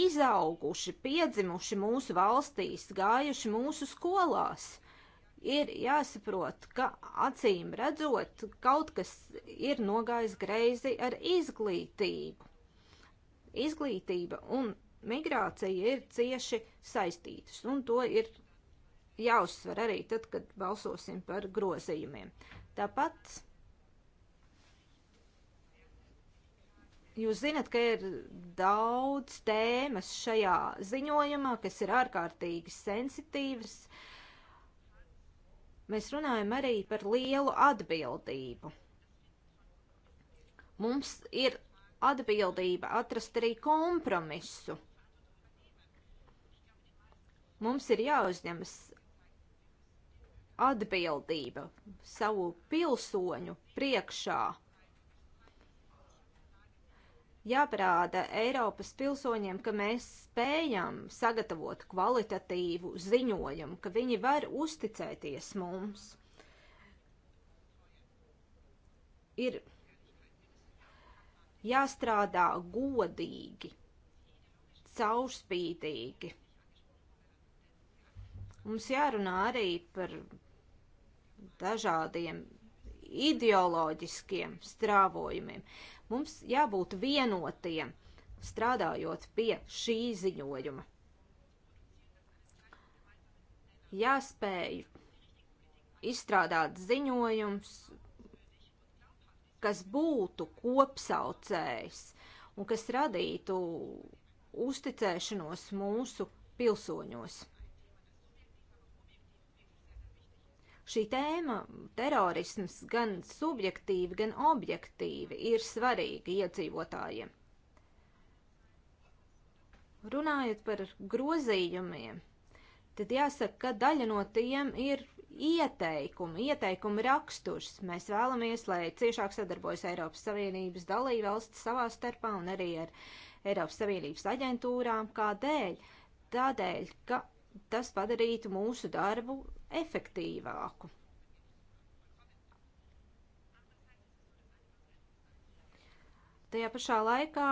S4: izauguši, piedzimuši mūsu valstīs, gājuši mūsu skolās. Ir jāsaprot, ka acīm redzot, kaut kas ir nogājis greizi ar izglītību. Izglītība un migrācija ir cieši saistītas, un to ir jāuzsver arī tad, kad balsosim par grozījumiem. Tāpat jūs zinat, ka ir daudz tēmas šajā ziņojumā, kas ir ārkārtīgi sensitīvas. Mēs runājam arī par lielu atbildību. Mums ir atbildība atrast arī kompromisu. Mums ir jāuzņemas atbildība savu pilsoņu priekšā. Jāparāda Eiropas pilsoņiem, ka mēs spējam sagatavot kvalitatīvu ziņojumu, ka viņi var uzticēties mums. Ir jāstrādā godīgi, caurspīdīgi. Mums jārunā arī par dažādiem ideoloģiskiem strāvojumiem. Mums jābūt vienotiem, strādājot pie šī ziņojuma. Jāspēj izstrādāt ziņojums, kas būtu kopsaucējs un kas radītu uzticēšanos mūsu pilsoņos. Šī tēma, terorisms, gan subjektīvi, gan objektīvi, ir svarīga iedzīvotājiem. Runājot par grozījumiem, tad jāsaka, ka daļa no tiem ir ieteikumi, ieteikumi raksturs. Mēs vēlamies, lai ciešāk sadarbojas Eiropas Savienības dalībvalsts savā starpā un arī ar Eiropas Savienības aģentūrām. Kādēļ? Tādēļ, ka tas padarītu mūsu darbu efektīvāku. Tajā pašā laikā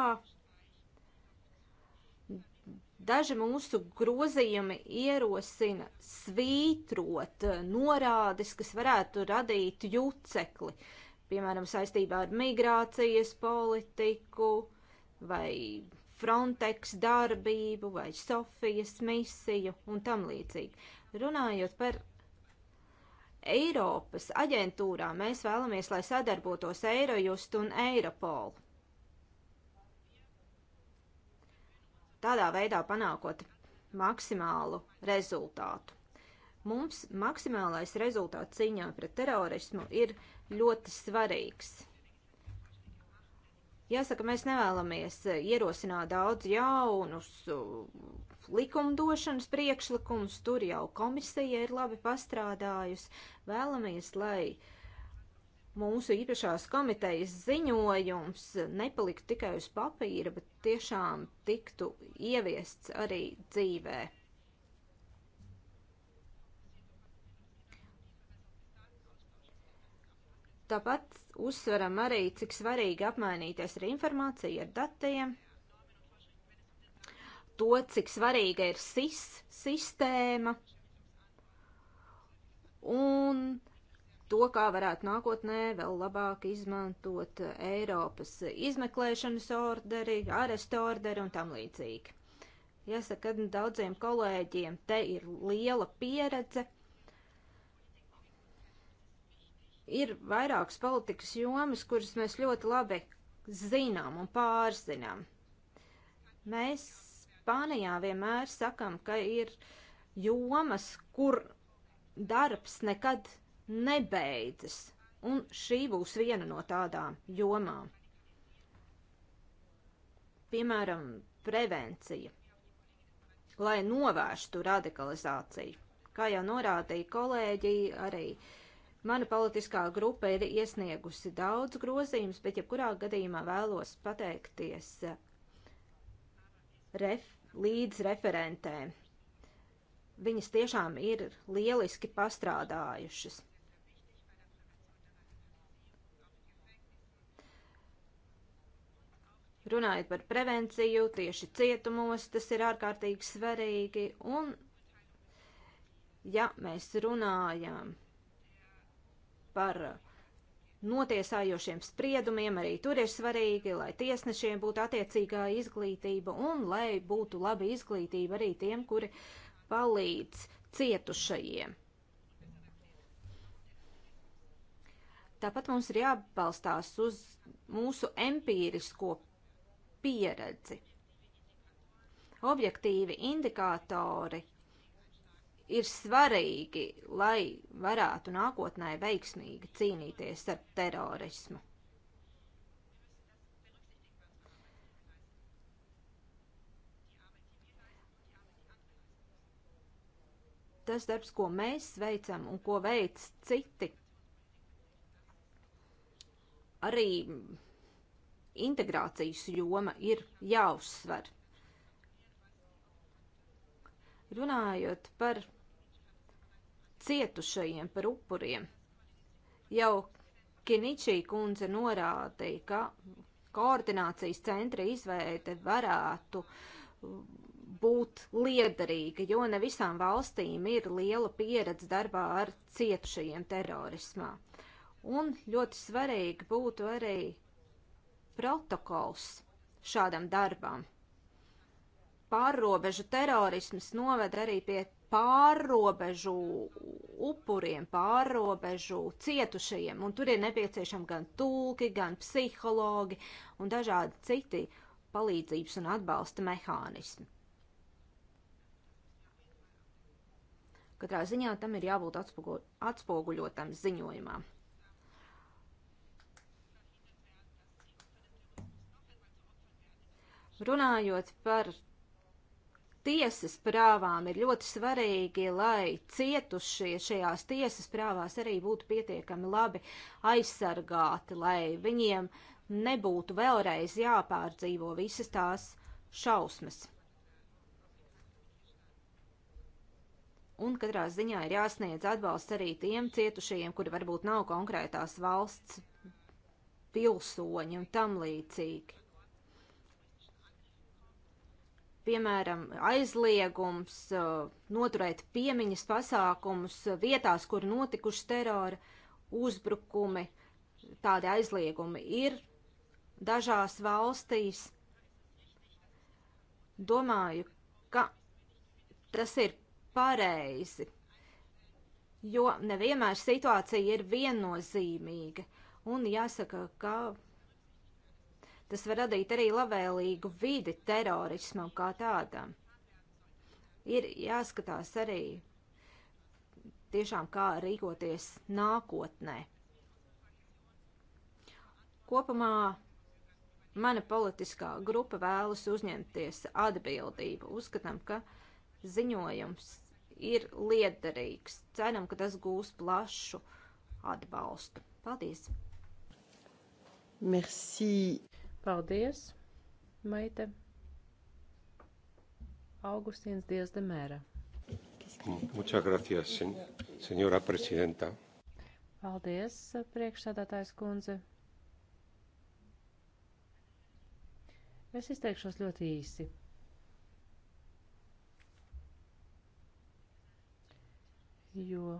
S4: daži mūsu grozījumi ierosina svītrot norādes, kas varētu radīt jucekli, piemēram, saistībā ar migrācijas politiku vai Frontex darbību vai Sofijas misiju un tam līdzīgi. Runājot par Eiropas aģentūrā mēs vēlamies, lai sadarbotos Eirojust un Eiropol. Tādā veidā panākot maksimālu rezultātu. Mums maksimālais rezultāts cīņā pret terorismu ir ļoti svarīgs. Jāsaka, mēs nevēlamies ierosināt daudz jaunus likumdošanas priekšlikums, tur jau komisija ir labi pastrādājusi. Vēlamies, lai mūsu īpašās komitejas ziņojums nepaliktu tikai uz papīra, bet tiešām tiktu ieviests arī dzīvē. Tāpat uzsveram arī, cik svarīgi apmainīties ar informāciju, ar datiem, to, cik svarīga ir SIS sistēma un to, kā varētu nākotnē vēl labāk izmantot Eiropas izmeklēšanas orderi, arestu orderi un tam līdzīgi. Jāsaka, ka daudziem kolēģiem te ir liela pieredze. Ir vairākas politikas jomas, kuras mēs ļoti labi zinām un pārzinām. Mēs Spānijā vienmēr sakam, ka ir jomas, kur darbs nekad nebeidzas, un šī būs viena no tādām jomām. Piemēram, prevencija, lai novērstu radikalizāciju. Kā jau norādīja kolēģi, arī mana politiskā grupa ir iesniegusi daudz grozījumus, bet jebkurā gadījumā vēlos pateikties ref, līdz referentēm. Viņas tiešām ir lieliski pastrādājušas. Runājot par prevenciju, tieši cietumos tas ir ārkārtīgi svarīgi. Un, ja mēs runājam par uh, notiesājošiem spriedumiem. Arī tur ir svarīgi, lai tiesnešiem būtu attiecīgā izglītība un lai būtu laba izglītība arī tiem, kuri palīdz cietušajiem. Tāpat mums ir jābalstās uz mūsu empīrisko pieredzi. Objektīvi indikātori ir svarīgi, lai varētu nākotnē veiksmīgi cīnīties ar terorismu. Tas darbs, ko mēs veicam un ko veic citi, arī integrācijas joma ir jāuzsver. Runājot par cietušajiem, par upuriem. Jau Kiničī kundze norādīja, ka koordinācijas centra izveide varētu būt liederīga, jo ne visām valstīm ir liela pieredze darbā ar cietušajiem terorismā. Un ļoti svarīgi būtu arī protokols šādam darbam. Pārrobežu terorisms noved arī pie pārrobežu upuriem, pārrobežu cietušajiem, un tur ir nepieciešami gan tulki, gan psihologi un dažādi citi palīdzības un atbalsta mehānismi. Katrā ziņā tam ir jābūt atspoguļotam ziņojumā. Runājot par tiesas prāvām ir ļoti svarīgi, lai cietušie šajās tiesas prāvās arī būtu pietiekami labi aizsargāti, lai viņiem nebūtu vēlreiz jāpārdzīvo visas tās šausmas. Un katrā ziņā ir jāsniedz atbalsts arī tiem cietušajiem, kuri varbūt nav konkrētās valsts pilsoņi un tam līdzīgi piemēram, aizliegums uh, noturēt piemiņas pasākumus vietās, kur notikuši terora uzbrukumi, tādi aizliegumi ir dažās valstīs. Domāju, ka tas ir pareizi, jo nevienmēr situācija ir viennozīmīga. Un jāsaka, ka Tas var radīt arī labvēlīgu vidi terorismam kā tādam. Ir jāskatās arī tiešām, kā rīkoties nākotnē. Kopumā mana politiskā grupa vēlas uzņemties atbildību. Uzskatām, ka ziņojums ir liederīgs. Ceram, ka tas gūs plašu atbalstu. Paldies!
S1: Merci. Paldies, Maite. Augustīns Dievs de Mēra.
S4: Muchas gracias, senjora prezidenta.
S1: Paldies, priekšsādātājs kundze. Es izteikšos ļoti īsi. Jo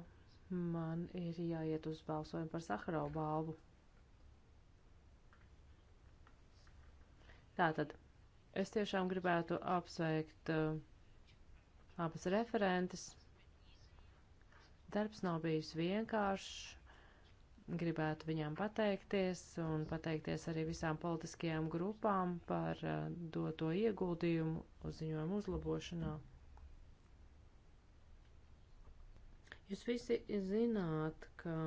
S1: man ir jāiet uz balsojumu par Saharau balvu. Tātad es tiešām gribētu apsveikt uh, abas referentes. Darbs nav bijis vienkāršs. Gribētu viņām pateikties un pateikties arī visām politiskajām grupām par uh, doto ieguldījumu uzziņojumu uzlabošanā. Jūs visi zināt, ka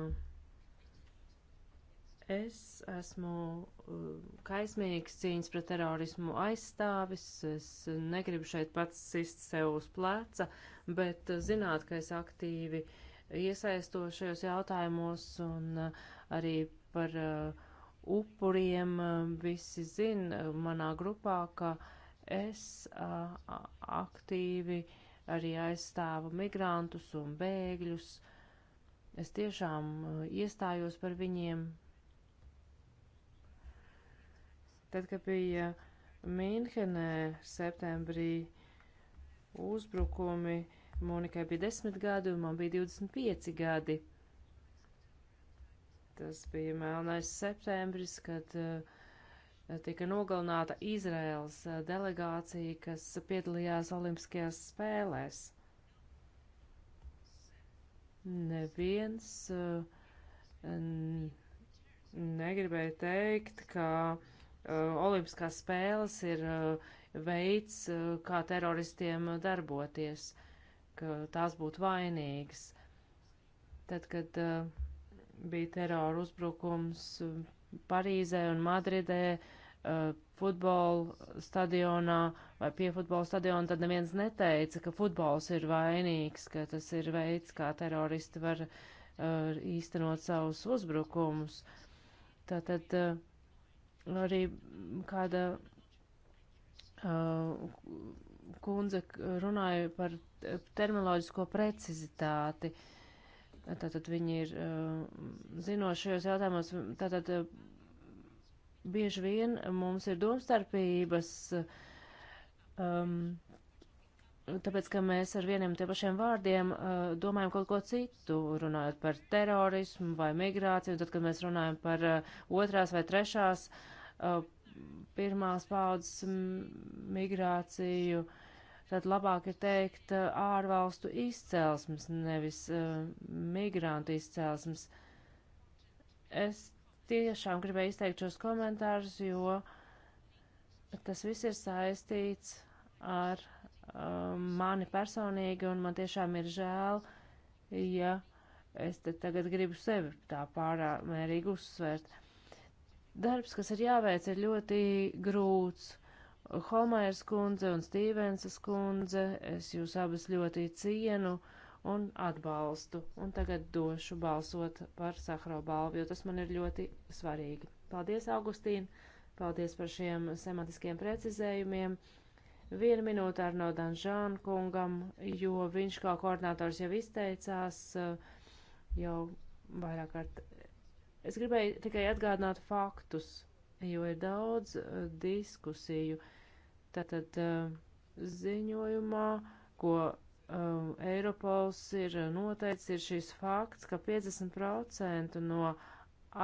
S1: Es esmu uh, kaismīgs cīņas pret terorismu aizstāvis, es negribu šeit pats sist sev uz pleca, bet uh, zināt, ka es aktīvi iesaistos šajos jautājumos un uh, arī par upuriem visi zin manā grupā, ka es aktīvi arī aizstāvu migrantus un bēgļus. Es tiešām iestājos par viņiem, Tad, kad bija Mīnhenē septembrī uzbrukumi, Monikai bija 10 gadi un man bija 25 gadi. Tas bija melnais septembris, kad uh, tika nogalināta Izraels eh, delegācija, kas piedalījās Olimpiskajās spēlēs. Neviens eh, negribēja teikt, ka Eh, Olimpiskās spēles ir eh, veids, eh, kā teroristiem darboties, ka tās būtu vainīgas. Tad, kad bija terora uzbrukums Parīzē un Madridē, futbola stadionā vai pie futbola stadiona, tad neviens neteica, ka futbols ir vainīgs, ka tas ir veids, kā teroristi var īstenot savus uzbrukumus. Tātad uh, arī kāda uh, kundze runāja par terminoloģisko precizitāti. Tātad viņi ir uh, zinoši šajos jautājumos. Tātad uh, bieži vien mums ir domstarpības, um, tāpēc, ka mēs ar vieniem tie pašiem vārdiem uh, domājam kaut ko citu, runājot par terorismu vai migrāciju, un tad, kad mēs runājam par uh, otrās vai trešās uh, Uh, pirmās paudzes migrāciju, tad labāk ir teikt uh, ārvalstu izcelsmes, nevis uh, migrantu izcelsmes. Es tiešām gribēju izteikt šos komentārus, jo tas viss ir saistīts ar uh, mani personīgi, un man tiešām ir žēl, ja es te tagad gribu sevi tā pārāk mērīgi uzsvērt. Darbs, kas ir jāveic, ir ļoti grūts. Homērs kundze un Stīvensas kundze, es jūs abas ļoti cienu un atbalstu, un tagad došu balsot par Sahara balvu, jo tas man ir ļoti svarīgi. Paldies, Augustīna! Paldies par šiem sematiskiem precizējumiem! Vienu minūti ar Nodan Žānu kungam, jo viņš kā koordinators jau izteicās, eh, jau vairāk kārt Es gribēju tikai atgādināt faktus, jo ir daudz uh, diskusiju. Tātad uh, ziņojumā, ko uh, Eiropols ir noteicis, ir šis fakts, ka 50% no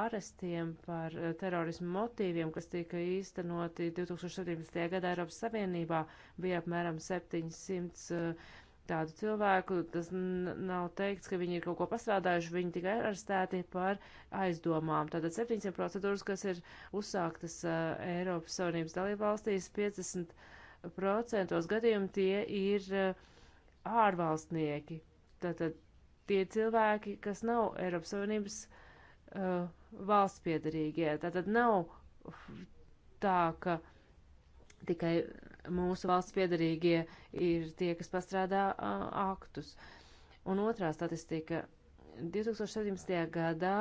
S1: arestiem par uh, terorismu motīviem, kas tika īstenoti 2017. gadā Eiropas Savienībā, bija apmēram 700. Uh, tādu cilvēku, tas nav teikts, ka viņi ir kaut ko pastrādājuši, viņi tikai arestēti par aizdomām. Tātad 700 procedūras, kas ir uzsāktas uh, Eiropas Savienības dalībvalstīs, 50% gadījumu tie ir uh, ārvalstnieki. Tātad tie cilvēki, kas nav Eiropas Savienības uh, valsts piedarīgie. Tātad nav tā, ka tikai mūsu valsts piedarīgie ir tie, kas pastrādā uh, aktus. Un otrā statistika. 2017. gadā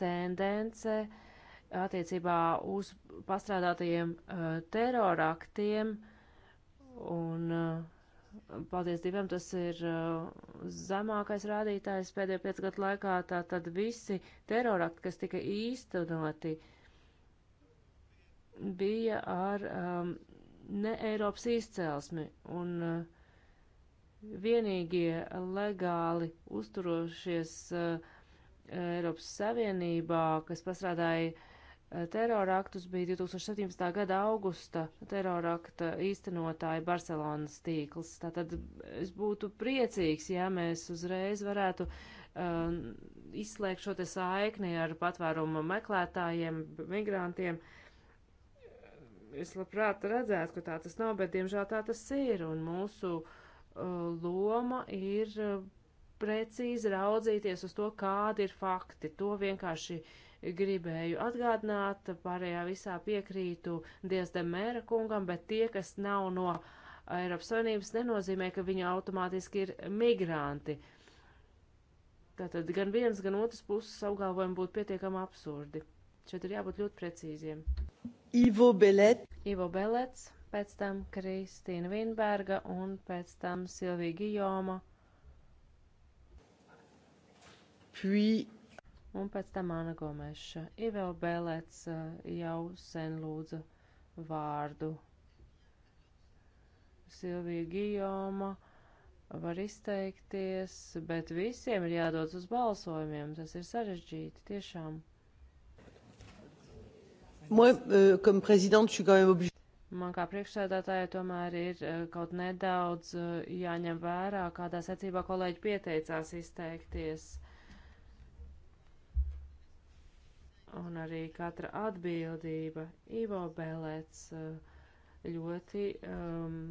S1: tendence attiecībā uz pastrādātajiem uh, teroraktiem un uh, Paldies Dievam, tas ir uh, zemākais rādītājs pēdējo piecu gadu laikā. Tātad visi terorakti, kas tika īstenoti, bija ar um, ne Eiropas izcelsmi, un eh, vienīgie legāli uzturošies eh, Eiropas Savienībā, kas pasrādāja eh, teroraktus, bija 2017. gada augusta terorakta īstenotāja Barcelonas tīkls. Tātad es būtu priecīgs, ja mēs uzreiz varētu uh, izslēgt šo te saikni ar patvērumu meklētājiem, migrantiem. Uh, es labprāt redzētu, ka tā tas nav, bet diemžēl tā tas ir. Un mūsu uh, loma ir uh, precīzi raudzīties uz to, kādi ir fakti. To vienkārši gribēju atgādināt, pārējā visā piekrītu Diezdem mēra kungam, bet tie, kas nav no Eiropas Savienības, nenozīmē, ka viņi automātiski ir migranti. Tātad gan viens, gan otrs puses apgalvojumi būtu pietiekami absurdi. Šeit ir jābūt ļoti precīziem. Ivo Belet. Ivo Belets, pēc tam Kristīna Vinberga un pēc tam Silvija Gijoma. Puis... Un pēc tam Ana Gomeša. Ivo Belets eh, jau sen lūdza vārdu. Silvija Gijoma var izteikties, bet visiem ir jādodas uz balsojumiem. Tas ir sarežģīti tiešām. Euh, Man kā priekšsēdētāja tomēr ir eh, kaut nedaudz eh, jāņem vērā, kādā secībā kolēģi pieteicās izteikties. Un arī katra atbildība. Ivo Belēts eh, ļoti um,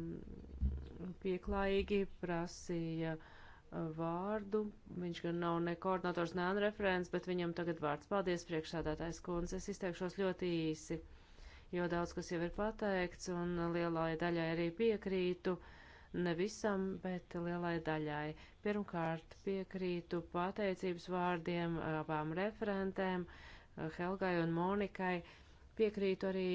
S1: pieklājīgi prasīja uh, vārdu. Viņš gan nav ne koordinators, ne anreferents, bet viņam tagad vārds. Paldies, priekšsādātājs kundze. Es izteikšos ļoti īsi, jo daudz kas jau ir pateikts, un lielai daļai arī piekrītu. Ne visam, bet lielai daļai. Pirmkārt, piekrītu pateicības vārdiem abām referentēm, Helgai un Monikai. Piekrītu arī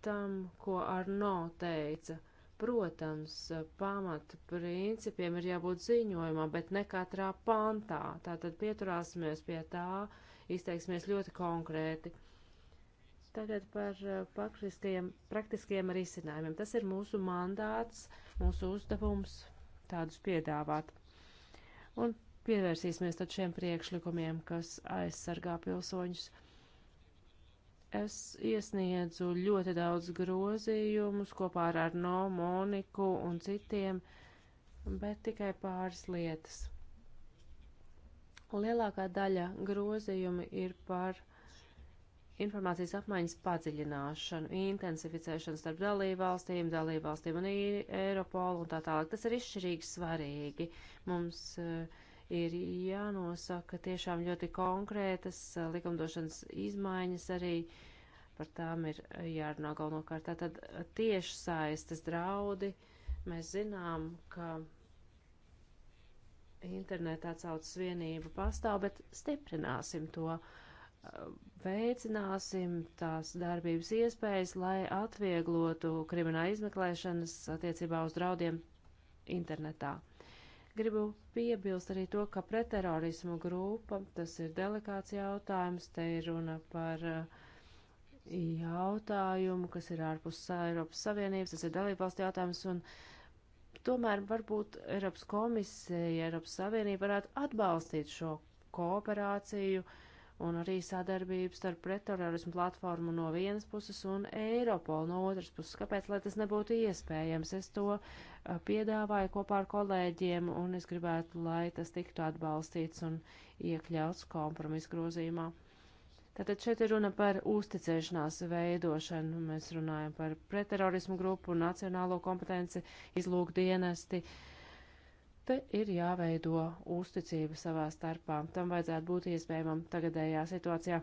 S1: tam, ko Arno teica Protams, pamata principiem ir jābūt ziņojumā, bet ne katrā pantā. Tātad pieturāsimies pie tā, izteiksimies ļoti konkrēti. Tagad par eh, praktiskajiem risinājumiem. Tas ir mūsu mandāts, mūsu uzdevums tādus piedāvāt. Un pievērsīsimies tad šiem priekšlikumiem, kas aizsargā pilsoņus. Es iesniedzu ļoti daudz grozījumus kopā ar Arno, Moniku un citiem, bet tikai pāris lietas. Lielākā daļa grozījumi ir par informācijas apmaiņas padziļināšanu, intensificēšanu starp dalībvalstīm, dalībvalstīm un Eiropolu un tā tālāk. Tas ir izšķirīgi svarīgi. Mums uh, ir jānosaka tiešām ļoti konkrētas likumdošanas izmaiņas arī. Par tām ir jārunā galvenokārt. Tātad tieši saistas draudi. Mēs zinām, ka internetā atsaucas vienība pastāv, bet stiprināsim to, veicināsim tās darbības iespējas, lai atvieglotu krimināla izmeklēšanas attiecībā uz draudiem internetā. Gribu piebilst arī to, ka pretterorismu grupa, tas ir delikāts jautājums, te ir runa par uh, jautājumu, kas ir ārpus Eiropas Savienības, tas ir dalībvalstu jautājums, un tomēr varbūt Eiropas komisija, Eiropas Savienība varētu atbalstīt šo kooperāciju uh, un arī sadarbības starp pretterorismu platformu no vienas puses un Eiropolu no otras puses. Kāpēc, lai tas nebūtu iespējams? Es to piedāvāju kopā ar kolēģiem, un es gribētu, lai tas tiktu atbalstīts un iekļauts kompromisu grozījumā. Tātad šeit ir runa par uzticēšanās veidošanu. Mēs runājam par pretterorismu grupu, nacionālo kompetenci, izlūkdienesti. dienesti Te ir jāveido uzticība savā starpā. Tam vajadzētu būt iespējamam tagadējā situācijā.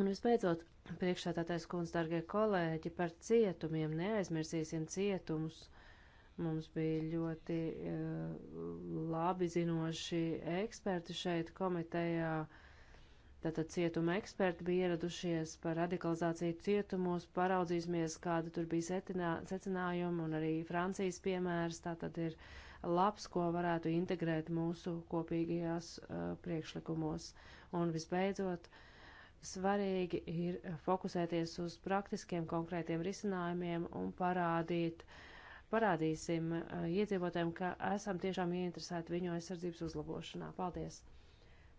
S1: Un visbeidzot, priekšsētātais kundz, dargie kolēģi, par cietumiem neaizmirsīsim cietumus. Mums bija ļoti uh, labi zinoši eksperti šeit komitejā. Tātad cietuma eksperti bija ieradušies par radikalizāciju cietumos, paraudzīsimies, kāda tur bija secinājuma, un arī Francijas piemērs. Tātad ir uh, labs, ko varētu integrēt mūsu kopīgajās uh, priekšlikumos. Un visbeidzot, svarīgi ir fokusēties uz praktiskiem konkrētiem risinājumiem un parādīt, parādīsim uh, iedzīvotājiem, ka esam tiešām ieinteresēti viņu aizsardzības uzlabošanā. Paldies!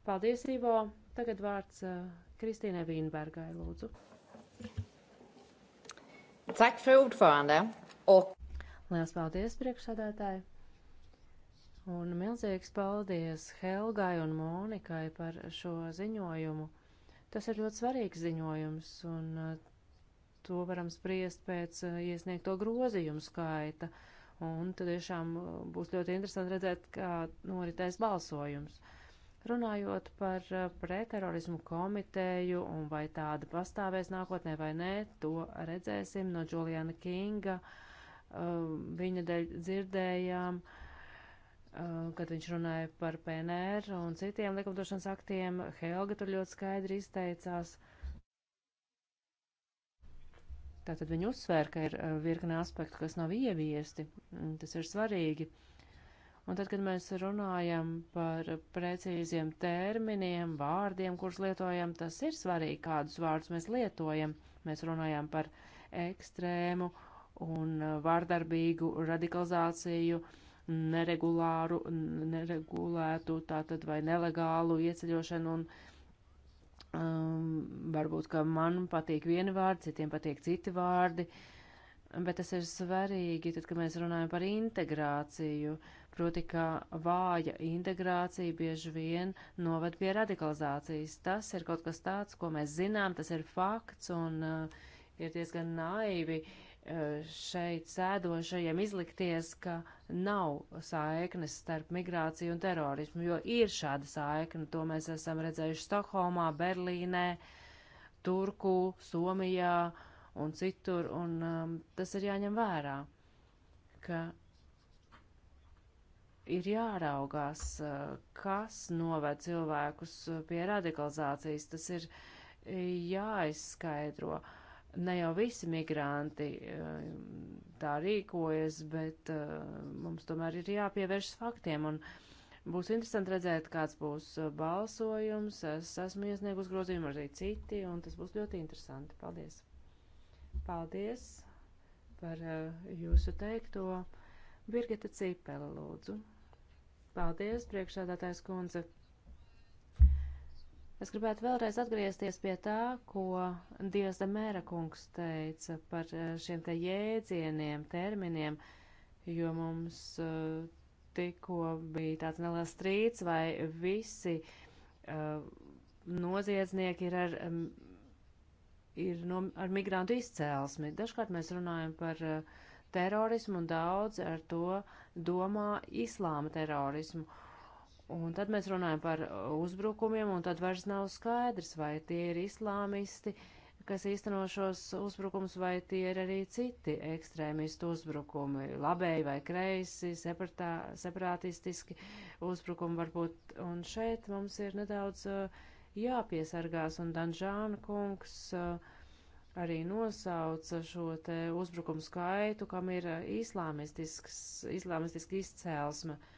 S1: Paldies, Ivo! Tagad vārds uh, Kristīnai Vīnbergai, lūdzu. Tack för ordförande. Och... Liels paldies, priekšsādātāji! Un milzīgs paldies Helgai un Monikai par šo ziņojumu. Tas ir ļoti svarīgs ziņojums, un uh, to varam spriest pēc uh, iesniegto grozījumu skaita. Un tad tiešām uh, būs ļoti interesanti redzēt, kā noritēs balsojums. Runājot par preterorismu komiteju un vai tāda pastāvēs nākotnē vai nē, to redzēsim no Juliana Kinga. Viņa dēļ dzirdējām. Uh, Uh, kad viņš runāja par PNR un citiem likumdošanas aktiem. Helga tur ļoti skaidri izteicās. Tātad viņi uzsvēra, ka ir uh, virkne aspektu, kas nav ieviesti. Mm, tas ir svarīgi. Un tad, kad mēs runājam par precīziem terminiem, vārdiem, kurus lietojam, tas ir svarīgi, kādus vārdus mēs lietojam. Mēs runājam par ekstrēmu un uh, vārdarbīgu radikalizāciju. Uh, neregulāru, neregulētu, tātad vai nelegālu ieceļošanu un um, varbūt, ka man patīk vieni vārdi, citiem patīk citi vārdi. Bet tas ir svarīgi, tad, kad mēs runājam par integrāciju, proti, ka vāja integrācija bieži vien novad pie radikalizācijas. Tas ir kaut kas tāds, ko mēs zinām, tas ir fakts un uh, ir diezgan naivi uh, Eh, šeit sēdošajiem izlikties, ka nav saiknes starp migrāciju un terorismu, jo ir šāda saikne. To mēs esam redzējuši Stokholmā, Berlīnē, Turku, Somijā un citur, un um, tas ir jāņem vērā, ka ir jāraugās, eh, kas noved cilvēkus pie radikalizācijas. Tas ir eh, jāizskaidro. Uh, ne jau visi migranti eh, tā rīkojas, bet eh, mums tomēr ir jāpievēršas faktiem. Un būs interesanti redzēt, kāds būs eh, balsojums. Es esmu iesniegus grozījumu arī citi, un tas būs ļoti interesanti. Paldies! Paldies par jūsu teikto. Birgita Cipela, lūdzu. Paldies, priekšādātājs kundze. Es gribētu vēlreiz atgriezties pie tā, ko Dievs Demēra kungs teica par eh, šiem te jēdzieniem, terminiem, jo mums eh, tikko bija tāds neliels strīds, vai visi uh, noziedznieki ir ar, ir no, ar migrantu izcēlesmi. Dažkārt mēs runājam par uh, terorismu un daudz ar to domā islāma terorismu. Uh, Un tad mēs runājam par uzbrukumiem, un tad vairs nav skaidrs, vai tie ir islāmisti, kas īsteno šos uzbrukums, vai tie ir arī citi ekstrēmistu uzbrukumi, labēji vai kreisi, separatā, separatistiski uzbrukumi varbūt. Un šeit mums ir nedaudz uh, jāpiesargās, un Danžāna kungs uh, arī nosauca šo te uzbrukumu skaitu, kam ir uh, islāmistisks, islāmistiski izcēlsme. Uh,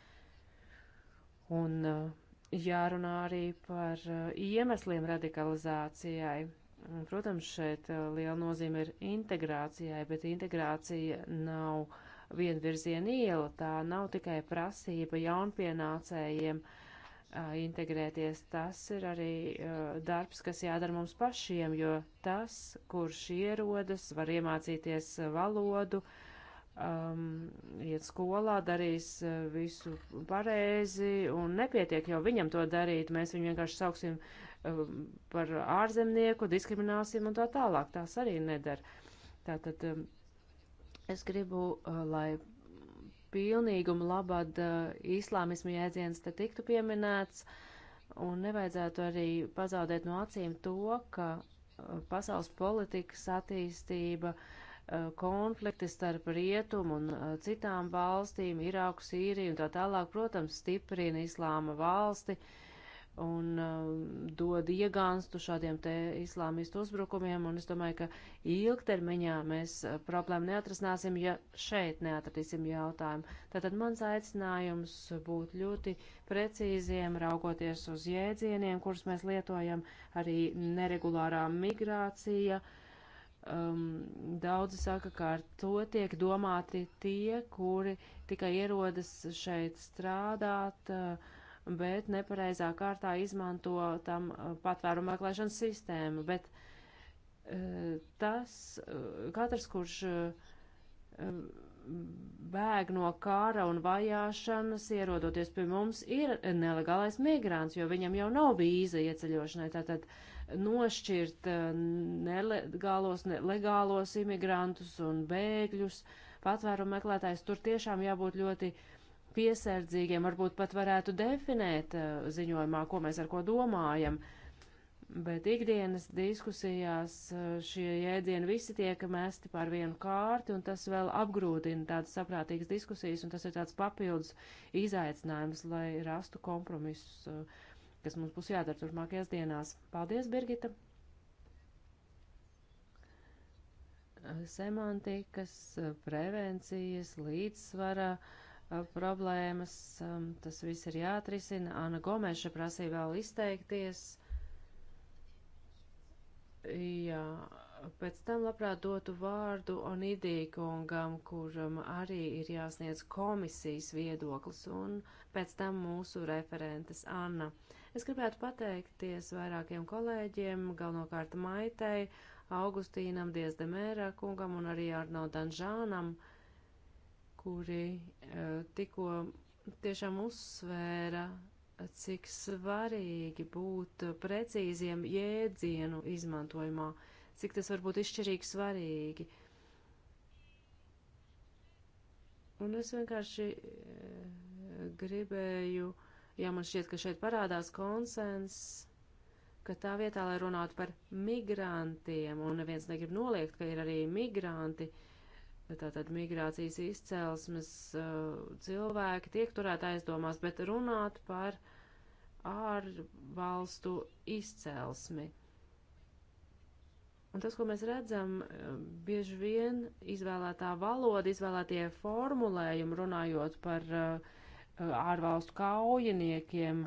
S1: Un eh, jārunā arī par eh, iemesliem radikalizācijai. Un, protams, šeit eh, liela nozīme ir integrācijai, bet integrācija nav vienvirziena iela, tā nav tikai prasība jaunpienācējiem integrēties. Tas ir arī uh, darbs, kas jādara mums pašiem, jo tas, kurš ierodas, var iemācīties valodu, um, iet skolā, darīs uh, visu pareizi un nepietiek jau viņam to darīt. Mēs viņu vienkārši sauksim uh, par ārzemnieku, diskrimināsim un tā tālāk. Tās arī nedara. Tātad um, es gribu, uh, lai pilnīguma labad uh, islāmismu jēdziens te tiktu pieminēts un nevajadzētu arī pazaudēt no acīm to, ka uh, pasaules politikas attīstība uh, Eh, konflikti starp rietumu un eh, citām valstīm, Irāku, Sīriju un tā tālāk, protams, stiprina islāma valsti un eh, dod iegānstu šādiem te islāmistu uzbrukumiem, un es domāju, ka ilgtermiņā mēs problēmu neatrisināsim, ja šeit neatratīsim jautājumu. Tātad mans aicinājums būt ļoti precīziem, raugoties uz jēdzieniem, kurus mēs lietojam, arī neregulārā migrācija, uh, um, daudzi saka, ka ar to tiek domāti tie, kuri tikai ierodas šeit strādāt, uh, bet nepareizā kārtā izmanto tam uh, patvērumu meklēšanas sistēmu. Bet uh, tas, katrs, kurš bēg no kāra un vajāšanas, ierodoties pie mums, ir nelegālais migrants, jo viņam jau nav vīza ieceļošanai. Tātad uh, nošķirt eh, nelegālos, legālos imigrantus un bēgļus. Patvērumu meklētājs tur tiešām jābūt ļoti piesardzīgiem, varbūt pat varētu definēt eh, ziņojumā, ko mēs ar ko domājam. Bet ikdienas diskusijās eh, šie jēdzieni visi tiek mesti par vienu kārti, un tas vēl apgrūtina tādas saprātīgas diskusijas, un tas ir tāds papildus izaicinājums, lai rastu kompromisus uh, kas mums būs jādara turpmākajās dienās. Paldies, Birgita! Semantikas, prevencijas, līdzsvara problēmas, tas viss ir jāatrisina. Ana Gomeša prasīja vēl izteikties. Jā, pēc tam labprāt dotu vārdu Onidīkungam, kuram arī ir jāsniedz komisijas viedoklis, un pēc tam mūsu referentes Anna. Es gribētu pateikties vairākiem kolēģiem, galvenokārt Maitai, Augustīnam, Diezdemērā kungam un arī Arno Danžānam, kuri uh, tikko tiešām uzsvēra, cik svarīgi būt precīziem jēdzienu izmantojumā, cik tas var būt izšķirīgi svarīgi. Un es vienkārši uh, gribēju uh, Jā, man šķiet, ka šeit parādās konsens, ka tā vietā, lai runātu par migrantiem, un neviens negrib noliegt, ka ir arī migranti, tātad migrācijas izcelsmes uh, cilvēki tiek turēt aizdomās, bet runāt par ārvalstu izcelsmi. Un tas, ko mēs redzam, uh, bieži vien izvēlētā valoda, izvēlētie formulējumi runājot par uh, Eh, ārvalstu kaujiniekiem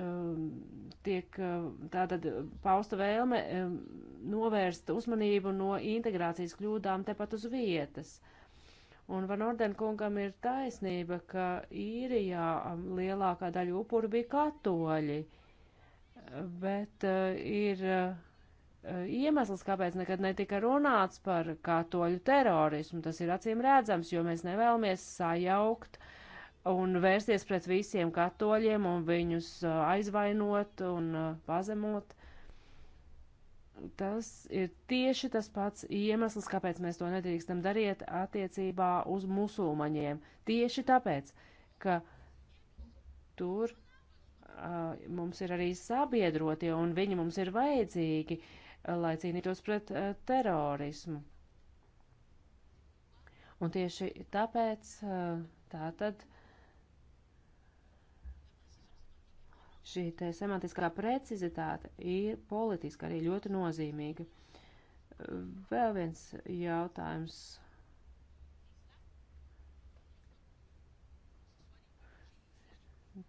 S1: eh, tiek eh, tātad pausta vēlme novērst uzmanību no integrācijas kļūdām tepat uz vietas. Un Van Orden kungam ir taisnība, ka īrijā lielākā daļa upuru bija katoļi, bet ir uh, Eh, iemesls, kāpēc nekad netika runāts par katoļu terorismu. Tas ir acīm redzams, jo mēs nevēlamies sajaukt un vērsties pret visiem katoļiem un viņus eh, aizvainot un eh, pazemot. Tas ir tieši tas pats iemesls, kāpēc mēs to nedrīkstam darīt attiecībā uz musulmaņiem. Tieši tāpēc, ka tur uh, mums ir arī sabiedrotie un viņi mums ir vajadzīgi. Uh, lai cīnītos pret uh, terorismu. Un tieši tāpēc uh, tā tad šī te semantiskā precizitāte ir politiski arī ļoti nozīmīga. Eh, vēl viens jautājums.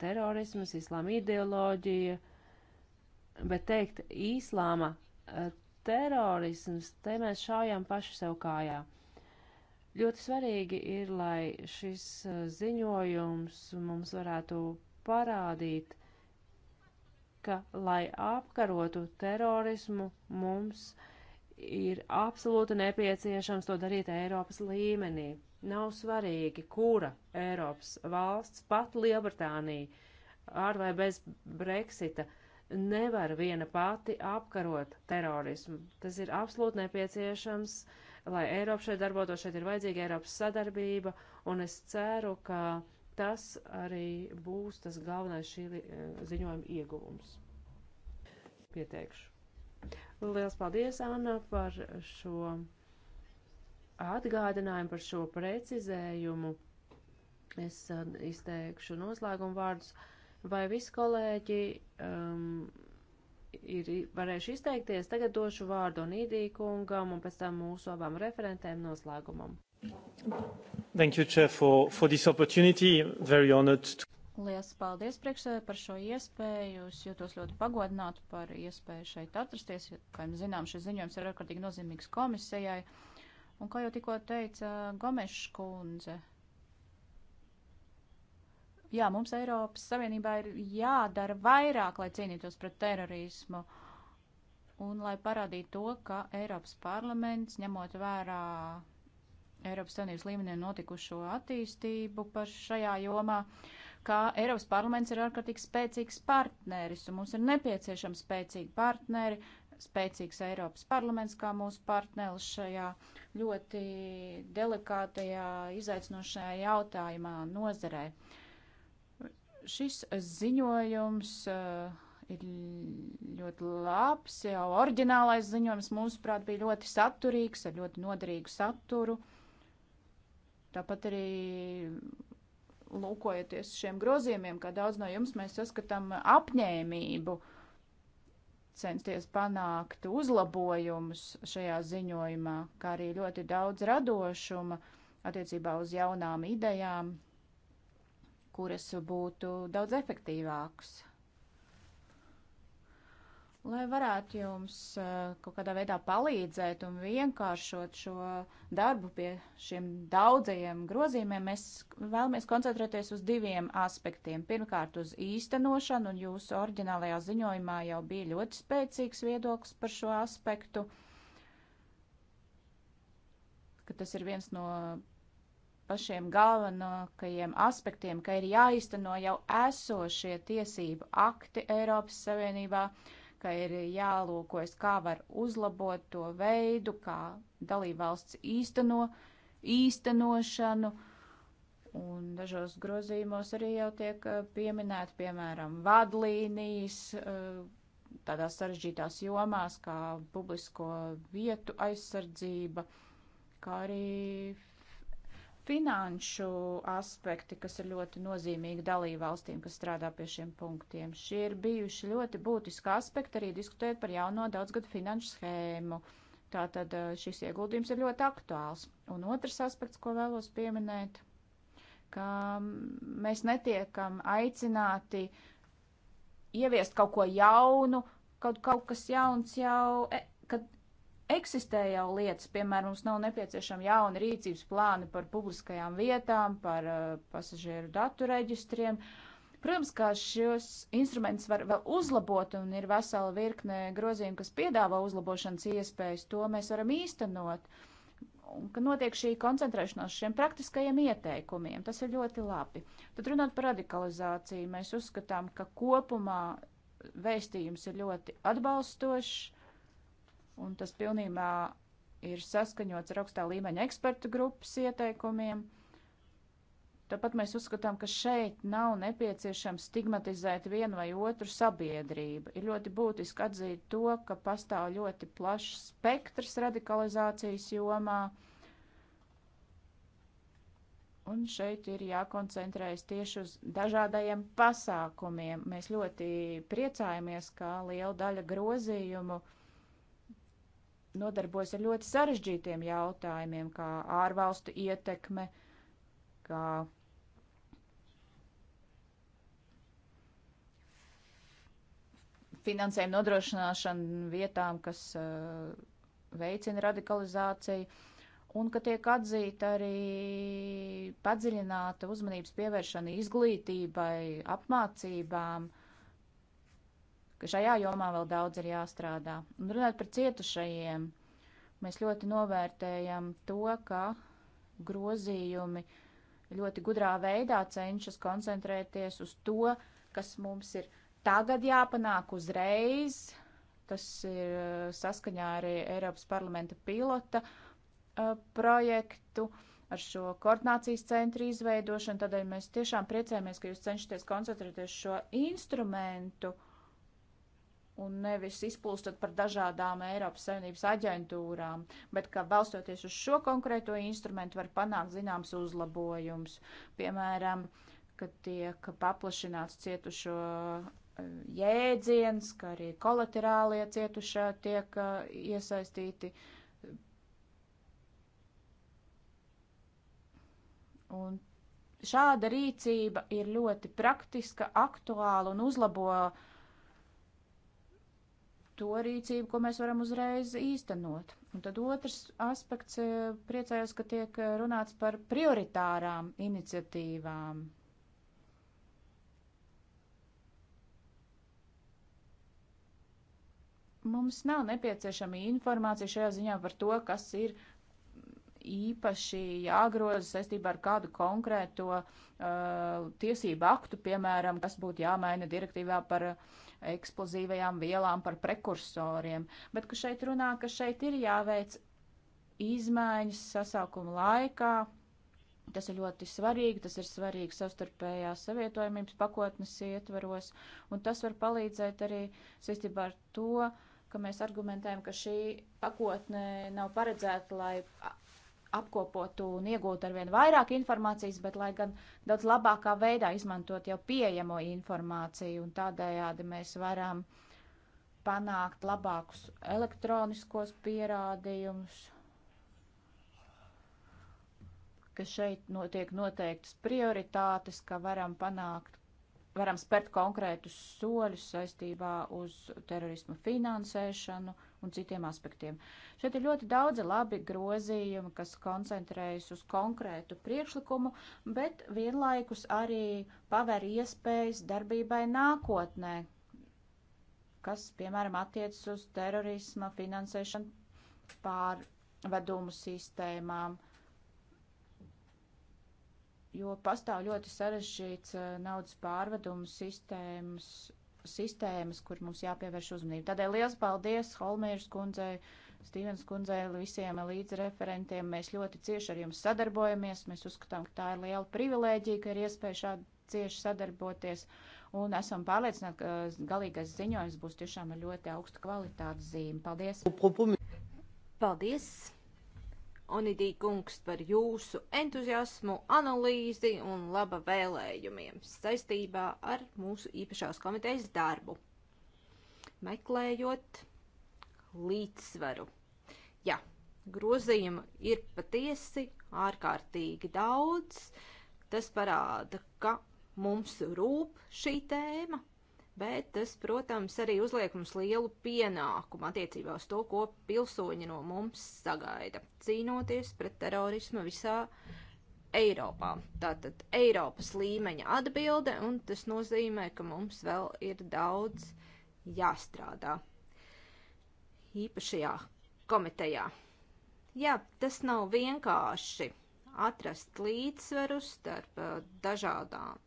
S1: terorisms, islāma ideoloģija, bet teikt īslāma Eh, terorisms, te mēs šājam paši sev kājā. Ļoti svarīgi ir, lai šis eh, ziņojums mums varētu parādīt, ka, lai apkarotu terorismu, mums ir absolūti nepieciešams to darīt Eiropas līmenī. Nav svarīgi, kura Eiropas valsts, pat Lielbritānija, ar vai bez Brexita, nevar viena pati apkarot terorismu. Tas ir absolūti nepieciešams, lai Eiropa šeit darbotos, šeit ir vajadzīga Eiropas sadarbība, un es ceru, ka tas arī būs tas galvenais šī eh, ziņojuma ieguvums. Pieteikšu. Liels paldies, Anna, par šo atgādinājumu, par šo precizējumu. Es eh, izteikšu noslēgumu vārdus. Uh, Vai visi kolēģi um, ir varējuši izteikties? Tagad došu vārdu Nīdī kungam un pēc tam mūsu abām
S2: referentēm noslēgumam.
S4: Thank you, Chair, for, for this opportunity. Very honored. To...
S2: Lielas paldies priekšsēdē par šo iespēju. Es jūtos ļoti pagodinātu par iespēju šeit atrasties. Kā jums zinām, šis ziņojums ir ārkārtīgi nozīmīgs komisijai. Un kā jau tikko teica Gomeša kundze, jā, mums Eiropas Savienībā ir jādara vairāk, lai cīnītos pret terorismu un lai parādītu to, ka Eiropas parlaments, ņemot vērā Eiropas Savienības līmenī notikušo attīstību par šajā jomā, ka Eiropas parlaments ir ārkārtīgi spēcīgs partneris un mums ir nepieciešami spēcīgi partneri, spēcīgs Eiropas parlaments kā mūsu partneris šajā ļoti delikātajā, izaicinošajā jautājumā nozarē. Uh, Šis ziņojums uh, ir ļoti labs, jau oriģinālais ziņojums, mūsuprāt, bija ļoti saturīgs, ar ļoti noderīgu saturu. Tāpat arī lūkojoties šiem grozījumiem, kā daudz no jums mēs saskatām apņēmību censties panākt uzlabojumus šajā ziņojumā, kā arī ļoti daudz radošuma attiecībā uz jaunām idejām, kuras būtu daudz efektīvākas. Lai varētu jums eh, kaut kādā veidā palīdzēt un vienkāršot šo darbu pie šiem daudzajiem grozījumiem, mēs vēlamies koncentrēties uz diviem aspektiem. Pirmkārt, uz īstenošanu, un jūsu oriģinālajā ziņojumā jau bija ļoti spēcīgs viedoklis par šo aspektu, ka tas ir viens no pašiem galvenākajiem aspektiem, ka ir jāizteno jau esošie tiesību akti Eiropas Savienībā, ka ir jālūkojas, kā var uzlabot to veidu, kā dalībvalsts īsteno, īstenošanu. Un dažos grozījumos arī jau tiek eh, pieminēti, piemēram, vadlīnijas eh, tādās sarežģītās jomās, kā publisko vietu aizsardzība, kā arī finanšu aspekti, kas ir ļoti nozīmīgi dalībvalstīm, kas strādā pie šiem punktiem. Šie ir bijuši ļoti būtiski aspekti arī diskutēt par jauno daudzgadu finanšu schēmu. Tātad eh, šis ieguldījums ir ļoti aktuāls. Un otrs aspekts, ko vēlos pieminēt, ka mm, mēs netiekam aicināti ieviest kaut ko jaunu, kaut, kaut kas jauns jau e, Eksistē jau lietas, piemēram, mums nav nepieciešama jauna rīcības plāna par publiskajām vietām, par uh, pasažieru datu reģistriem. Protams, kā šos instrumentus var vēl uzlabot un ir vesela virkne grozījumu, kas piedāvā uzlabošanas iespējas, to mēs varam īstenot. Un, ka notiek šī koncentrēšanās šiem praktiskajiem ieteikumiem, tas ir ļoti labi. Tad runāt par radikalizāciju, mēs uzskatām, ka kopumā vēstījums ir ļoti atbalstošs un tas pilnībā ir saskaņots ar augstā līmeņa ekspertu grupas ieteikumiem. Tāpat mēs uzskatām, ka šeit nav nepieciešams stigmatizēt vienu vai otru sabiedrību. Ir ļoti būtiski atzīt to, ka pastāv ļoti plašs spektrs radikalizācijas jomā. Un šeit ir jākoncentrējas tieši uz dažādajiem pasākumiem. Mēs ļoti priecājamies, ka liela daļa grozījumu uh, nodarbojas ar ļoti sarežģītiem jautājumiem, kā ārvalstu ietekme, kā finansējuma nodrošināšana vietām, kas uh, veicina radikalizāciju, un ka tiek atzīta arī padziļināta uzmanības pievēršana izglītībai, apmācībām, ka šajā jomā vēl daudz ir jāstrādā. Un runāt par cietušajiem, mēs ļoti novērtējam to, ka grozījumi ļoti gudrā veidā cenšas koncentrēties uz to, kas mums ir tagad jāpanāk uzreiz. Tas ir eh, saskaņā arī Eiropas parlamenta pilota uh, projektu ar šo koordinācijas centru izveidošanu. Tādēļ mēs tiešām priecājamies, ka jūs cenšaties koncentrēties šo instrumentu uh, un nevis izpulstot par dažādām Eiropas Savienības aģentūrām, bet ka balstoties uz šo konkrēto instrumentu var panākt zināms uzlabojums. Piemēram, ka tiek paplašināts cietušo e, jēdziens, ka arī kolaterālie cietušā tiek e, iesaistīti. Un šāda rīcība ir ļoti praktiska, aktuāla un uzlabo uh, to rīcību, ko mēs varam uzreiz īstenot. Un tad otrs aspekts e, - priecājos, ka tiek e, runāts par prioritārām iniciatīvām. Mums nav nepieciešama informācija šajā ziņā par to, kas ir īpaši jāgroza saistībā ar kādu konkrēto uh, tiesību aktu, piemēram, kas būtu jāmaina direktīvā par uh, eksplozīvajām vielām, par prekursoriem, bet ka šeit runā, ka šeit ir jāveic izmaiņas sasaukuma laikā. Tas ir ļoti svarīgi, tas ir svarīgi savstarpējās savietojumības pakotnes ietvaros, un tas var palīdzēt arī saistībā ar to, ka mēs argumentējam, ka šī pakotne nav paredzēta, lai apkopotu un iegūtu arvien vairāk informācijas, bet lai gan daudz labākā veidā izmantot jau pieejamo informāciju un tādējādi mēs varam panākt labākus elektroniskos pierādījumus, ka šeit notiek noteiktas prioritātes, ka varam panākt, varam spērt konkrētus soļus saistībā uz terorismu finansēšanu – un citiem aspektiem. Šeit ir ļoti daudzi labi grozījumi, kas koncentrējas uz konkrētu priekšlikumu, bet vienlaikus arī paver iespējas darbībai nākotnē, kas, piemēram, attiecas uz terorisma finansēšanu pārvedumu sistēmām jo pastāv ļoti sarežģīts eh, naudas pārvedumu sistēmas sistēmas, kur mums jāpievērš uzmanība. Tādēļ liels paldies Holmēžas kundzei, Stīvens kundzei, visiem līdzreferentiem. Mēs ļoti cieši ar jums sadarbojamies. Mēs uzskatām, ka tā ir liela privilēģija, ka ir iespēja šādi cieši sadarboties. Un esam pārliecināti, ka uh, galīgais ziņojums būs tiešām ar ļoti augstu kvalitātes zīmi. Paldies! Paldies! Onidī
S4: kungs, par jūsu entuziasmu, analīzi un laba vēlējumiem saistībā ar mūsu īpašās komitejas darbu. Meklējot līdzsvaru. Jā, grozījumu ir patiesi ārkārtīgi daudz. Tas parāda, ka mums rūp šī tēma, bet tas, protams, arī uzliek mums lielu pienākumu attiecībā uz to, ko pilsoņi no mums sagaida, cīnoties pret terorismu visā Eiropā. Tātad Eiropas līmeņa atbilde, un tas nozīmē, ka mums vēl ir daudz jāstrādā īpašajā komitejā. Jā, tas nav vienkārši atrast līdzsveru starp eh, dažādām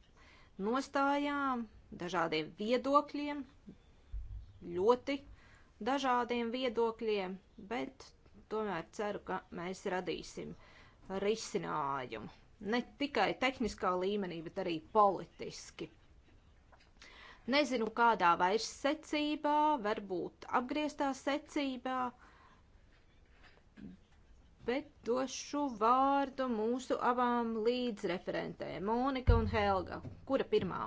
S4: nostājām, dažādiem viedokļiem, ļoti dažādiem viedokļiem, bet tomēr ceru, ka mēs radīsim risinājumu. Ne tikai tehniskā līmenī, bet arī politiski. Nezinu, kādā vairs secībā, varbūt apgrieztā secībā, bet došu vārdu mūsu abām līdzreferentēm, Monika un Helga. Kura pirmā?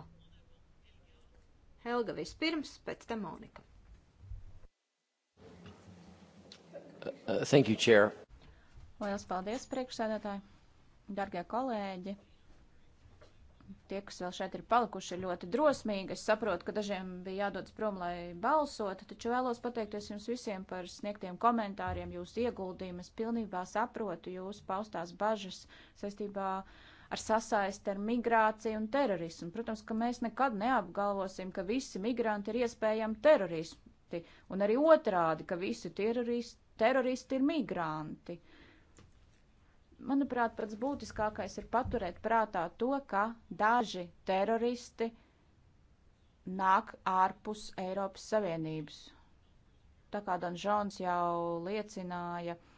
S4: Helga vispirms, pēc tam Monika.
S3: Uh, uh thank you, Chair.
S2: Lielas paldies, priekšsēdētāji, dargie kolēģi. Tie, kas vēl šeit ir palikuši, ir ļoti drosmīgi. Es saprotu, ka dažiem bija jādodas prom, lai balsot, taču vēlos pateikties jums visiem par sniegtiem komentāriem, jūsu ieguldījumus. Pilnībā saprotu jūsu paustās bažas saistībā ar ar sasaisti ar migrāciju un terorismu. Protams, ka mēs nekad neapgalvosim, ka visi migranti ir iespējami teroristi, un arī otrādi, ka visi teroristi, teroristi ir migranti. Manuprāt, pats būtiskākais ir paturēt prātā to, ka daži teroristi nāk ārpus Eiropas Savienības. Tā kā Danžons jau liecināja, uh,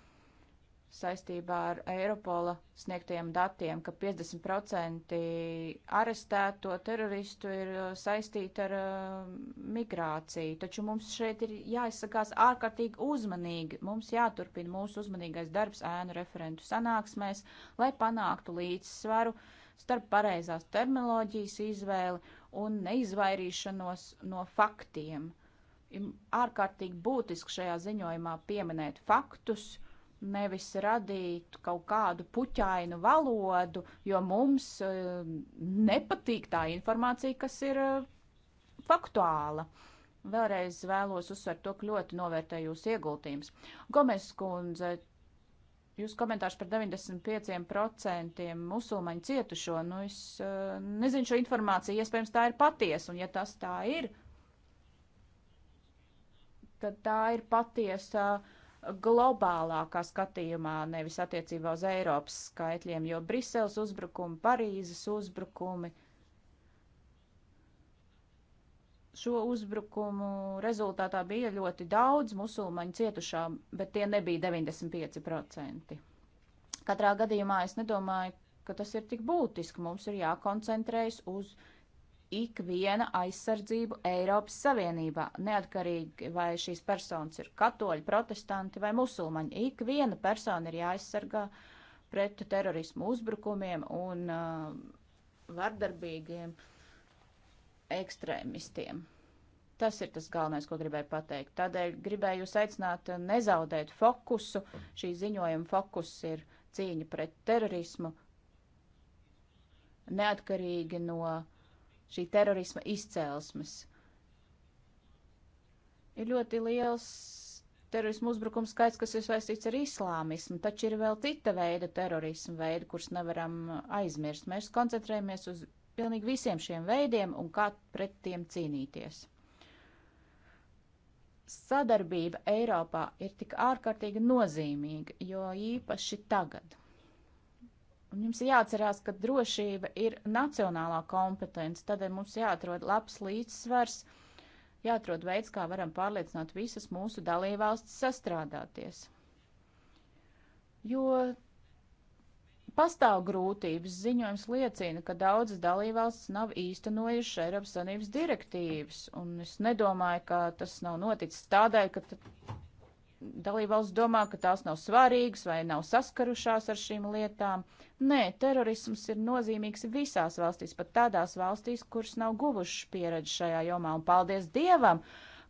S2: saistībā ar Eiropola sniegtajiem datiem, ka 50% arestēto teroristu ir uh, saistīti ar uh, migrāciju. Taču mums šeit ir jāizsakās ārkārtīgi uzmanīgi. Mums jāturpina mūsu uzmanīgais darbs ēnu referentu sanāksmēs, lai panāktu līdzsvaru starp pareizās terminoloģijas izvēli un neizvairīšanos no faktiem. Ir ārkārtīgi būtiski šajā ziņojumā pieminēt faktus nevis radīt kaut kādu puķainu valodu, jo mums e, nepatīk tā informācija, kas ir e, faktuāla. Vēlreiz vēlos uzsvert to, ka ļoti novērtēju jūsu ieguldījums. Gomes kundze, jūs komentārs par 95% musulmaņu cietušo, nu es e, nezinu šo informāciju, iespējams tā ir patiesa, un ja tas tā ir, tad tā ir patiesa. Uh, globālākā skatījumā, nevis attiecībā uz Eiropas skaitļiem, jo Briseles uzbrukumi, Parīzes uzbrukumi, šo uzbrukumu rezultātā bija ļoti daudz musulmaņu cietušā, bet tie nebija 95%. Katrā gadījumā es nedomāju, ka tas ir tik būtiski. Mums ir jākoncentrējas uz uh, ikviena aizsardzību Eiropas Savienībā, neatkarīgi vai šīs personas ir katoļi, protestanti vai musulmaņi. Ikviena persona ir jāaizsargā pret terorismu uzbrukumiem un uh, vardarbīgiem ekstrēmistiem. Tas ir tas galvenais, ko gribēju pateikt. Tādēļ gribēju jūs aicināt uh, nezaudēt fokusu. Šī ziņojuma fokus ir cīņa pret terorismu, neatkarīgi no šī terorisma izcēlesmes. Ir ļoti liels terorismu uzbrukumu skaits, kas ir saistīts ar islāmismu, taču ir vēl cita veida terorismu veidi, kurus nevaram aizmirst. Mēs koncentrējamies uz pilnīgi visiem šiem veidiem un kā pret tiem cīnīties. Sadarbība Eiropā ir tik ārkārtīgi nozīmīga, jo īpaši tagad. Un jums ir jāatcerās, ka drošība ir nacionālā kompetence, tādēļ mums jāatrod labs līdzsvars, jāatrod veids, kā varam pārliecināt visas mūsu dalībvalstis sastrādāties. Jo pastāv grūtības, ziņojums liecina, ka daudzas dalībvalstis nav īstenojušas Eiropas Savienības direktīvas, un es nedomāju, ka tas nav noticis tādēļ, ka dalībvalsts domā, ka tās nav svarīgas vai nav saskarušās ar šīm lietām. Nē, terorisms ir nozīmīgs visās valstīs, pat tādās valstīs, kuras nav guvušas pieredzi šajā jomā. Un paldies Dievam,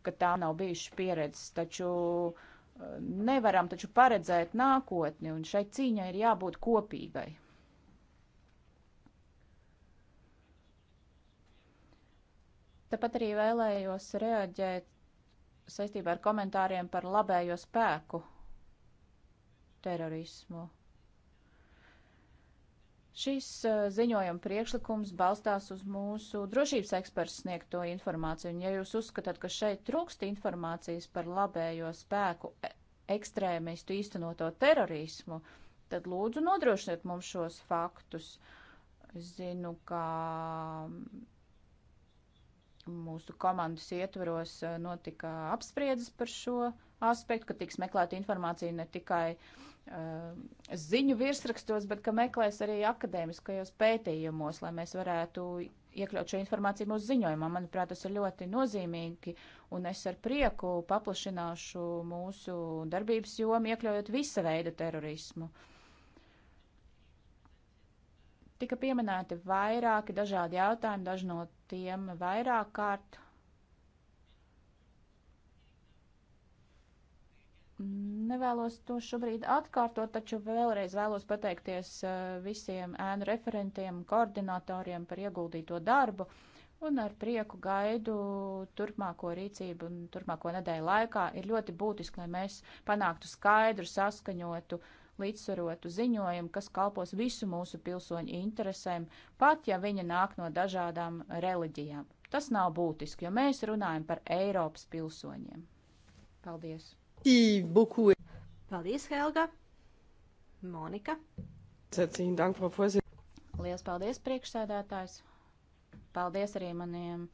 S2: ka tā nav bijušas pieredzes, taču eh, nevaram taču paredzēt nākotni, un šai cīņai ir jābūt kopīgai. Tāpat arī vēlējos reaģēt saistībā ar komentāriem par labējo spēku terorismu. Šis eh, ziņojuma priekšlikums balstās uz mūsu drošības eksperts sniegto informāciju, un ja jūs uzskatāt, ka šeit trūkst informācijas par labējo spēku e, ekstrēmistu īstenoto terorismu, tad lūdzu nodrošiniet mums šos faktus. Es zinu, ka mūsu komandas ietvaros eh, notika apspriedzes par šo aspektu, ka tiks meklēta informācija ne tikai uh, ziņu virsrakstos, bet ka meklēs arī akadēmiskajos pētījumos, lai mēs varētu iekļaut šo informāciju mūsu ziņojumā. Manuprāt, tas ir ļoti nozīmīgi, un es ar prieku paplašināšu mūsu darbības jomu, iekļaujot visa veida terorismu. Tika pieminēti vairāki dažādi jautājumi, daži no tiem vairāk kārt Nevēlos to šobrīd atkārtot, taču vēlreiz vēlos pateikties uh, visiem ēnu referentiem, koordinatoriem par ieguldīto darbu un ar prieku gaidu turpmāko rīcību un turpmāko nedēļu laikā. Ir ļoti būtiski, lai mēs panāktu skaidru, saskaņotu uh, līdzsvarotu ziņojumu, kas kalpos visu mūsu pilsoņu interesēm, pat ja viņa nāk no dažādām reliģijām. Tas nav būtiski, jo mēs runājam par Eiropas pilsoņiem. Paldies! Paldies, Helga! Monika!
S1: Lielas
S2: paldies, priekšsēdētājs! Paldies arī maniem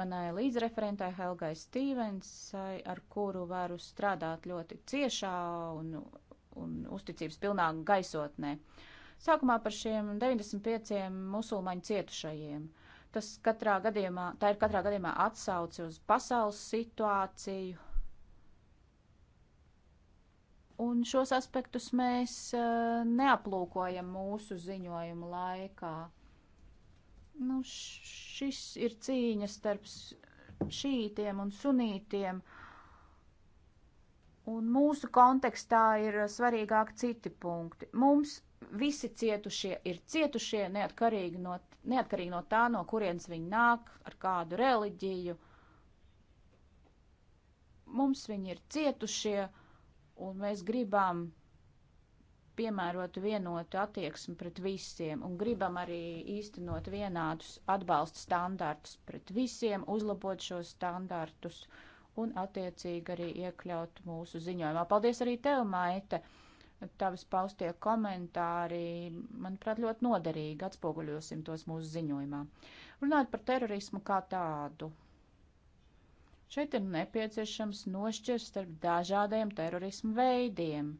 S2: manai līdzreferentai Helgai Stīvensai, ar kuru varu strādāt ļoti ciešā un un uzticības pilnā gaisotnē. Sākumā par šiem 95 musulmaņu cietušajiem. Tas katrā gadījumā, tā ir katrā gadījumā atsauci uz pasaules situāciju, un šos aspektus mēs uh, neaplūkojam mūsu ziņojuma laikā. Nu, šis ir cīņa starp šītiem un sunītiem, Un mūsu kontekstā ir eh, svarīgāk citi punkti. Mums visi cietušie ir cietušie, neatkarīgi no, neatkarīgi no tā, no kurienes viņi nāk, ar kādu reliģiju. Mums viņi ir cietušie, un mēs gribam piemērot vienotu attieksmi pret visiem, un gribam arī īstenot vienādus atbalsta standartus pret visiem, uzlabot šos standartus. Uh, un attiecīgi arī iekļaut mūsu ziņojumā. Paldies arī tev, Maita! Tavas paustie komentāri, manuprāt, ļoti noderīgi atspoguļosim tos mūsu ziņojumā. Runāt par terorismu kā tādu. Šeit ir nepieciešams nošķirt starp dažādiem terorismu veidiem,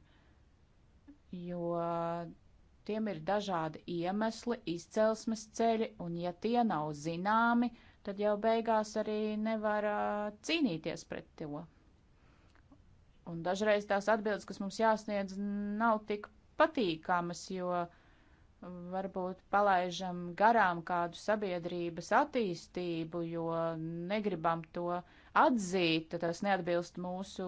S2: jo tiem ir dažādi iemesli, izcelsmes ceļi, un ja tie nav zināmi, tad tad jau beigās arī nevar cīnīties pret to. Un dažreiz tās atbildes, kas mums jāsniedz, nav tik patīkamas, jo varbūt palaižam garām kādu sabiedrības attīstību, jo negribam to atzīt, tas neatbilst mūsu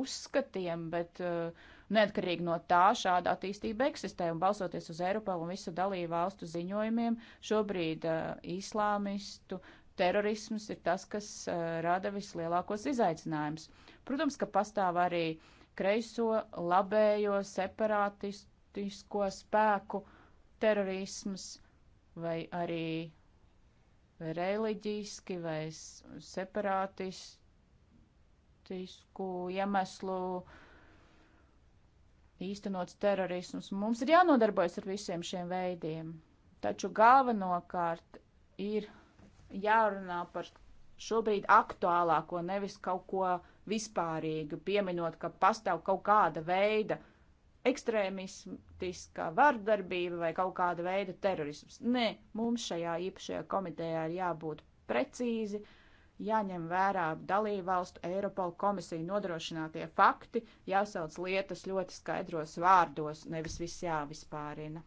S2: uzskatiem, bet uh, Neatkarīgi no tā šāda attīstība eksistē un balsoties uz Eiropā un visu dalību valstu ziņojumiem, šobrīd uh, islāmistu terorisms ir tas, kas uh, rada vislielākos izaicinājumus. Protams, ka pastāv arī kreiso, labējo, separātistisko spēku terorisms vai arī reliģiski vai separātistisku iemeslu uh, īstenots terorisms. Mums ir jānodarbojas ar visiem šiem veidiem, taču galvenokārt ir jārunā par šobrīd aktuālāko, nevis kaut ko vispārīgu, pieminot, ka pastāv kaut kāda veida ekstrēmistiskā vardarbība vai kaut kāda veida terorisms. Nē, mums šajā īpašajā komitejā ir jābūt precīzi, uh, jāņem vērā dalībvalstu Eiropola komisija nodrošinātie fakti, jāsauc lietas ļoti skaidros vārdos, nevis viss jāvispārina.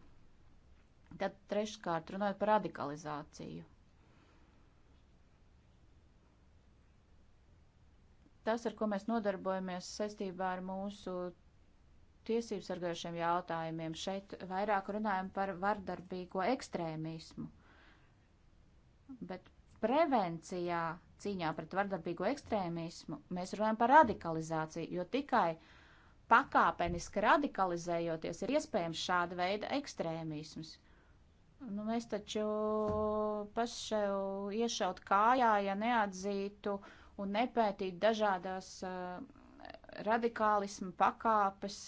S2: Tad treškārt runājot par radikalizāciju. Tas, ar ko mēs nodarbojamies saistībā ar mūsu tiesību sargājušiem jautājumiem, šeit vairāk runājam par vardarbīgo ekstrēmismu. Bet prevencijā, cīņā pret vardarbīgo ekstrēmismu, mēs runājam par radikalizāciju, jo tikai pakāpeniski radikalizējoties ir iespējams šāda veida ekstrēmisms. Nu, mēs taču paši sev iešaut kājā, ja neatzītu un nepētītu dažādās uh, eh, radikālismu pakāpes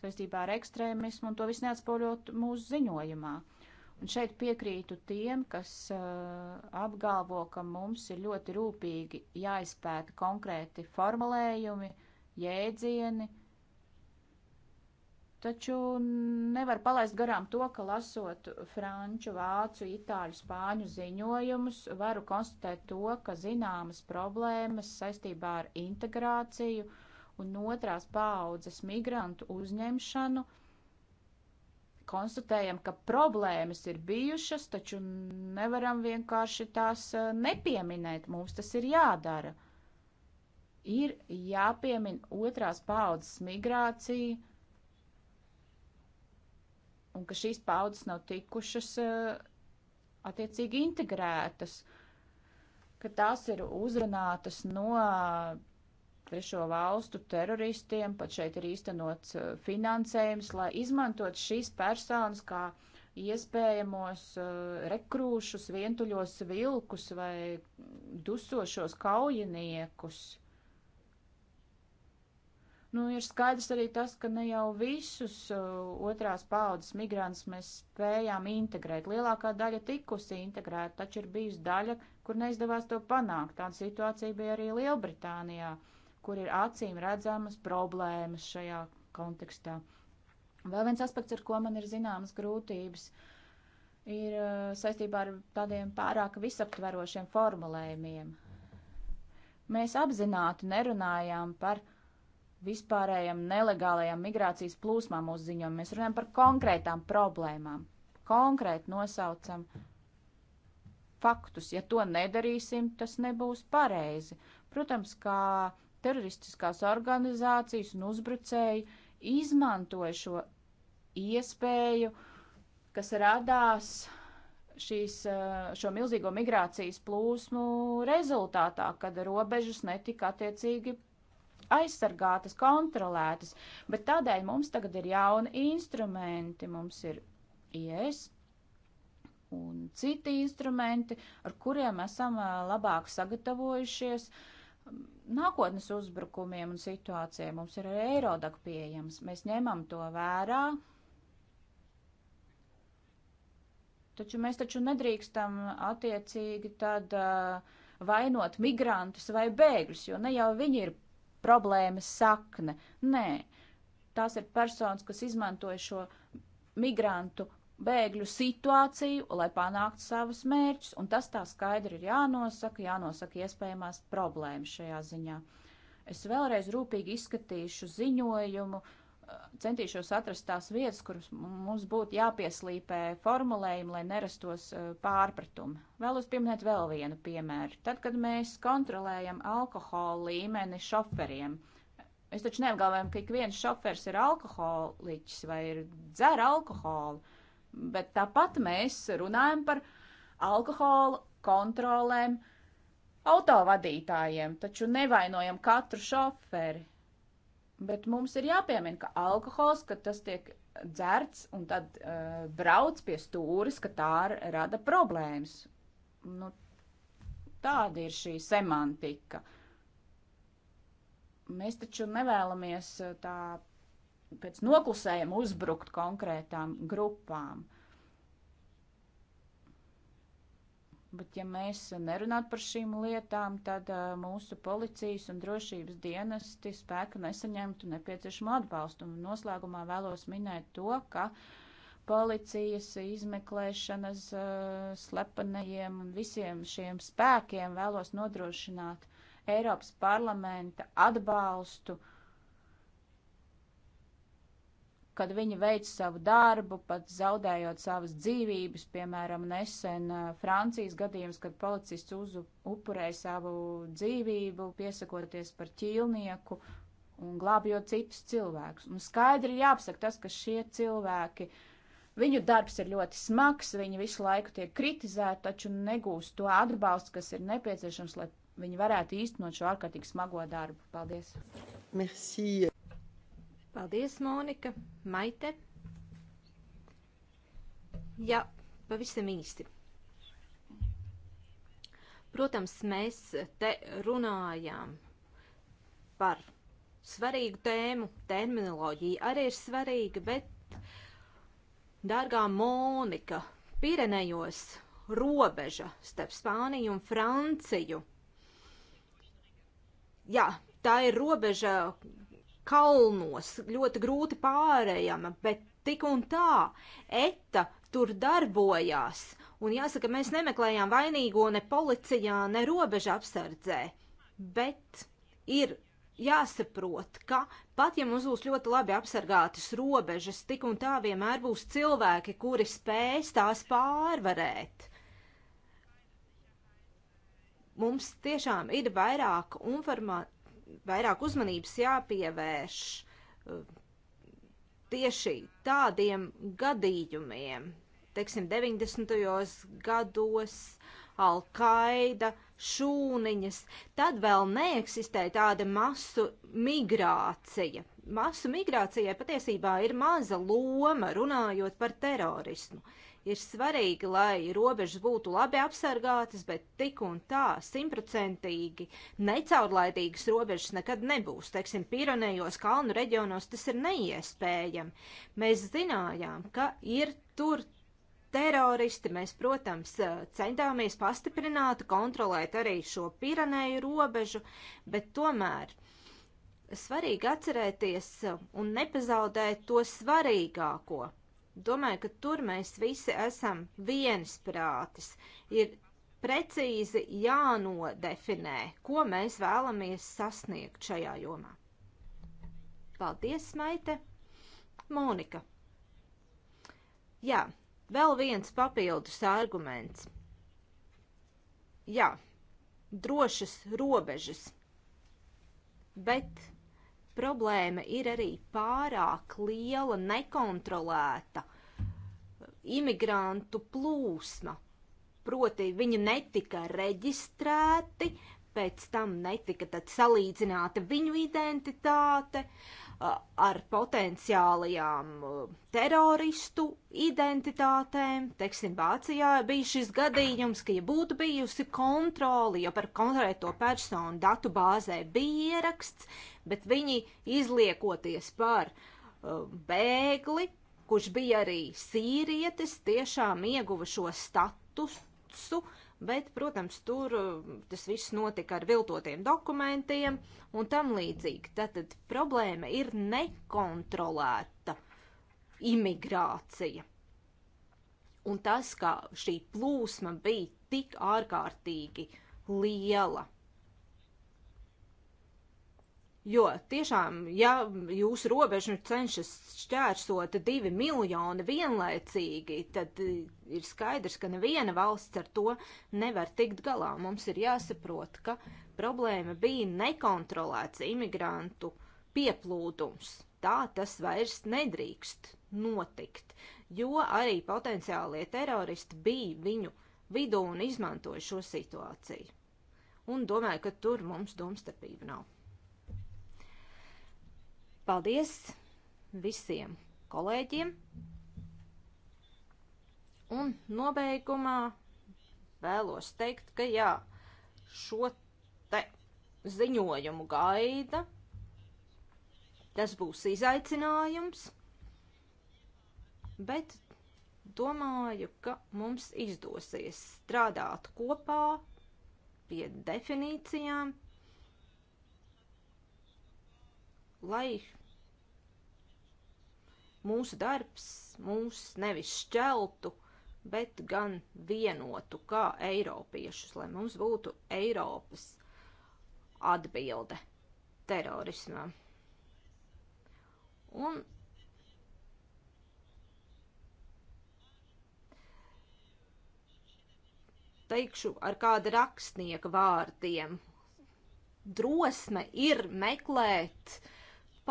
S2: saistībā ar ekstrēmismu, un to viss neatspoļot mūsu ziņojumā. Uh, Un šeit piekrītu tiem, kas uh, apgalvo, ka mums ir ļoti rūpīgi jāizpēta konkrēti formulējumi, jēdzieni, taču nevar palaist garām to, ka lasot franču, vācu, itāļu, spāņu ziņojumus, varu konstatēt to, ka zināmas problēmas saistībā ar integrāciju un otrās paaudzes migrantu uzņemšanu – konstatējam, ka problēmas ir bijušas, taču nevaram vienkārši tās eh, nepieminēt. Mums tas ir jādara. Ir jāpiemin otrās paudzes migrācija un ka šīs paudzes nav tikušas eh, attiecīgi integrētas, ka tās ir uzrunātas no trešo valstu teroristiem, pat šeit ir īstenots uh, finansējums, lai izmantot šīs personas kā iespējamos uh, rekrūšus, vientuļos vilkus vai dusošos kaujiniekus. Nu, ir skaidrs arī tas, ka ne jau visus uh, otrās paudzes migrantus mēs spējām integrēt. Lielākā daļa tikusi integrēta, taču ir bijusi daļa, kur neizdevās to panākt. Tāda situācija bija arī Lielbritānijā. Uh, kur ir acīm redzamas problēmas šajā kontekstā. Vēl viens aspekts, ar ko man ir zināmas grūtības, ir uh, saistībā ar tādiem pārāk visaptverošiem formulējumiem. Mēs apzināti nerunājām par vispārējām nelegālajām migrācijas plūsmām mūsu ziņām. Mēs runājam par konkrētām problēmām. Konkrēti nosaucam faktus. Ja to nedarīsim, tas nebūs pareizi. Protams, kā teroristiskās organizācijas un uzbrucēji izmantoja šo iespēju, kas radās šīs, eh, šo milzīgo migrācijas plūsmu rezultātā, kad robežas netika attiecīgi aizsargātas, kontrolētas, bet tādēļ mums tagad ir jauni instrumenti, mums ir IES un citi instrumenti, ar kuriem esam eh, labāk sagatavojušies nākotnes uzbrukumiem un situācijām. Mums ir arī Eirodak pieejams. Mēs ņemam to vērā. Taču mēs taču nedrīkstam attiecīgi tad uh, vainot migrantus vai bēgļus, jo ne jau viņi ir problēmas sakne. Nē, tās ir personas, kas izmantoja šo migrantu bēgļu situāciju, lai panāktu savus mērķus, un tas tā skaidri ir jānosaka, jānosaka iespējamās problēmas šajā ziņā. Es vēlreiz rūpīgi izskatīšu ziņojumu, centīšos atrast tās vietas, kuras mums būtu jāpieslīpē formulējumi, lai nerastos eh, pārpratumi. Vēlos pieminēt vēl vienu piemēru. Tad, kad mēs kontrolējam alkohola līmeni šoferiem, Es taču neapgalvojam, ka ik viens šofers ir alkoholiķis vai ir dzer alkoholu bet tāpat mēs runājam par alkohola kontrolēm autovadītājiem, taču nevainojam katru šoferi. Bet mums ir jāpiemina, ka alkohols, kad tas tiek dzerts un tad uh, brauc pie stūris, ka tā rada problēmas. Nu, tāda ir šī semantika. Mēs taču nevēlamies eh, tā pēc noklusējuma uzbrukt konkrētām grupām. Bet, ja mēs nerunātu par šīm lietām, tad uh, mūsu policijas un drošības dienesti spēka nesaņemtu nepieciešamo atbalstu. Un noslēgumā vēlos minēt to, ka policijas izmeklēšanas uh, slepenajiem un visiem šiem spēkiem vēlos nodrošināt Eiropas parlamenta atbalstu kad viņi veic savu darbu, pat zaudējot savas dzīvības, piemēram, nesen Francijas gadījums, kad policists uz, upurēja savu dzīvību, piesakoties par ķīlnieku un glābjot citus cilvēkus. Un skaidri jāapsaka tas, ka šie cilvēki, viņu darbs ir ļoti smags, viņi visu laiku tiek kritizēti, taču negūst to atbalstu, kas ir nepieciešams, lai viņi varētu īstenot šo ārkārtīgi smago darbu. Paldies! Merci, Paldies, Monika,
S4: Maite. Jā, pavisam īsti. Protams, mēs te runājām par svarīgu tēmu, terminoloģija arī ir svarīga, bet, dārgā Monika, Pirenejos robeža starp Spāniju un Franciju. Jā, tā ir robeža, kalnos, ļoti grūti pārējama, bet tik un tā ETA tur darbojās. Un jāsaka, mēs nemeklējām vainīgo ne policijā, ne robeža apsardzē, bet ir jāsaprot, ka pat ja mums būs ļoti labi apsargātas robežas, tik un tā vienmēr būs cilvēki, kuri spēs tās pārvarēt. Mums tiešām ir vairāk informācijas vairāk uzmanības jāpievērš eh, tieši tādiem gadījumiem. Teiksim, 90. gados Alkaida, šūniņas, tad vēl neeksistēja tāda masu migrācija. Masu migrācijai patiesībā ir maza loma runājot par terorismu. Uh, Ir svarīgi, lai robežas būtu labi apsargātas, bet tik un tā simtprocentīgi necaurlaidīgas robežas nekad nebūs. Teiksim, Pironējos kalnu reģionos tas ir neiespējami. Mēs zinājām, ka ir tur teroristi, mēs, protams, centāmies pastiprināt, kontrolēt arī šo piranēju robežu, bet tomēr svarīgi atcerēties un nepazaudēt to svarīgāko. Domāju, ka tur mēs visi esam viensprātis. Ir precīzi jānodefinē, ko mēs vēlamies sasniegt šajā jomā. Paldies, Maite! Monika. Jā, vēl viens papildus arguments. Jā, drošas robežas, bet problēma ir arī pārāk liela, nekontrolēta imigrantu plūsma. Proti, viņi netika reģistrēti, pēc tam netika tad salīdzināta viņu identitāte ar potenciālajām teroristu identitātēm. Teiksim, Vācijā bija šis gadījums, ka, ja būtu bijusi kontroli, jo par konkrēto personu datu bāzē bija ieraksts, bet viņi izliekoties par um, bēgli, kurš bija arī sīrietis, tiešām ieguva šo statusu, bet, protams, tur um, tas viss notika ar viltotiem dokumentiem un tam līdzīgi. Tātad problēma ir nekontrolēta imigrācija. Un tas, kā šī plūsma bija tik ārkārtīgi liela. Jo tiešām, ja jūsu robežu cenšas šķērsot divi miljoni vienlaicīgi, tad eh, ir skaidrs, ka neviena valsts ar to nevar tikt galā. Mums ir jāsaprot, ka problēma bija nekontrolēts imigrantu pieplūdums. Tā tas vairs nedrīkst notikt, jo arī potenciālie teroristi bija viņu vidū un izmantoja šo situāciju. Un domāju, ka tur mums domstarpība nav. Paldies visiem kolēģiem! Un nobeigumā vēlos teikt, ka jā, šo te ziņojumu gaida. Tas būs izaicinājums, bet domāju, ka mums izdosies strādāt kopā pie definīcijām, lai mūsu darbs mūs nevis šķeltu, bet gan vienotu kā eiropiešus, lai mums būtu Eiropas atbilde terorismam. Un teikšu ar kāda rakstnieka vārdiem. Drosme ir meklēt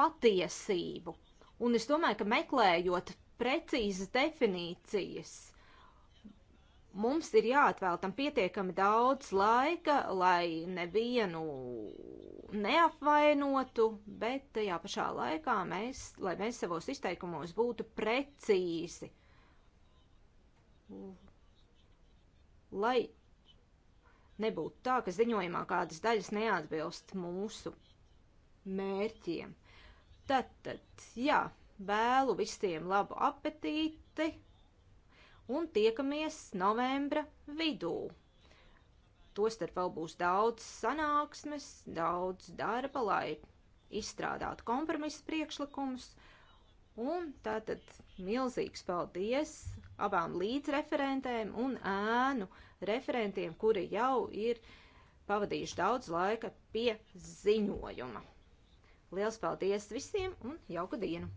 S4: patiesību, Un es domāju, ka meklējot precīzas definīcijas, mums ir jāatvēl tam pietiekami daudz laika, lai nevienu neapvainotu, bet tajā pašā laikā mēs, lai mēs savos izteikumos būtu precīzi, lai nebūtu tā, ka ziņojumā kādas daļas neatbilst mūsu mērķiem. Tātad, jā, vēlu visiem labu apetīti un tiekamies novembra vidū. Tostarp vēl būs daudz sanāksmes, daudz darba, lai izstrādātu kompromisu priekšlikumus. Un tātad milzīgs paldies abām līdzreferentēm un ēnu referentiem, kuri jau ir pavadījuši daudz laika pie ziņojuma. Liels paldies visiem un jauka diena!